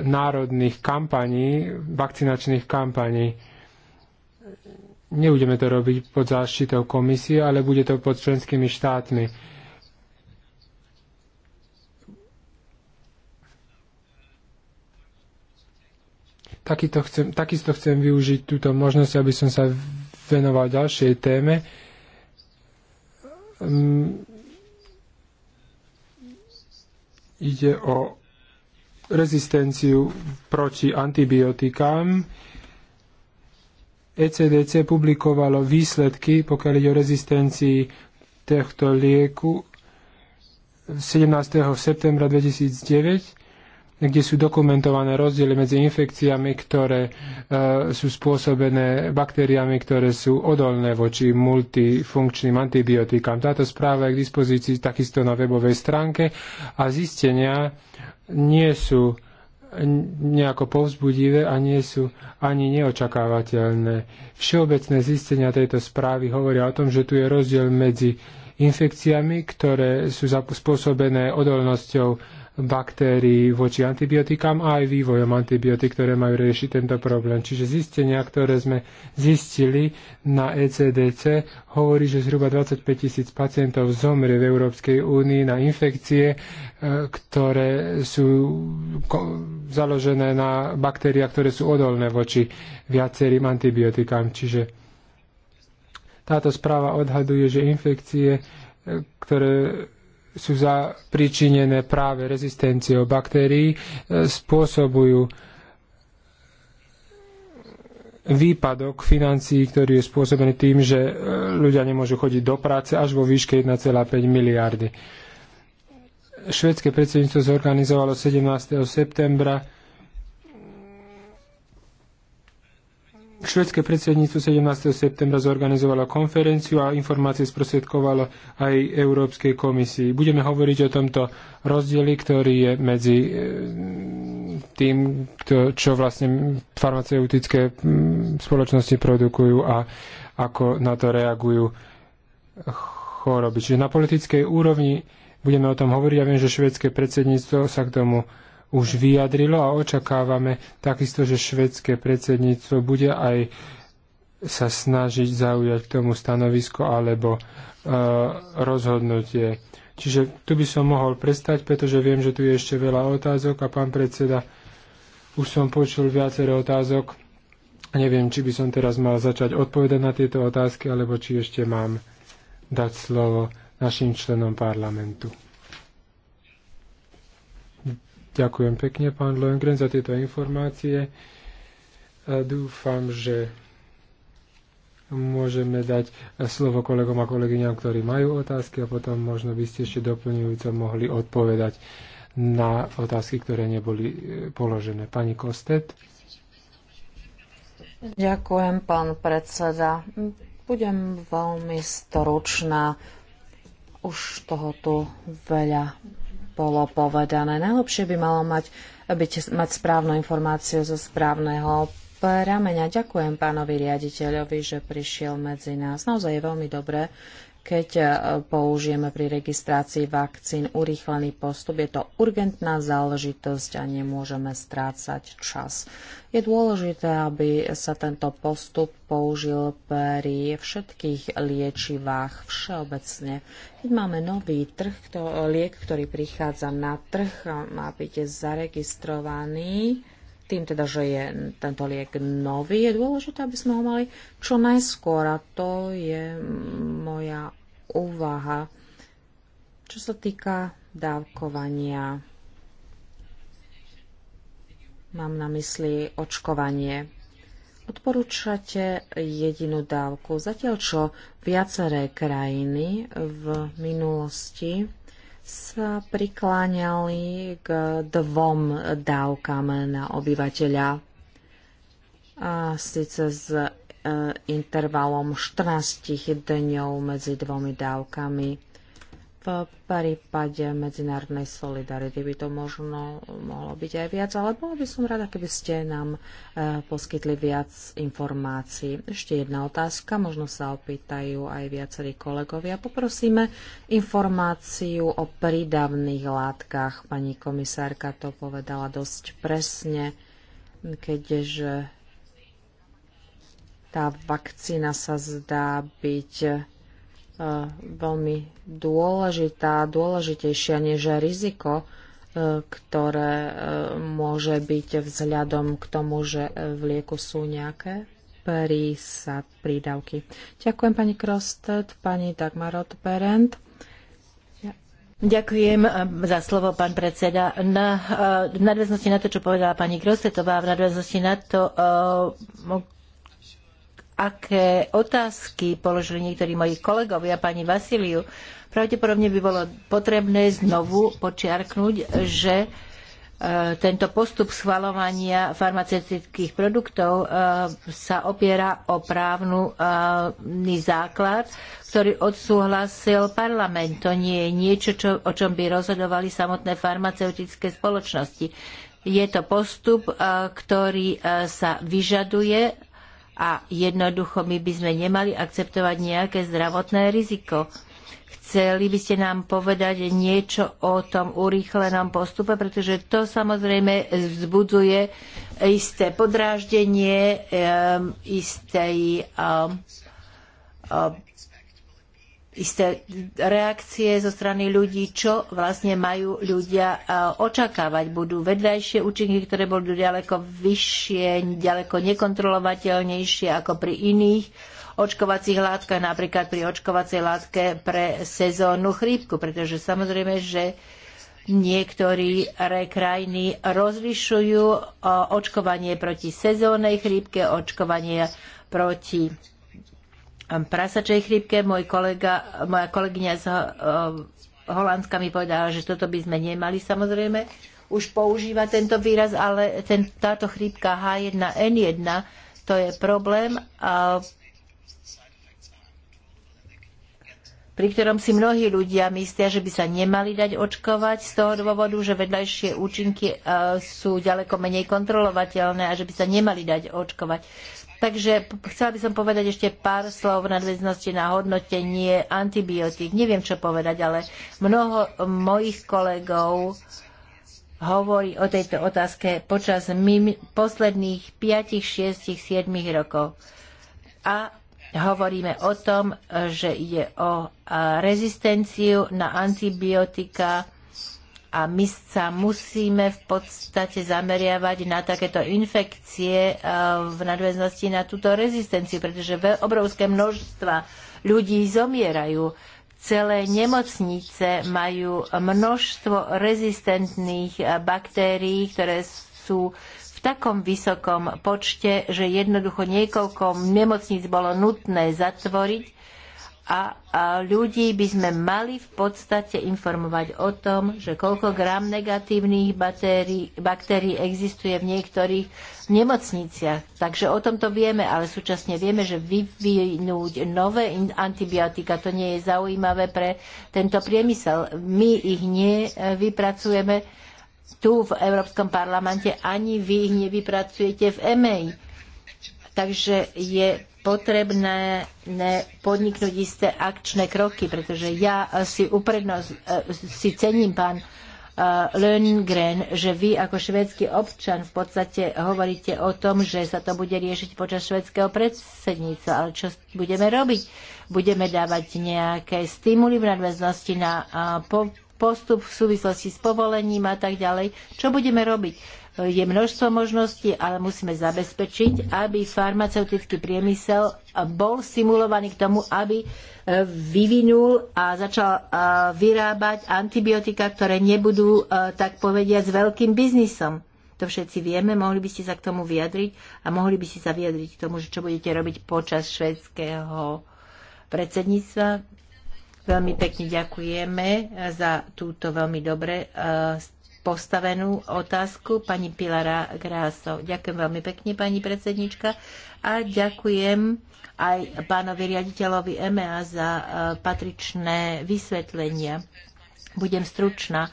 národných kampaní, vakcinačných kampaní. Nebudeme to robiť pod záštitou komisie, ale bude to pod členskými štátmi. Takisto chcem, takisto chcem využiť túto možnosť, aby som sa venoval ďalšej téme Hm, ide o rezistenciu proti antibiotikám. ECDC publikovalo výsledky, pokiaľ ide o rezistencii tohto lieku 17. septembra 2009 kde sú dokumentované rozdiely medzi infekciami, ktoré uh, sú spôsobené baktériami, ktoré sú odolné voči multifunkčným antibiotikám. Táto správa je k dispozícii takisto na webovej stránke a zistenia nie sú nejako povzbudivé a nie sú ani neočakávateľné. Všeobecné zistenia tejto správy hovoria o tom, že tu je rozdiel medzi infekciami, ktoré sú spôsobené odolnosťou baktérií voči antibiotikám a aj vývojom antibiotik, ktoré majú riešiť tento problém. Čiže zistenia, ktoré sme zistili na ECDC, hovorí, že zhruba 25 tisíc pacientov zomrie v Európskej únii na infekcie, e, ktoré sú založené na baktériách, ktoré sú odolné voči viacerým antibiotikám. Čiže táto správa odhaduje, že infekcie, e, ktoré sú zapričinené práve rezistenciou baktérií, e, spôsobujú výpadok financií, ktorý je spôsobený tým, že e, ľudia nemôžu chodiť do práce až vo výške 1,5 miliardy. Švedské predsedníctvo zorganizovalo 17. septembra Švedské predsedníctvo 17. septembra zorganizovalo konferenciu a informácie sprostredkovalo aj Európskej komisii. Budeme hovoriť o tomto rozdieli, ktorý je medzi eh, tým, čo vlastne farmaceutické mm, spoločnosti produkujú a ako na to reagujú choroby. Čiže na politickej úrovni budeme o tom hovoriť. Ja viem, že švedské predsedníctvo sa k tomu už vyjadrilo a očakávame takisto, že švedské predsedníctvo bude aj sa snažiť zaujať k tomu stanovisko alebo e, rozhodnutie. Čiže tu by som mohol prestať, pretože viem, že tu je ešte veľa otázok a pán predseda, už som počul viacero otázok. Neviem, či by som teraz mal začať odpovedať na tieto otázky, alebo či ešte mám dať slovo našim členom parlamentu. Ďakujem pekne, pán Lohengren, za tieto informácie. A dúfam, že môžeme dať slovo kolegom a kolegyňam, ktorí majú otázky a potom možno by ste ešte doplňujúco mohli odpovedať na otázky, ktoré neboli e, položené. Pani Kostet. Ďakujem, pán predseda. Budem veľmi stručná. Už toho tu veľa bolo povedané. Najlepšie by malo mať, byť, mať správnu informáciu zo správneho prameňa. Ďakujem pánovi riaditeľovi, že prišiel medzi nás. Naozaj je veľmi dobré, keď e, použijeme pri registrácii vakcín urýchlený postup. Je to urgentná záležitosť a nemôžeme strácať čas. Je dôležité, aby sa tento postup použil pri všetkých liečivách všeobecne. Keď máme nový trh, to, liek, ktorý prichádza na trh, má byť zaregistrovaný tým teda, že je tento liek nový, je dôležité, aby sme ho mali čo najskôr a to je moja úvaha, čo sa týka dávkovania. Mám na mysli očkovanie. Odporúčate jedinú dávku, zatiaľ čo viaceré krajiny v minulosti sa prikláňali k dvom dávkam na obyvateľa. A síce s e, intervalom 14 dňov medzi dvomi dávkami v prípade medzinárodnej solidarity by to možno mohlo byť aj viac, ale bola by som rada, keby ste nám e, poskytli viac informácií. Ešte jedna otázka, možno sa opýtajú aj viacerí kolegovia. Poprosíme informáciu o prídavných látkach. Pani komisárka to povedala dosť presne, keďže tá vakcína sa zdá byť E, veľmi dôležitá, dôležitejšia než riziko, e, ktoré e, môže byť vzhľadom k tomu, že v lieku sú nejaké prísad, prídavky. Ďakujem pani Krostet, pani Dagmarot Berend. Ďakujem za slovo, pán predseda. Na, v nadväznosti na to, čo povedala pani Krostetová, v nadväznosti na to, aké otázky položili niektorí moji kolegovia pani Vasiliu, pravdepodobne by bolo potrebné znovu počiarknúť, že e, tento postup schvalovania farmaceutických produktov e, sa opiera o právny e, základ, ktorý odsúhlasil parlament. To nie je niečo, čo, o čom by rozhodovali samotné farmaceutické spoločnosti. Je to postup, ktorý sa vyžaduje a jednoducho my by sme nemali akceptovať nejaké zdravotné riziko. Chceli by ste nám povedať niečo o tom urýchlenom postupe, pretože to samozrejme vzbudzuje isté podráždenie, um, istej um, um, isté reakcie zo strany ľudí, čo vlastne majú ľudia e, očakávať. Budú vedľajšie účinky, ktoré budú ďaleko vyššie, ďaleko nekontrolovateľnejšie ako pri iných očkovacích látkach, napríklad pri očkovacej látke pre sezónnu chrípku, pretože samozrejme, že Niektorí krajiny rozlišujú e, očkovanie proti sezónnej chrípke, očkovanie proti prasačej chrípke. Môj kolega, moja kolegyňa z eh, Holandska mi povedala, že toto by sme nemali samozrejme už používa tento výraz, ale ten, táto chrípka H1N1 to je problém, a, pri ktorom si mnohí ľudia myslia, že by sa nemali dať očkovať z toho dôvodu, že vedľajšie účinky eh, sú ďaleko menej kontrolovateľné a že by sa nemali dať očkovať. Takže chcela by som povedať ešte pár slov v nadväznosti na hodnotenie antibiotík. Neviem, čo povedať, ale mnoho mojich kolegov hovorí o tejto otázke počas posledných 5, 6, 7 rokov. A hovoríme o tom, že ide o rezistenciu na antibiotika a my sa musíme v podstate zameriavať na takéto infekcie e, v nadväznosti na túto rezistenciu, pretože obrovské množstva ľudí zomierajú. Celé nemocnice majú množstvo rezistentných e, baktérií, ktoré sú v takom vysokom počte, že jednoducho niekoľko nemocníc bolo nutné zatvoriť a, a ľudí by sme mali v podstate informovať o tom, že koľko gram negatívnych batérií, baktérií existuje v niektorých nemocniciach. Takže o tomto vieme, ale súčasne vieme, že vyvinúť nové antibiotika to nie je zaujímavé pre tento priemysel. My ich nevypracujeme tu v Európskom parlamente, ani vy ich nevypracujete v EMEI. Takže je potrebné podniknúť isté akčné kroky, pretože ja si uprednosť, e, si cením, pán e, Löngren, že vy ako švédsky občan v podstate hovoríte o tom, že sa to bude riešiť počas švedského predsedníctva, ale čo budeme robiť? Budeme dávať nejaké stimuly v nadväznosti na postup v súvislosti s povolením a tak ďalej. Čo budeme robiť? je množstvo možností, ale musíme zabezpečiť, aby farmaceutický priemysel bol stimulovaný k tomu, aby e, vyvinul a začal e, vyrábať antibiotika, ktoré nebudú, e, tak povediať, s veľkým biznisom. To všetci vieme, mohli by ste sa k tomu vyjadriť a mohli by ste sa vyjadriť k tomu, že čo budete robiť počas švedského predsedníctva. Veľmi pekne ďakujeme za túto veľmi dobre postavenú otázku pani Pilara Gráso. Ďakujem veľmi pekne, pani predsednička, a ďakujem aj pánovi riaditeľovi EMEA za e, patričné vysvetlenia. Budem stručná.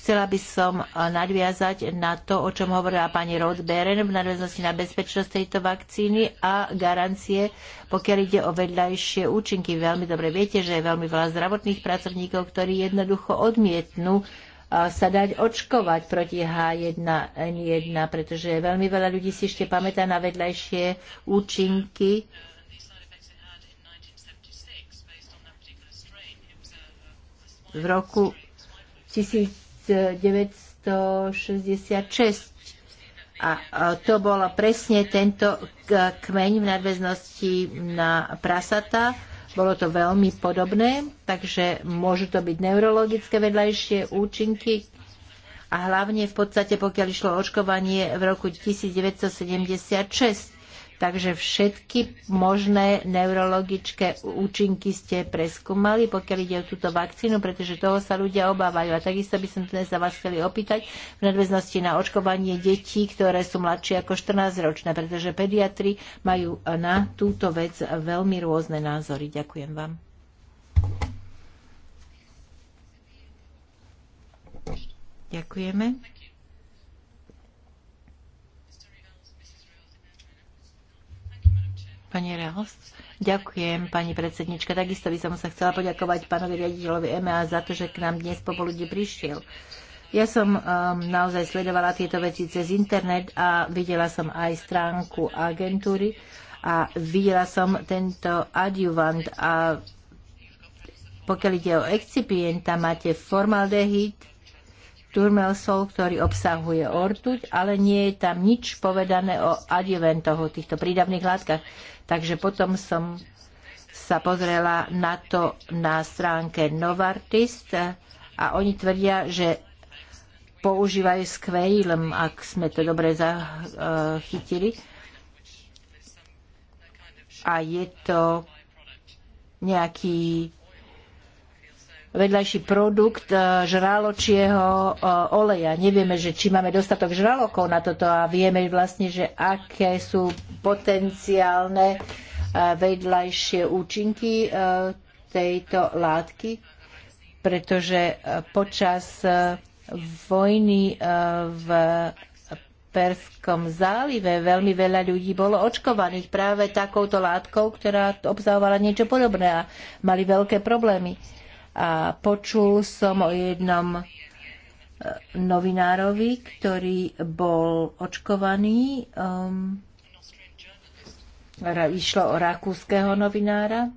Chcela by som e, nadviazať na to, o čom hovorila pani Roth-Beren v nadväznosti na bezpečnosť tejto vakcíny a garancie, pokiaľ ide o vedľajšie účinky. Veľmi dobre viete, že je veľmi veľa zdravotných pracovníkov, ktorí jednoducho odmietnú sa dať očkovať proti H1N1, pretože veľmi veľa ľudí si ešte pamätá na vedľajšie účinky v roku 1966. A to bolo presne tento kmeň v nadväznosti na prasata, bolo to veľmi podobné, takže môžu to byť neurologické vedľajšie účinky a hlavne v podstate pokiaľ išlo očkovanie v roku 1976. Takže všetky možné neurologické účinky ste preskúmali, pokiaľ ide o túto vakcínu, pretože toho sa ľudia obávajú. A takisto by som dnes za vás chceli opýtať v nadväznosti na očkovanie detí, ktoré sú mladšie ako 14 ročné, pretože pediatri majú na túto vec veľmi rôzne názory. Ďakujem vám. Ďakujeme. Pani Ďakujem, pani predsednička. Takisto by som sa chcela poďakovať pánovi riaditeľovi EMEA za to, že k nám dnes popoludne prišiel. Ja som um, naozaj sledovala tieto veci cez internet a videla som aj stránku agentúry a videla som tento adjuvant a pokiaľ ide o excipienta, máte formaldehyd, turmelsol, ktorý obsahuje ortuť, ale nie je tam nič povedané o adjuventoch, o týchto prídavných látkach. Takže potom som sa pozrela na to na stránke Novartis a oni tvrdia, že používajú skverilm, ak sme to dobre zachytili. E, a je to nejaký vedľajší produkt e, žraločieho e, oleja. Nevieme, že či máme dostatok žralokov na toto a vieme vlastne, že aké sú potenciálne e, vedľajšie účinky tejto látky, pretože počas vojny v Perskom zálive veľmi veľa ľudí bolo očkovaných práve takouto látkou, ktorá obsahovala niečo podobné a mali veľké problémy a počul som o jednom e, novinárovi, ktorý bol očkovaný. Um, išlo o rakúskeho novinára.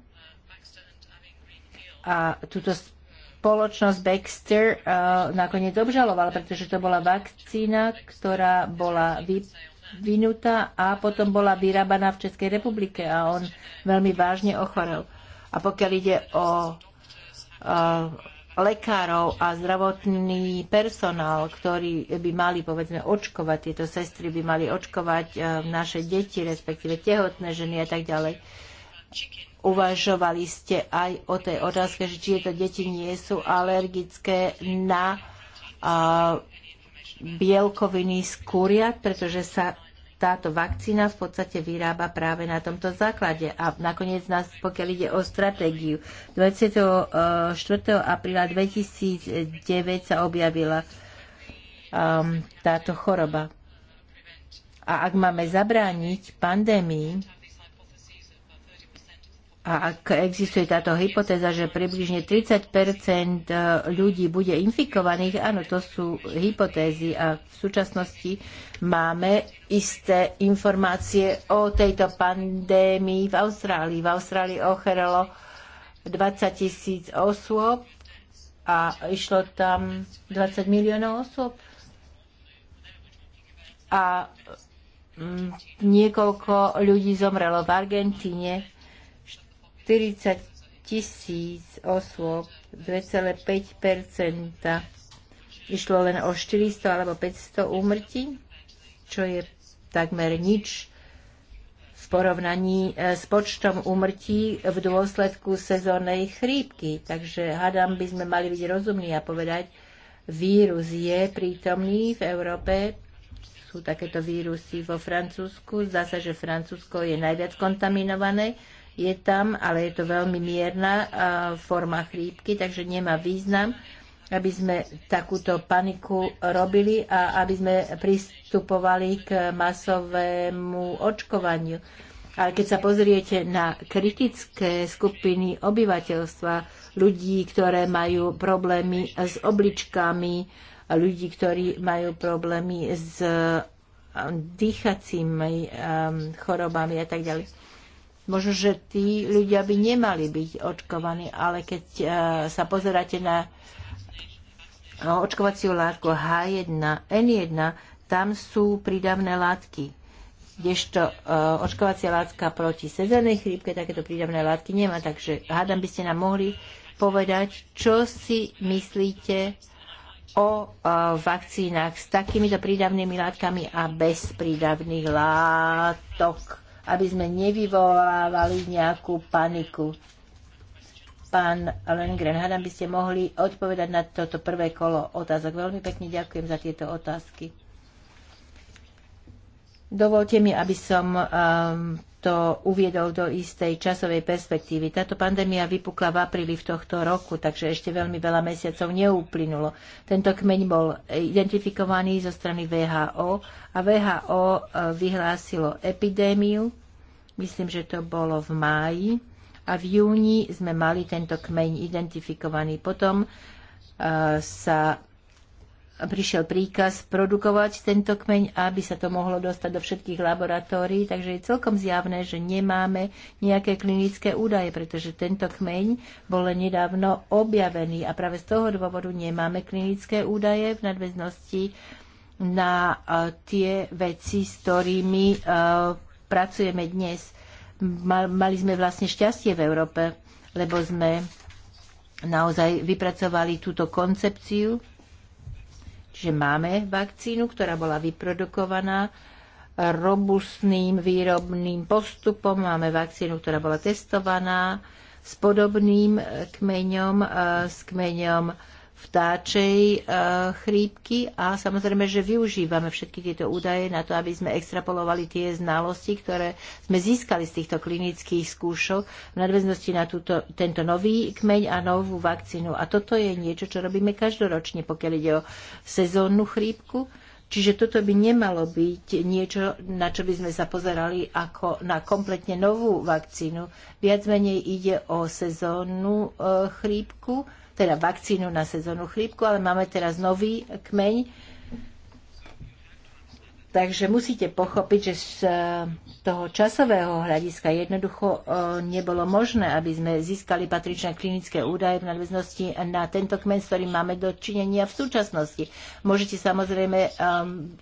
A túto spoločnosť Baxter uh, nakoniec obžalovala, pretože to bola vakcína, ktorá bola vyvinutá a potom bola vyrábaná v Českej republike a on veľmi vážne ochorel. A pokiaľ ide o Eh, lekárov a zdravotný personál, ktorí by mali, povedzme, očkovať, tieto sestry by mali očkovať eh, naše deti, respektíve tehotné ženy a tak ďalej. Uvažovali ste aj o tej otázke, že či tieto deti nie sú alergické na eh, bielkoviny z kuriat, pretože sa táto vakcína v podstate vyrába práve na tomto základe. A nakoniec nás, pokiaľ ide o stratégiu, 24. E, apríla 2009 sa objavila um, táto choroba. A ak máme zabrániť pandémii, a ak existuje táto hypotéza, že približne 30 e, ľudí bude infikovaných, áno, to sú hypotézy a v súčasnosti máme isté informácie o tejto pandémii v Austrálii. V Austrálii ochorelo 20 tisíc osôb a išlo tam 20 miliónov osôb. A mm, niekoľko ľudí zomrelo v Argentíne 40 tisíc osôb, 2,5 išlo len o 400 alebo 500 úmrtí, čo je takmer nič v porovnaní e, s počtom úmrtí v dôsledku sezónnej chrípky. Takže hádam by sme mali byť rozumní a povedať, vírus je prítomný v Európe, sú takéto vírusy vo Francúzsku. Zdá sa, že Francúzsko je najviac kontaminované je tam, ale je to veľmi mierna forma chrípky, takže nemá význam, aby sme takúto paniku robili a aby sme pristupovali k masovému očkovaniu. Ale keď sa pozriete na kritické skupiny obyvateľstva, ľudí, ktoré majú problémy s obličkami, ľudí, ktorí majú problémy s dýchacími chorobami a tak ďalej Možno, že tí ľudia by nemali byť očkovaní, ale keď e, sa pozeráte na e, očkovaciu látku H1N1, tam sú prídavné látky. Kdežto e, očkovacia látka proti sezernej chrípke takéto prídavné látky nemá, takže hádam by ste nám mohli povedať, čo si myslíte o vakcínach s takýmito prídavnými látkami a bez prídavných látok aby sme nevyvolávali nejakú paniku. Pán Lengren, hádam by ste mohli odpovedať na toto prvé kolo otázok. Veľmi pekne ďakujem za tieto otázky. Dovolte mi, aby som um, to uviedol do istej časovej perspektívy. Táto pandémia vypukla v apríli v tohto roku, takže ešte veľmi veľa mesiacov neuplynulo. Tento kmeň bol identifikovaný zo strany VHO a VHO e, vyhlásilo epidémiu, myslím, že to bolo v máji, a v júni sme mali tento kmeň identifikovaný. Potom e, sa prišiel príkaz produkovať tento kmeň, aby sa to mohlo dostať do všetkých laboratórií. Takže je celkom zjavné, že nemáme nejaké klinické údaje, pretože tento kmeň bol len nedávno objavený a práve z toho dôvodu nemáme klinické údaje v nadväznosti na e, tie veci, s ktorými e, pracujeme dnes. Mali sme vlastne šťastie v Európe, lebo sme naozaj vypracovali túto koncepciu že máme vakcínu, ktorá bola vyprodukovaná robustným výrobným postupom, máme vakcínu, ktorá bola testovaná s podobným kmeňom, e, s kmeňom vtáčej e, chrípky a samozrejme, že využívame všetky tieto údaje na to, aby sme extrapolovali tie znalosti, ktoré sme získali z týchto klinických skúšok v nadväznosti na túto, tento nový kmeň a novú vakcínu. A toto je niečo, čo robíme každoročne, pokiaľ ide o sezónnu chrípku. Čiže toto by nemalo byť niečo, na čo by sme sa pozerali ako na kompletne novú vakcínu. Viac menej ide o sezónnu e, chrípku teda vakcínu na sezónu chrípku, ale máme teraz nový kmeň Takže musíte pochopiť, že z eh, toho časového hľadiska jednoducho eh, nebolo možné, aby sme získali patričné klinické údaje v nadväznosti na tento kmen, s ktorým máme dočinenia v súčasnosti. Môžete samozrejme um,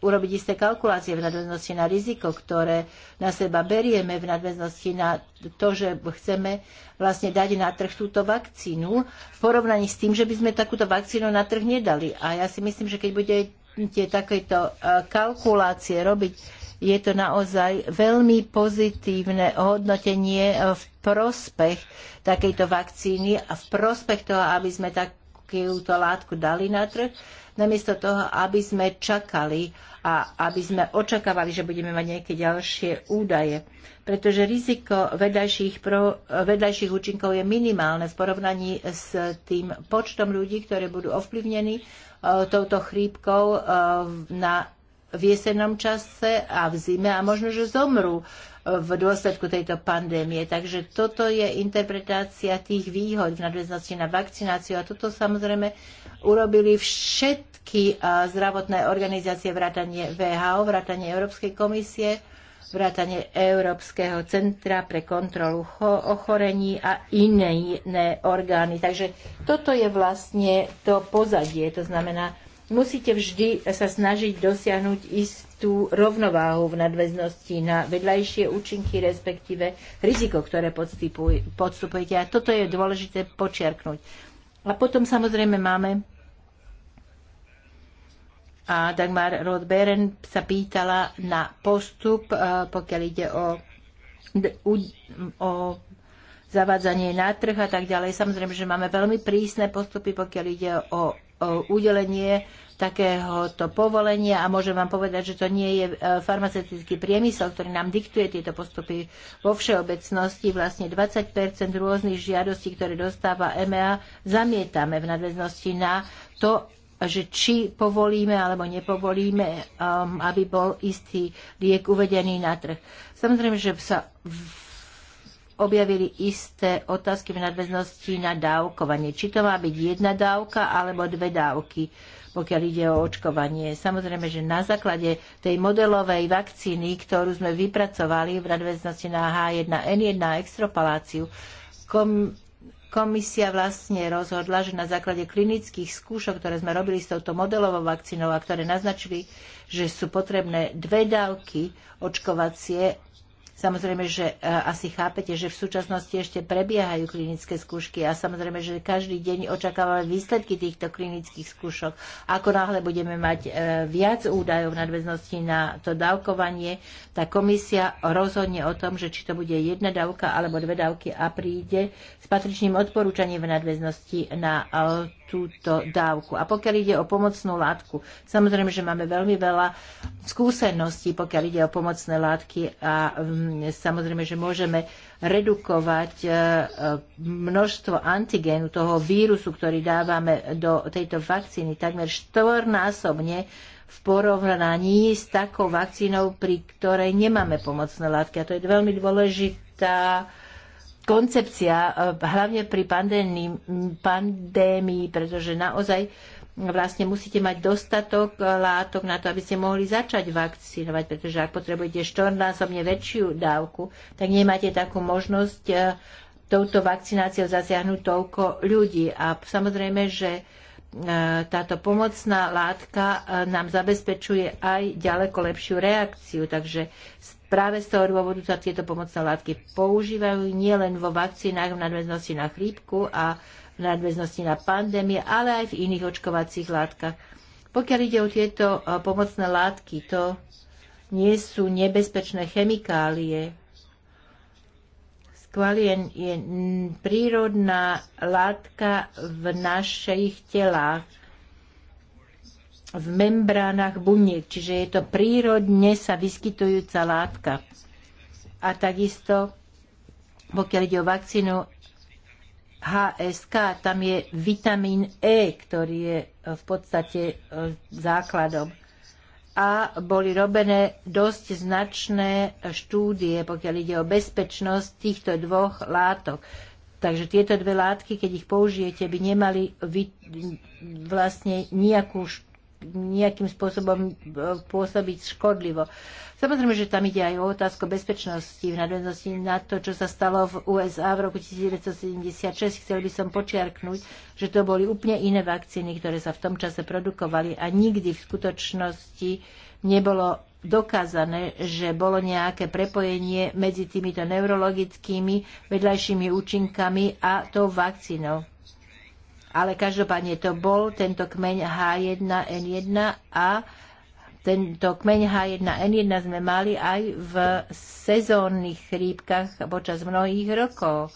urobiť isté kalkulácie v nadväznosti na riziko, ktoré na seba berieme v nadväznosti na to, že chceme vlastne dať na trh túto vakcínu v porovnaní s tým, že by sme takúto vakcínu na trh nedali. A ja si myslím, že keď bude tie takéto e, kalkulácie robiť, je to naozaj veľmi pozitívne hodnotenie e, v prospech takejto vakcíny a v prospech toho, aby sme takúto látku dali na trh, namiesto toho, aby sme čakali a aby sme očakávali, že budeme mať nejaké ďalšie údaje. Pretože riziko vedajších, pro, vedajších účinkov je minimálne v porovnaní s tým počtom ľudí, ktoré budú ovplyvnení Eh, touto chrípkou eh, na, v jesennom čase a v zime a možno, že zomrú eh, v dôsledku tejto pandémie. Takže toto je interpretácia tých výhod v nadväznosti na vakcináciu a toto samozrejme urobili všetky zdravotné organizácie vrátanie VHO, vrátanie Európskej komisie vrátane Európskeho centra pre kontrolu ochorení a iné, iné orgány. Takže toto je vlastne to pozadie. To znamená, musíte vždy sa snažiť dosiahnuť istú rovnováhu v nadväznosti na vedľajšie účinky, respektíve riziko, ktoré podstupujete. A toto je dôležité počiarknúť. A potom samozrejme máme a Dagmar Rothberen sa pýtala na postup, e, pokiaľ ide o, o zavádzanie na trh a tak ďalej. Samozrejme, že máme veľmi prísne postupy, pokiaľ ide o, o udelenie takéhoto povolenia a môžem vám povedať, že to nie je e, farmaceutický priemysel, ktorý nám diktuje tieto postupy vo všeobecnosti. Vlastne 20 rôznych žiadostí, ktoré dostáva EMEA, zamietame v nadväznosti na to, že či povolíme alebo nepovolíme, um, aby bol istý liek uvedený na trh. Samozrejme, že sa objavili isté otázky v nadväznosti na dávkovanie. Či to má byť jedna dávka alebo dve dávky, pokiaľ ide o očkovanie. Samozrejme, že na základe tej modelovej vakcíny, ktorú sme vypracovali v nadväznosti na H1N1 extrapoláciu, kom, komisia vlastne rozhodla, že na základe klinických skúšok, ktoré sme robili s touto modelovou vakcínou a ktoré naznačili, že sú potrebné dve dávky očkovacie Samozrejme, že e, asi chápete, že v súčasnosti ešte prebiehajú klinické skúšky a samozrejme, že každý deň očakávame výsledky týchto klinických skúšok. Ako náhle budeme mať e, viac údajov v nadväznosti na to dávkovanie, tá komisia rozhodne o tom, že či to bude jedna dávka alebo dve dávky a príde s patričným odporúčaním v nadväznosti na e, túto dávku. A pokiaľ ide o pomocnú látku, samozrejme, že máme veľmi veľa skúseností, pokiaľ ide o pomocné látky a um, samozrejme, že môžeme redukovať uh, množstvo antigénu toho vírusu, ktorý dávame do tejto vakcíny takmer štvornásobne v porovnaní s takou vakcínou, pri ktorej nemáme pomocné látky. A to je veľmi dôležitá koncepcia, e, hlavne pri pandémii, pandémii pretože naozaj vlastne musíte mať dostatok látok na to, aby ste mohli začať vakcinovať, pretože ak potrebujete štornásobne väčšiu dávku, tak nemáte takú možnosť e, touto vakcináciou zasiahnuť toľko ľudí. A samozrejme, že e, táto pomocná látka nám zabezpečuje aj ďaleko lepšiu reakciu. Takže z Práve z toho dôvodu sa tieto pomocné látky používajú nielen vo vakcínach v nadväznosti na chrípku a v nadväznosti na pandémie, ale aj v iných očkovacích látkach. Pokiaľ ide o tieto e, pomocné látky, to nie sú nebezpečné chemikálie. Skvalien je prírodná látka v našich telách v membránach buniek, čiže je to prírodne sa vyskytujúca látka. A takisto, pokiaľ ide o vakcínu HSK, tam je vitamín E, ktorý je e, v podstate e, základom. A boli robené dosť značné štúdie, pokiaľ ide o bezpečnosť týchto dvoch látok. Takže tieto dve látky, keď ich použijete, by nemali vlastne nejakú nejakým spôsobom e, pôsobiť škodlivo. Samozrejme, že tam ide aj o otázku bezpečnosti v nadväznosti na to, čo sa stalo v USA v roku 1976. Chcel by som počiarknúť, že to boli úplne iné vakcíny, ktoré sa v tom čase produkovali a nikdy v skutočnosti nebolo dokázané, že bolo nejaké prepojenie medzi týmito neurologickými vedľajšími účinkami a tou vakcínou ale každopádne to bol tento kmeň H1N1 a tento kmeň H1N1 sme mali aj v sezónnych chrípkach počas mnohých rokov.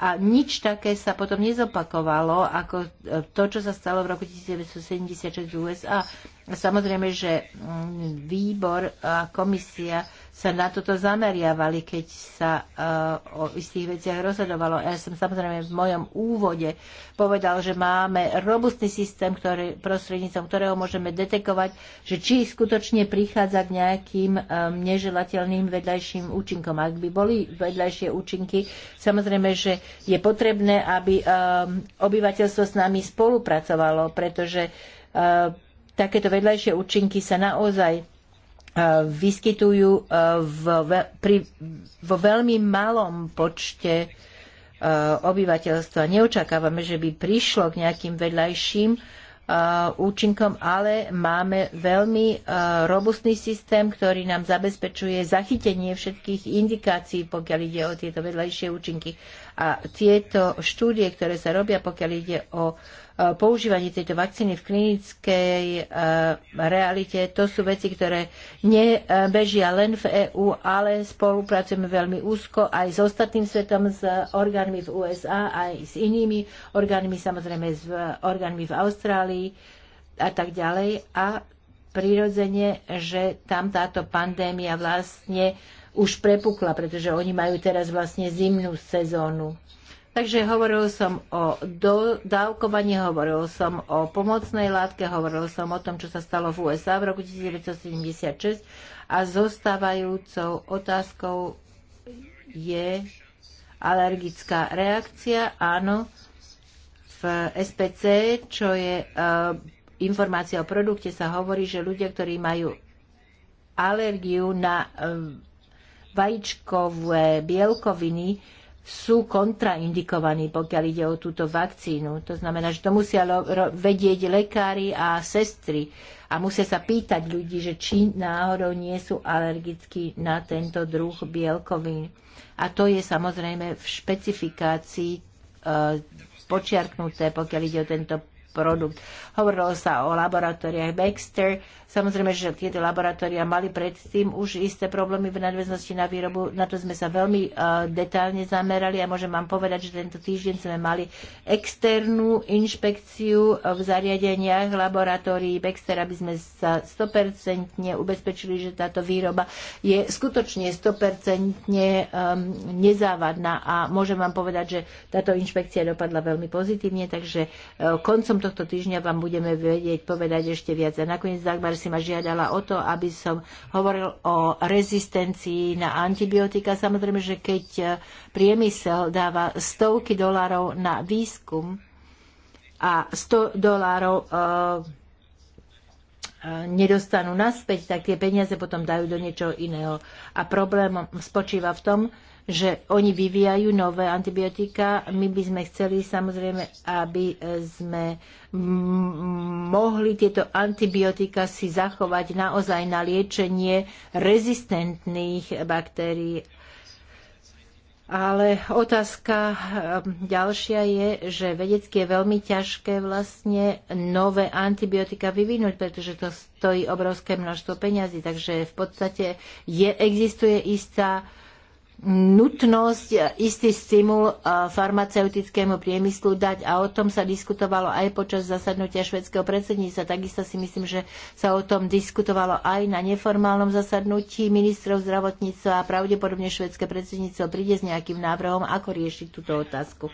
A nič také sa potom nezopakovalo, ako e, to, čo sa stalo v roku 1976 v USA. Samozrejme, že mm, výbor a komisia sa na toto zameriavali, keď sa uh, o istých veciach rozhodovalo. Ja som samozrejme v mojom úvode povedal, že máme robustný systém, ktorý, prostrednícom ktorého môžeme detekovať, že či skutočne prichádza k nejakým um, neželateľným vedľajším účinkom. Ak by boli vedľajšie účinky, samozrejme, že je potrebné, aby um, obyvateľstvo s nami spolupracovalo, pretože uh, takéto vedľajšie účinky sa naozaj E, vyskytujú e, v, pri, vo veľmi malom počte e, obyvateľstva. Neočakávame, že by prišlo k nejakým vedľajším účinkom, ale máme veľmi robustný systém, ktorý nám zabezpečuje zachytenie všetkých indikácií, pokiaľ ide o tieto vedľajšie účinky. A tieto štúdie, ktoré sa robia, pokiaľ ide o e, používanie tejto vakcíny v klinickej e, realite, to sú veci, ktoré nebežia len v EÚ, ale spolupracujeme veľmi úzko aj s ostatným svetom, s orgánmi v USA, aj s inými orgánmi, samozrejme s e, orgánmi v Austrálii a tak ďalej. A prirodzene, že tam táto pandémia vlastne už prepukla, pretože oni majú teraz vlastne zimnú sezónu. Takže hovoril som o dávkovaní, hovoril som o pomocnej látke, hovoril som o tom, čo sa stalo v USA v roku 1976 a zostávajúcou otázkou je alergická reakcia. Áno, v SPC, čo je uh, informácia o produkte, sa hovorí, že ľudia, ktorí majú alergiu na uh, vajíčkové bielkoviny sú kontraindikovaní, pokiaľ ide o túto vakcínu. To znamená, že to musia vedieť lekári a sestry a musia sa pýtať ľudí, že či náhodou nie sú alergickí na tento druh bielkovín. A to je samozrejme v špecifikácii e, počiarknuté, pokiaľ ide o tento produkt. Hovorilo sa o laboratóriách Baxter. Samozrejme, že tieto laboratória mali predtým už isté problémy v nadväznosti na výrobu. Na to sme sa veľmi uh, e, detálne zamerali a môžem vám povedať, že tento týždeň sme mali externú inšpekciu v zariadeniach laboratórií Baxter, aby sme sa 100% ubezpečili, že táto výroba je skutočne 100% nezávadná a môžem vám povedať, že táto inšpekcia dopadla veľmi pozitívne, takže e, koncom tohto týždňa vám budeme vedieť povedať ešte viac. A nakoniec Dagmar si ma žiadala o to, aby som hovoril o rezistencii na antibiotika. Samozrejme, že keď e, priemysel dáva stovky dolárov na výskum a 100 dolárov e, e, nedostanú naspäť, tak tie peniaze potom dajú do niečoho iného. A problém spočíva v tom, že oni vyvíjajú nové antibiotika. My by sme chceli samozrejme, aby e, sme mohli tieto antibiotika si zachovať naozaj na liečenie rezistentných baktérií. Ale otázka e, ďalšia je, že vedecky je veľmi ťažké vlastne nové antibiotika vyvinúť, pretože to stojí obrovské množstvo peňazí. Takže v podstate je, existuje istá uh, nutnosť e, istý stimul e, farmaceutickému priemyslu dať a o tom sa diskutovalo aj počas zasadnutia švedského predsedníctva. Takisto si myslím, že sa o tom diskutovalo aj na neformálnom zasadnutí ministrov zdravotníctva a pravdepodobne švedské predsedníctvo príde s nejakým návrhom, ako riešiť túto otázku.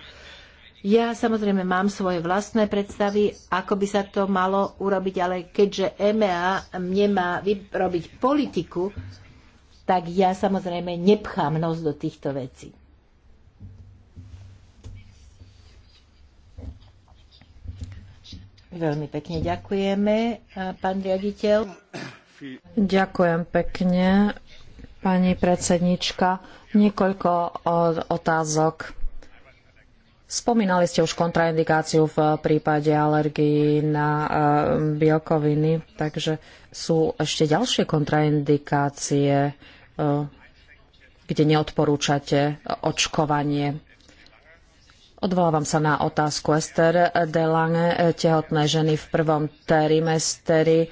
Ja samozrejme mám svoje vlastné predstavy, ako by sa to malo urobiť, ale keďže EMEA nemá vyrobiť politiku, tak ja samozrejme nepchám nos do týchto vecí. Veľmi pekne ďakujeme, pán riaditeľ. Ďakujem pekne, pani predsednička. Niekoľko otázok. Spomínali ste už kontraindikáciu v prípade alergií na e, bielkoviny, takže sú ešte ďalšie kontraindikácie E, kde neodporúčate očkovanie. Odvolávam sa na otázku Ester Delange, e, tehotné ženy v prvom trimestri. E,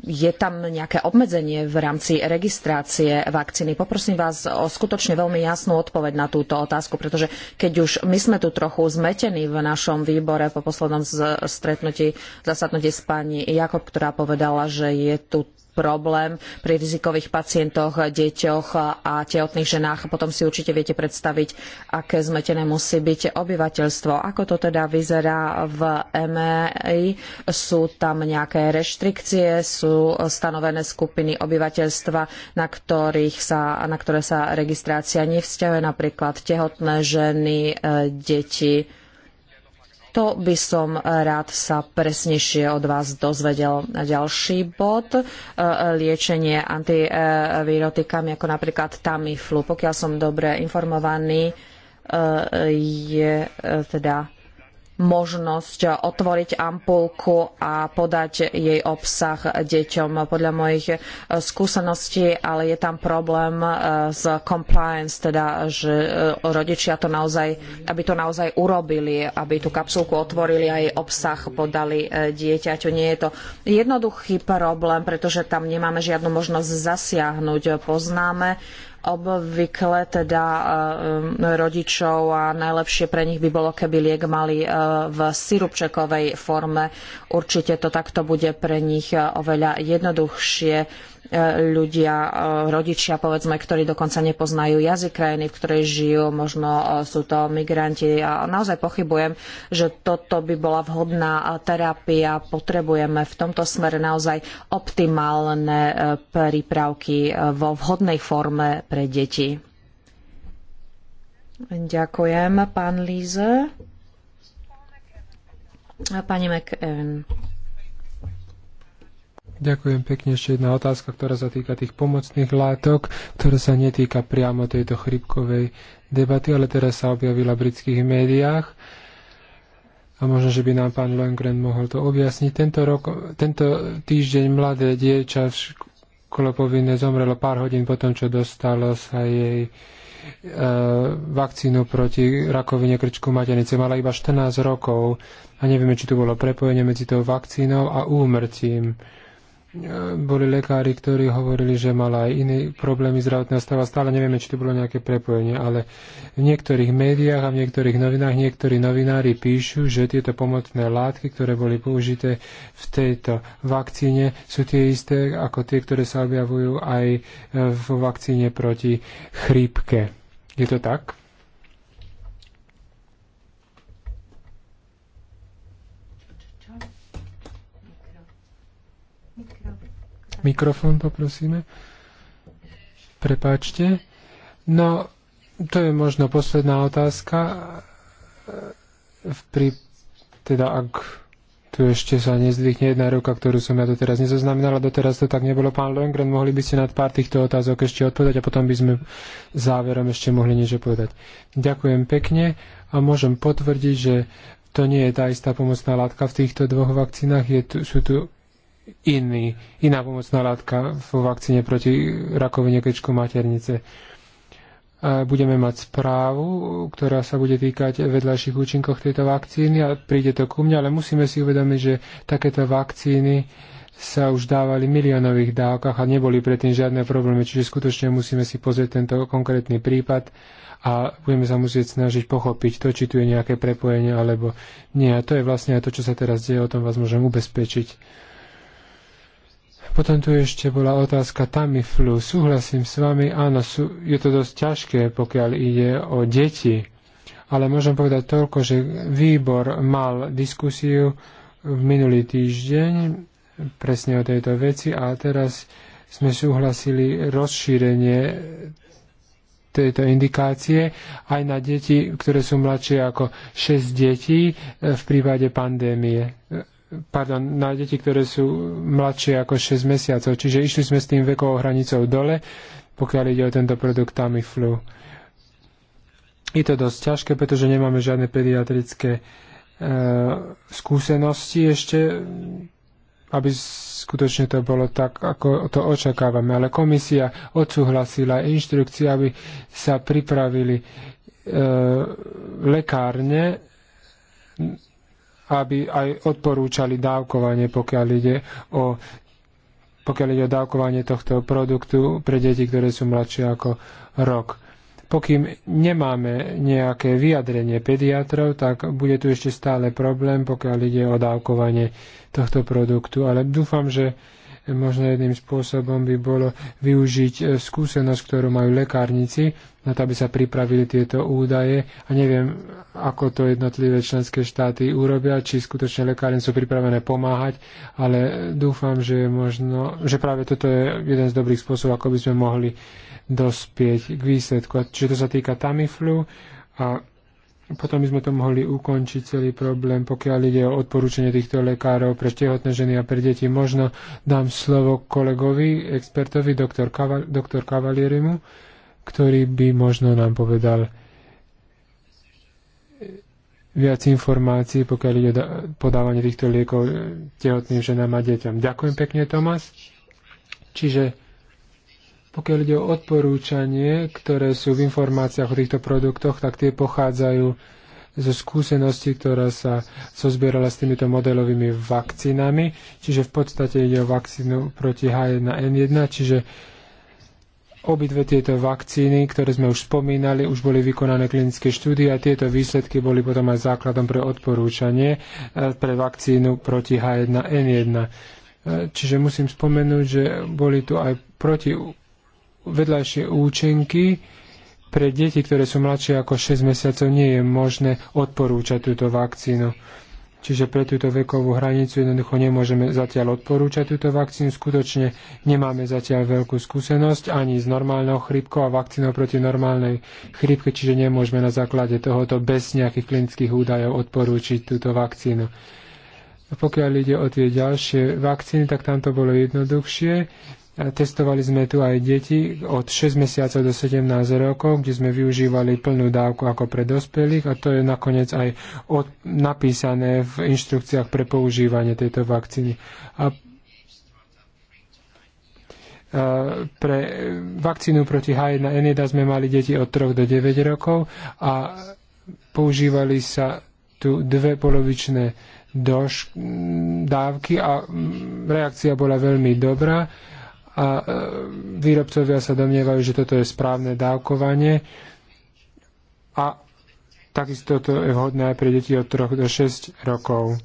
je tam nejaké obmedzenie v rámci registrácie vakcíny? Poprosím vás o skutočne veľmi jasnú odpoveď na túto otázku, pretože keď už my sme tu trochu zmetení v našom výbore po poslednom stretnutí, zasadnutí s pani Jakob, ktorá povedala, že je tu problém pri rizikových pacientoch, deťoch a tehotných ženách. Potom si určite viete predstaviť, aké zmetené musí byť obyvateľstvo. Ako to teda vyzerá v MEI? Sú tam nejaké reštrikcie, sú stanovené skupiny obyvateľstva, na, ktorých sa, na ktoré sa registrácia nevzťahuje, napríklad tehotné ženy, e, deti to by som rád sa presnejšie od vás dozvedel. Ďalší bod, e, liečenie antivirotikami, ako napríklad Tamiflu. Pokiaľ som dobre informovaný, e, je e, teda možnosť otvoriť ampulku a podať jej obsah deťom. Podľa mojich e, skúseností, ale je tam problém e, s compliance, teda, že e, rodičia to naozaj, aby to naozaj urobili, aby tú kapsulku otvorili a jej obsah podali dieťaťu. Nie je to jednoduchý problém, pretože tam nemáme žiadnu možnosť zasiahnuť. Poznáme obvykle teda e, rodičov a najlepšie pre nich by bolo, keby liek mali e, v sirupčekovej forme. Určite to takto bude pre nich e, oveľa jednoduchšie ľudia, e, rodičia, povedzme, ktorí dokonca nepoznajú jazyk krajiny, v ktorej žijú, možno e, sú to migranti a naozaj pochybujem, že toto by bola vhodná e, terapia. Potrebujeme v tomto smere naozaj optimálne prípravky vo vhodnej forme pre deti. Ďakujem, pán Líze. Pani McEwen. Ďakujem pekne. Ešte jedna otázka, ktorá sa týka tých pomocných látok, ktorá sa netýka priamo tejto chrypkovej debaty, ale teraz sa objavila v britských médiách. A možno, že by nám pán Lohengren mohol to objasniť. Tento, rok, tento týždeň mladé dieča v škole povinné zomrelo pár hodín po tom, čo dostalo sa jej e, vakcínu proti rakovine krčku maternice. Mala iba 14 rokov a nevieme, či tu bolo prepojenie medzi tou vakcínou a úmrtím boli lekári, ktorí hovorili, že mala aj iné problémy zdravotného stava. Stále nevieme, či to bolo nejaké prepojenie, ale v niektorých médiách a v niektorých novinách niektorí novinári píšu, že tieto pomocné látky, ktoré boli použité v tejto vakcíne, sú tie isté ako tie, ktoré sa objavujú aj e, v vakcíne proti chrípke. Je to tak? Mikrofón poprosíme. Prepáčte. No, to je možno posledná otázka. pri, teda ak tu ešte sa nezdvihne jedna ruka, ktorú som ja doteraz nezaznamenala, doteraz to tak nebolo. Pán Lengren, mohli by ste nad pár týchto otázok ešte odpovedať a potom by sme záverom ešte mohli niečo povedať. Ďakujem pekne a môžem potvrdiť, že to nie je tá istá pomocná látka v týchto dvoch vakcínach. Je tu, sú tu iný, iná pomocná látka vo vakcíne proti rakovine krčku maternice. Budeme mať správu, ktorá sa bude týkať vedľajších účinkoch tejto vakcíny a príde to ku mne, ale musíme si uvedomiť, že takéto vakcíny sa už dávali v miliónových dávkach a neboli predtým žiadne problémy, čiže skutočne musíme si pozrieť tento konkrétny prípad a budeme sa musieť snažiť pochopiť to, či tu je nejaké prepojenie alebo nie. A to je vlastne aj to, čo sa teraz deje, o tom vás môžem ubezpečiť. Potom tu ešte bola otázka Tamiflu. Súhlasím s vami, áno, sú, je to dosť ťažké, pokiaľ ide o deti. Ale môžem povedať toľko, že výbor mal diskusiu v minulý týždeň presne o tejto veci a teraz sme súhlasili rozšírenie tejto indikácie aj na deti, ktoré sú mladšie ako 6 detí e, v prípade pandémie pardon, na deti, ktoré sú mladšie ako 6 mesiacov. Čiže išli sme s tým vekovou hranicou dole, pokiaľ ide o tento produkt Tamiflu. Je to dosť ťažké, pretože nemáme žiadne pediatrické e, skúsenosti ešte, aby skutočne to bolo tak, ako to očakávame. Ale komisia odsúhlasila inštrukcie, aby sa pripravili e, lekárne aby aj odporúčali dávkovanie, pokiaľ ide o pokiaľ ide o dávkovanie tohto produktu pre deti, ktoré sú mladšie ako rok. Pokým nemáme nejaké vyjadrenie pediatrov, tak bude tu ešte stále problém, pokiaľ ide o dávkovanie tohto produktu. Ale dúfam, že Možno jedným spôsobom by bolo využiť e, skúsenosť, ktorú majú lekárnici, na to, aby sa pripravili tieto údaje. A neviem, ako to jednotlivé členské štáty urobia, či skutočne lekárne sú pripravené pomáhať, ale dúfam, že je možno, že práve toto je jeden z dobrých spôsobov, ako by sme mohli dospieť k výsledku. Čiže to sa týka Tamiflu a potom by sme to mohli ukončiť celý problém, pokiaľ ide o odporúčanie týchto lekárov pre tehotné ženy a pre deti. Možno dám slovo kolegovi, expertovi, doktor, Kaval- doktor Kavalierimu, ktorý by možno nám povedal viac informácií, pokiaľ ide o podávanie týchto liekov tehotným ženám a deťom. Ďakujem pekne, Tomas. Čiže pokiaľ ide o odporúčanie, ktoré sú v informáciách o týchto produktoch, tak tie pochádzajú zo skúsenosti, ktorá sa zozbierala s týmito modelovými vakcínami. Čiže v podstate ide o vakcínu proti H1N1, čiže Obidve tieto vakcíny, ktoré sme už spomínali, už boli vykonané klinické štúdie a tieto výsledky boli potom aj základom pre odporúčanie e, pre vakcínu proti H1N1. E, čiže musím spomenúť, že boli tu aj proti vedľajšie účinky pre deti, ktoré sú mladšie ako 6 mesiacov, nie je možné odporúčať túto vakcínu. Čiže pre túto vekovú hranicu jednoducho nemôžeme zatiaľ odporúčať túto vakcínu. Skutočne nemáme zatiaľ veľkú skúsenosť ani s normálnou chrypkou a vakcínou proti normálnej chrypke, čiže nemôžeme na základe tohoto bez nejakých klinických údajov odporúčiť túto vakcínu. Pokiaľ ide o tie ďalšie vakcíny, tak tam to bolo jednoduchšie. Testovali sme tu aj deti od 6 mesiacov do 17 rokov, kde sme využívali plnú dávku ako pre dospelých a to je nakoniec aj od, napísané v inštrukciách pre používanie tejto vakcíny. A pre vakcínu proti H1N1 sme mali deti od 3 do 9 rokov a používali sa tu dve polovičné dož, dávky a reakcia bola veľmi dobrá a e, výrobcovia sa domnievajú, že toto je správne dávkovanie a takisto to je vhodné aj pre deti od 3 do 6 rokov.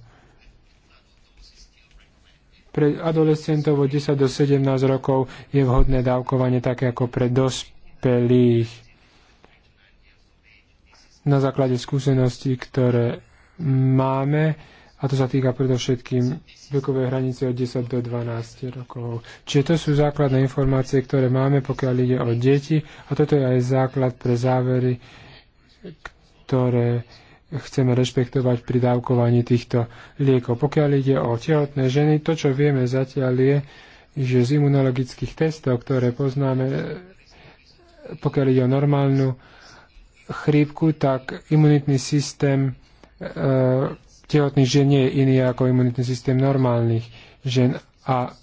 Pre adolescentov od 10 do 17 rokov je vhodné dávkovanie také ako pre dospelých. Na základe skúseností, ktoré máme, a to sa týka predovšetkým vekovej hranice od 10 do 12 rokov. Čiže to sú základné informácie, ktoré máme, pokiaľ ide o deti a toto je aj základ pre závery, ktoré chceme rešpektovať pri dávkovaní týchto liekov. Pokiaľ ide o tehotné ženy, to, čo vieme zatiaľ je, že z imunologických testov, ktoré poznáme, pokiaľ ide o normálnu chrípku, tak imunitný systém e, tehotných žien nie je iný ako imunitný systém normálnych žien a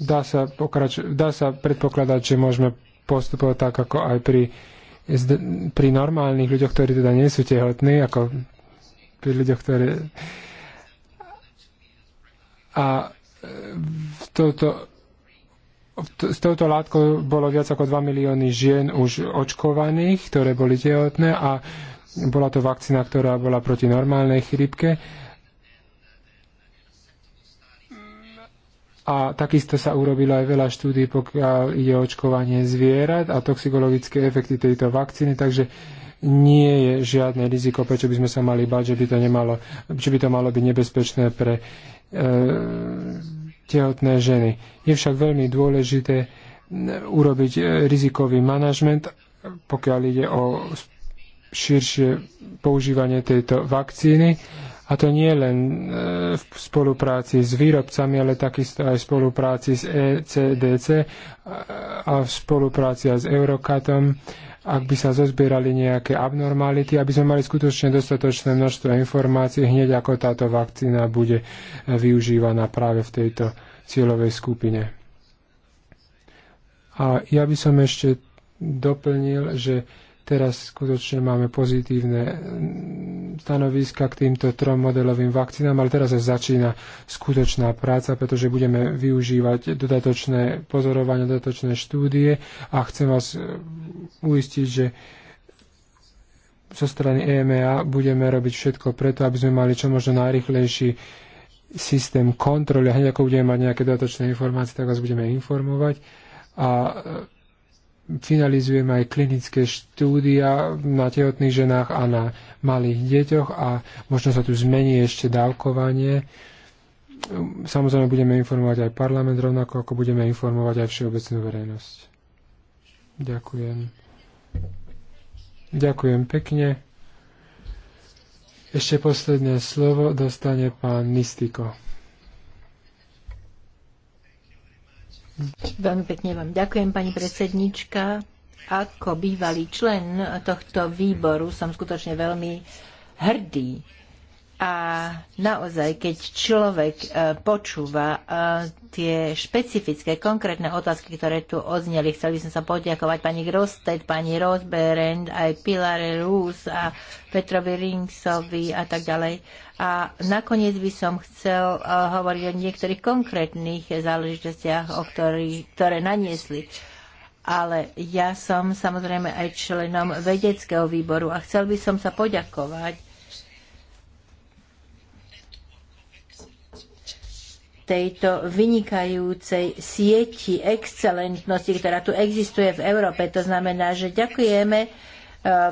dá sa, pokrač- dá sa predpokladať, že môžeme postupovať tak, ako aj pri, pri normálnych ľuďoch, ktorí teda nie sú tehotní, ako pri ľuďoch, ktorí... A e, v toto, v to, s touto látkou bolo viac ako 2 milióny žien už očkovaných, ktoré boli tehotné a bola to vakcína, ktorá bola proti normálnej chrypke. A takisto sa urobilo aj veľa štúdí, pokiaľ ide očkovanie zvierat a toxikologické efekty tejto vakcíny, takže nie je žiadne riziko, prečo by sme sa mali bať, že by to, nemalo, že by to malo byť nebezpečné pre e, tehotné ženy. Je však veľmi dôležité e, urobiť e, rizikový manažment, pokiaľ ide o širšie používanie tejto vakcíny. A to nie len e, v spolupráci s výrobcami, ale takisto aj v spolupráci s ECDC a v spolupráci aj s Eurocatom, ak by sa zozbierali nejaké abnormality, aby sme mali skutočne dostatočné množstvo informácií hneď ako táto vakcína bude e, využívaná práve v tejto cieľovej skupine. A ja by som ešte doplnil, že Teraz skutočne máme pozitívne mm, stanoviska k týmto trom modelovým vakcínám, ale teraz sa začína skutočná práca, pretože budeme využívať dodatočné pozorovania, dodatočné štúdie a chcem vás e, uistiť, že zo strany EMEA budeme robiť všetko preto, aby sme mali čo možno najrychlejší systém kontroly a hneď ako budeme mať nejaké dodatočné informácie, tak vás budeme informovať a e, finalizujeme aj klinické štúdia na tehotných ženách a na malých deťoch a možno sa tu zmení ešte dávkovanie. Samozrejme budeme informovať aj parlament rovnako, ako budeme informovať aj všeobecnú verejnosť. Ďakujem. Ďakujem pekne. Ešte posledné slovo dostane pán Mistiko. Veľmi pekne vám ďakujem, pani predsednička. Ako bývalý člen tohto výboru som skutočne veľmi hrdý a naozaj, keď človek e, počúva e, tie špecifické, konkrétne otázky, ktoré tu odzneli, chcel by som sa poďakovať pani Grosted, pani Rosberend, aj Pilare Rus a Petrovi Ringsovi a tak ďalej. A nakoniec by som chcel e, hovoriť o niektorých konkrétnych záležitostiach, o ktorý, ktoré naniesli ale ja som samozrejme aj členom vedeckého výboru a chcel by som sa poďakovať tejto vynikajúcej sieti excelentnosti, ktorá tu existuje v Európe. To znamená, že ďakujeme e,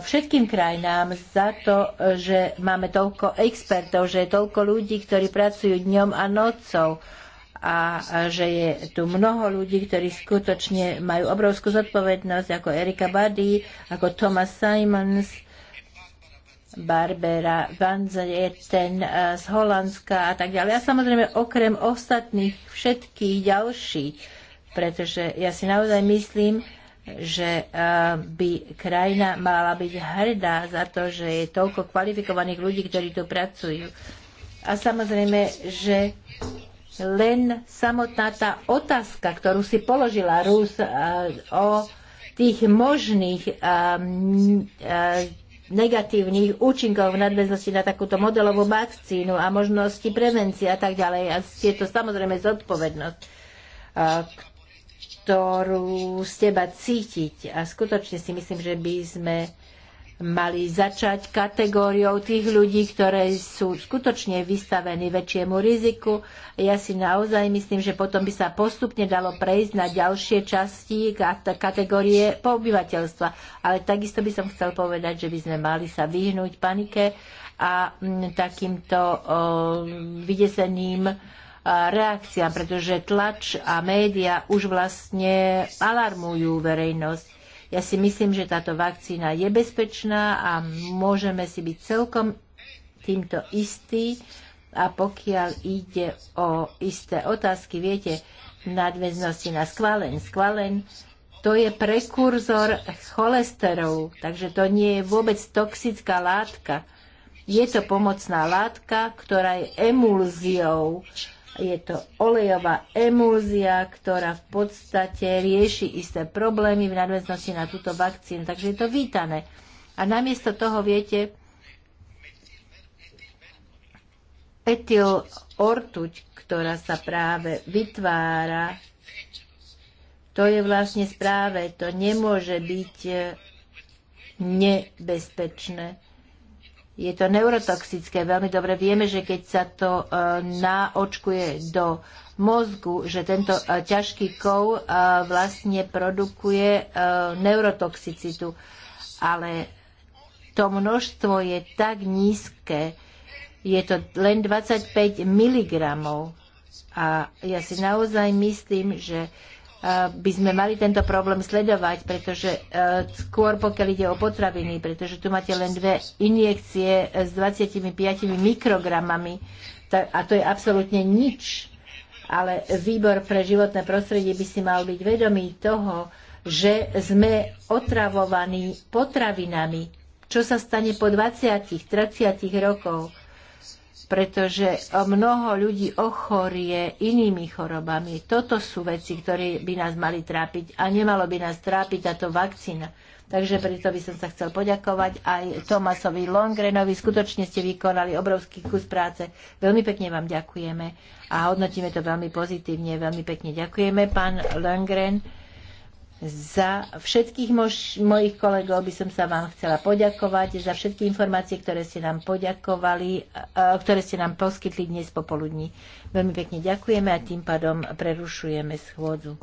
všetkým krajinám za to, že máme toľko expertov, že je toľko ľudí, ktorí pracujú dňom a nocou a že je tu mnoho ľudí, ktorí skutočne majú obrovskú zodpovednosť, ako Erika Buddy, ako Thomas Simons, Barbera Van Zeten eh, z Holandska a tak ďalej. A samozrejme okrem ostatných všetkých ďalších, pretože ja si naozaj myslím, že eh, by krajina mala byť hrdá za to, že je toľko kvalifikovaných ľudí, ktorí tu pracujú. A samozrejme, že len samotná tá otázka, ktorú si položila Rus eh, o tých možných negatívnych účinkov v nadväznosti na takúto modelovú vakcínu a možnosti prevencie a tak ďalej. A je to samozrejme zodpovednosť, ktorú z teba cítiť. A skutočne si myslím, že by sme mali začať kategóriou tých ľudí, ktoré sú skutočne vystavení väčšiemu riziku. Ja si naozaj myslím, že potom by sa postupne dalo prejsť na ďalšie časti kategórie obyvateľstva. Ale takisto by som chcel povedať, že by sme mali sa vyhnúť panike a mm, takýmto vydeseným reakciám, pretože tlač a média už vlastne alarmujú verejnosť ja si myslím, že táto vakcína je bezpečná a môžeme si byť celkom týmto istí. A pokiaľ ide o isté otázky, viete, nadväznosti na skvalen, skvalen, to je prekurzor cholesterolu, takže to nie je vôbec toxická látka. Je to pomocná látka, ktorá je emulziou je to olejová emúzia, ktorá v podstate rieši isté problémy v nadväznosti na túto vakcínu. Takže je to vítané. A namiesto toho, viete, etyl ortuť, ktorá sa práve vytvára, to je vlastne správe, to nemôže byť nebezpečné. Je to neurotoxické. Veľmi dobre vieme, že keď sa to e, naočkuje do mozgu, že tento e, ťažký kov e, vlastne produkuje neurotoxicitu. Ale to množstvo je tak nízke, je to len 25 mg. A ja si naozaj myslím, že by sme mali tento problém sledovať, pretože e, skôr pokiaľ ide o potraviny, pretože tu máte len dve injekcie s 25 mikrogramami a to je absolútne nič. Ale výbor pre životné prostredie by si mal byť vedomý toho, že sme otravovaní potravinami. Čo sa stane po 20, 30 rokoch pretože mnoho ľudí ochorie inými chorobami. Toto sú veci, ktoré by nás mali trápiť a nemalo by nás trápiť táto vakcína. Takže preto by som sa chcel poďakovať aj Tomasovi Longrenovi. Skutočne ste vykonali obrovský kus práce. Veľmi pekne vám ďakujeme a hodnotíme to veľmi pozitívne. Veľmi pekne ďakujeme, pán Longren. Za všetkých mož, mojich kolegov by som sa vám chcela poďakovať za všetky informácie, ktoré ste nám poďakovali, ktoré ste nám poskytli dnes popoludní. Veľmi pekne ďakujeme a tým pádom prerušujeme schôdzu.